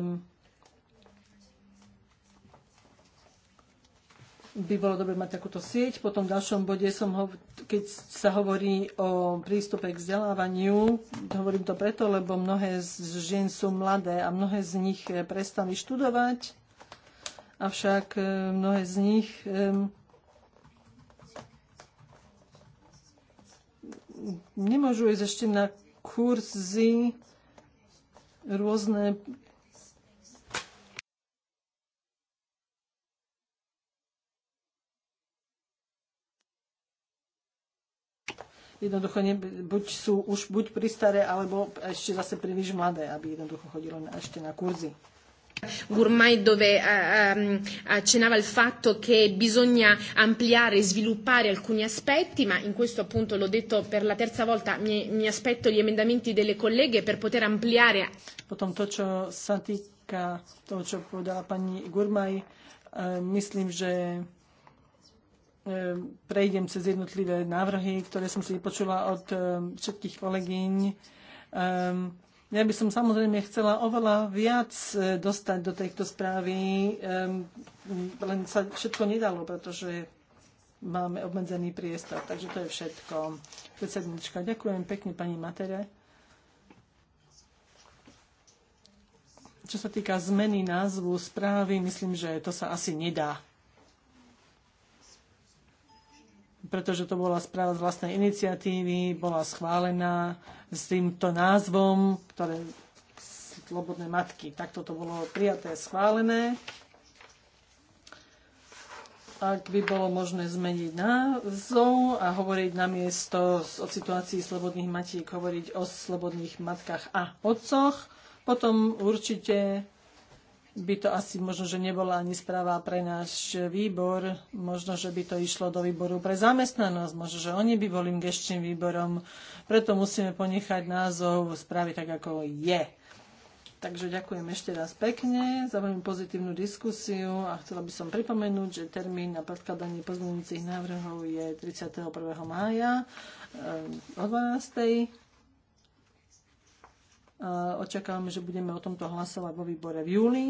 by bolo dobre mať takúto sieť. Potom v ďalšom bode, som ho, keď sa hovorí o prístupe k vzdelávaniu, hovorím to preto, lebo mnohé z žien sú mladé a mnohé z nich eh, prestali študovať, avšak eh, mnohé z nich nemôžu ísť ešte na kurzy rôzne jednoducho ne, buď sú už buď pristaré, alebo ešte zase príliš mladé, aby jednoducho chodilo na, ešte na kurzy. Ormai dove um, accennava il fatto che bisogna ampliare e sviluppare alcuni aspetti, ma in questo appunto l'ho detto per la terza volta, mi, mi aspetto gli emendamenti delle colleghe per poter ampliare. Potom to, čo sa týka toho, čo povedala pani Gurmaj, uh, myslím, že Ehm, prejdem cez jednotlivé návrhy, ktoré som si počula od ehm, všetkých kolegyň. Ehm, ja by som samozrejme chcela oveľa viac e, dostať do tejto správy, len sa všetko nedalo, pretože máme obmedzený priestor. Takže to je všetko. Predsednička, ďakujem pekne pani Matere. Čo sa týka zmeny názvu správy, myslím, že to sa asi nedá. pretože to bola správa z vlastnej iniciatívy, bola schválená s týmto názvom, ktoré slobodné matky. Takto to bolo prijaté, schválené. Ak by bolo možné zmeniť názov a hovoriť na miesto o situácii slobodných matiek, hovoriť o slobodných matkách a otcoch, potom určite by to asi možno, že nebola ani správa pre náš výbor, možno, že by to išlo do výboru pre zamestnanosť, možno, že oni by boli gestčným výborom, preto musíme ponechať názov správy tak, ako je. Takže ďakujem ešte raz pekne za veľmi pozitívnu diskusiu a chcela by som pripomenúť, že termín na predkladanie pozmeňujúcich návrhov je 31. mája ehm, o 12 očakávame, že budeme o tomto hlasovať vo výbore v júli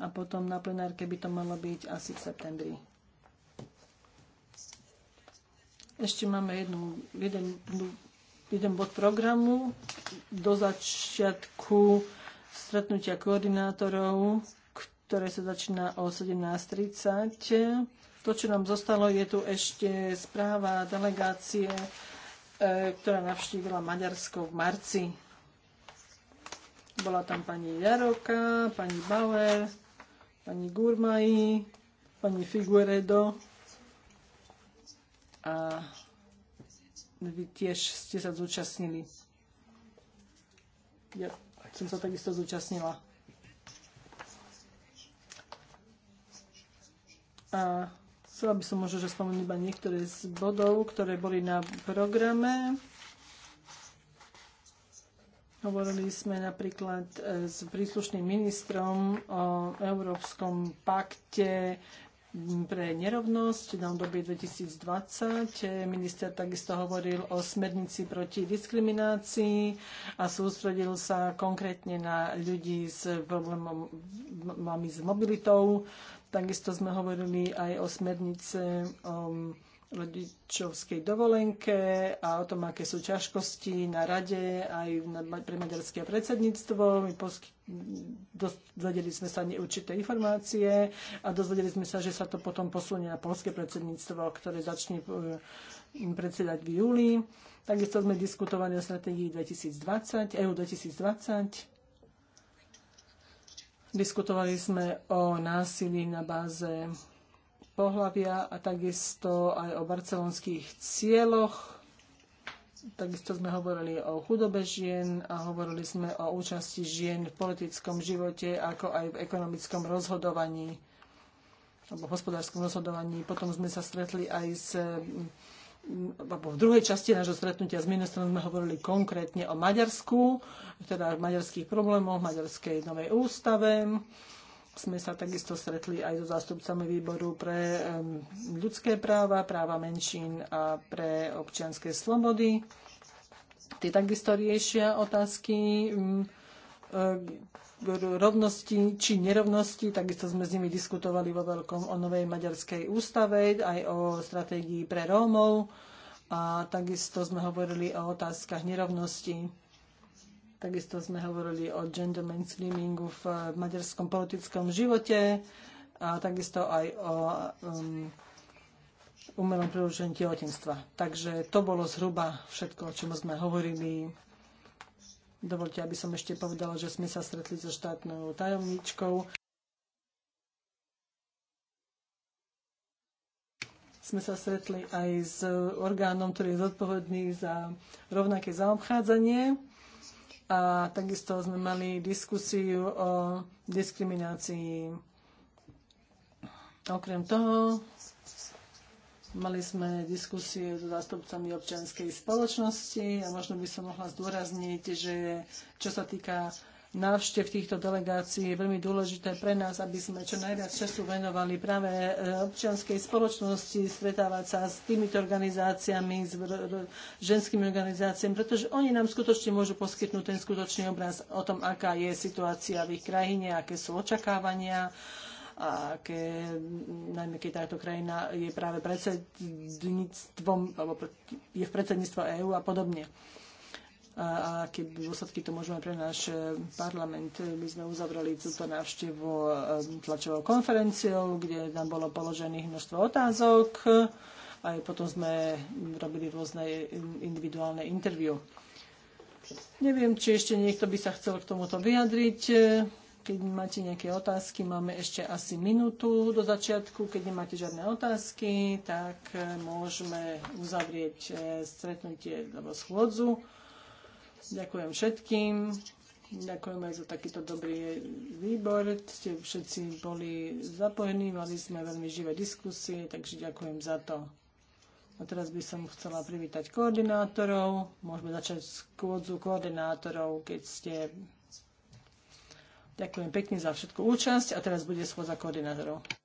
a potom na plenárke by to malo byť asi v septembri. Ešte máme jednu, jeden, jeden bod programu do začiatku stretnutia koordinátorov, ktoré sa začína o 17.30. To, čo nám zostalo, je tu ešte správa delegácie E, ktorá navštívila Maďarsko v marci. Bola tam pani Jaroka, pani Bauer, pani Gurmai, pani Figueredo a vy tiež ste sa zúčastnili. Ja som sa takisto zúčastnila. A Chcela by som možno, že spomenúť iba niektoré z bodov, ktoré boli na programe. Hovorili sme napríklad eh, s príslušným ministrom o Európskom pakte pre nerovnosť na obdobie 2020. Minister takisto hovoril o smernici proti diskriminácii a sústredil sa konkrétne na ľudí s problémami s mobilitou. Takisto sme hovorili aj o smernice o um, rodičovskej dovolenke a o tom, aké sú ťažkosti na rade aj pre maďarské predsedníctvo. My posky... dozvedeli sme sa neurčité informácie a dozvedeli sme sa, že sa to potom posunie na polské predsedníctvo, ktoré začne e, predsedať v júli. Takisto sme diskutovali o stratégii 2020, EU 2020 Diskutovali sme o násilí na báze pohľavia a takisto aj o barcelonských cieľoch. Takisto sme hovorili o chudobe žien a hovorili sme o účasti žien v politickom živote, ako aj v ekonomickom rozhodovaní alebo v hospodárskom rozhodovaní. Potom sme sa stretli aj s v druhej časti nášho stretnutia s ministrom sme hovorili konkrétne o Maďarsku, teda maďarských problémoch, maďarskej novej ústave sme sa takisto stretli aj so zástupcami výboru pre ľudské práva, práva menšín a pre občianské slobody. Tí takisto riešia otázky e, rovnosti či nerovnosti. Takisto sme s nimi diskutovali vo veľkom o novej maďarskej ústave, aj o stratégii pre Rómov a takisto sme hovorili o otázkach nerovnosti. Takisto sme hovorili o gender mainstreamingu v eh, maďarskom politickom živote a takisto aj o um, umelom prerušení tehotenstva. Takže to bolo zhruba všetko, o čom sme hovorili. Dovolte, aby som ešte povedala, že sme sa stretli so štátnou tajomničkou. sme sa stretli aj s orgánom, ktorý je zodpovedný za rovnaké zaobchádzanie a takisto sme mali diskusiu o diskriminácii. Okrem toho mali sme diskusie so zástupcami občianskej spoločnosti a možno by som mohla zdôrazniť, že čo sa týka návštev týchto delegácií je veľmi dôležité pre nás, aby sme čo najviac času venovali práve e, občianskej spoločnosti, stretávať sa s týmito organizáciami, s ženskými organizáciami, pretože oni nám skutočne môžu poskytnúť ten skutočný obraz o tom, aká je situácia v ich krajine, aké sú očakávania a aké, najmä keď táto krajina je práve predsedníctvom, alebo je v predsedníctve EÚ a podobne a aké dôsledky to môžeme pre náš e, parlament. My sme uzavreli túto návštevu e, tlačovou konferenciou, kde nám bolo položených množstvo otázok. A potom sme robili rôzne individuálne interviu. Neviem, či ešte niekto by sa chcel k tomuto vyjadriť. Keď máte nejaké otázky, máme ešte asi minútu do začiatku. Keď nemáte žiadne otázky, tak e, môžeme uzavrieť stretnutie alebo schôdzu. Ďakujem všetkým. Ďakujem aj za takýto dobrý výbor. Ste všetci boli zapojení, mali sme veľmi živé diskusie, takže ďakujem za to. A teraz by som chcela privítať koordinátorov. Môžeme začať s kôdzu koordinátorov, keď ste... Ďakujem pekne za všetku účasť a teraz bude schôdza koordinátorov.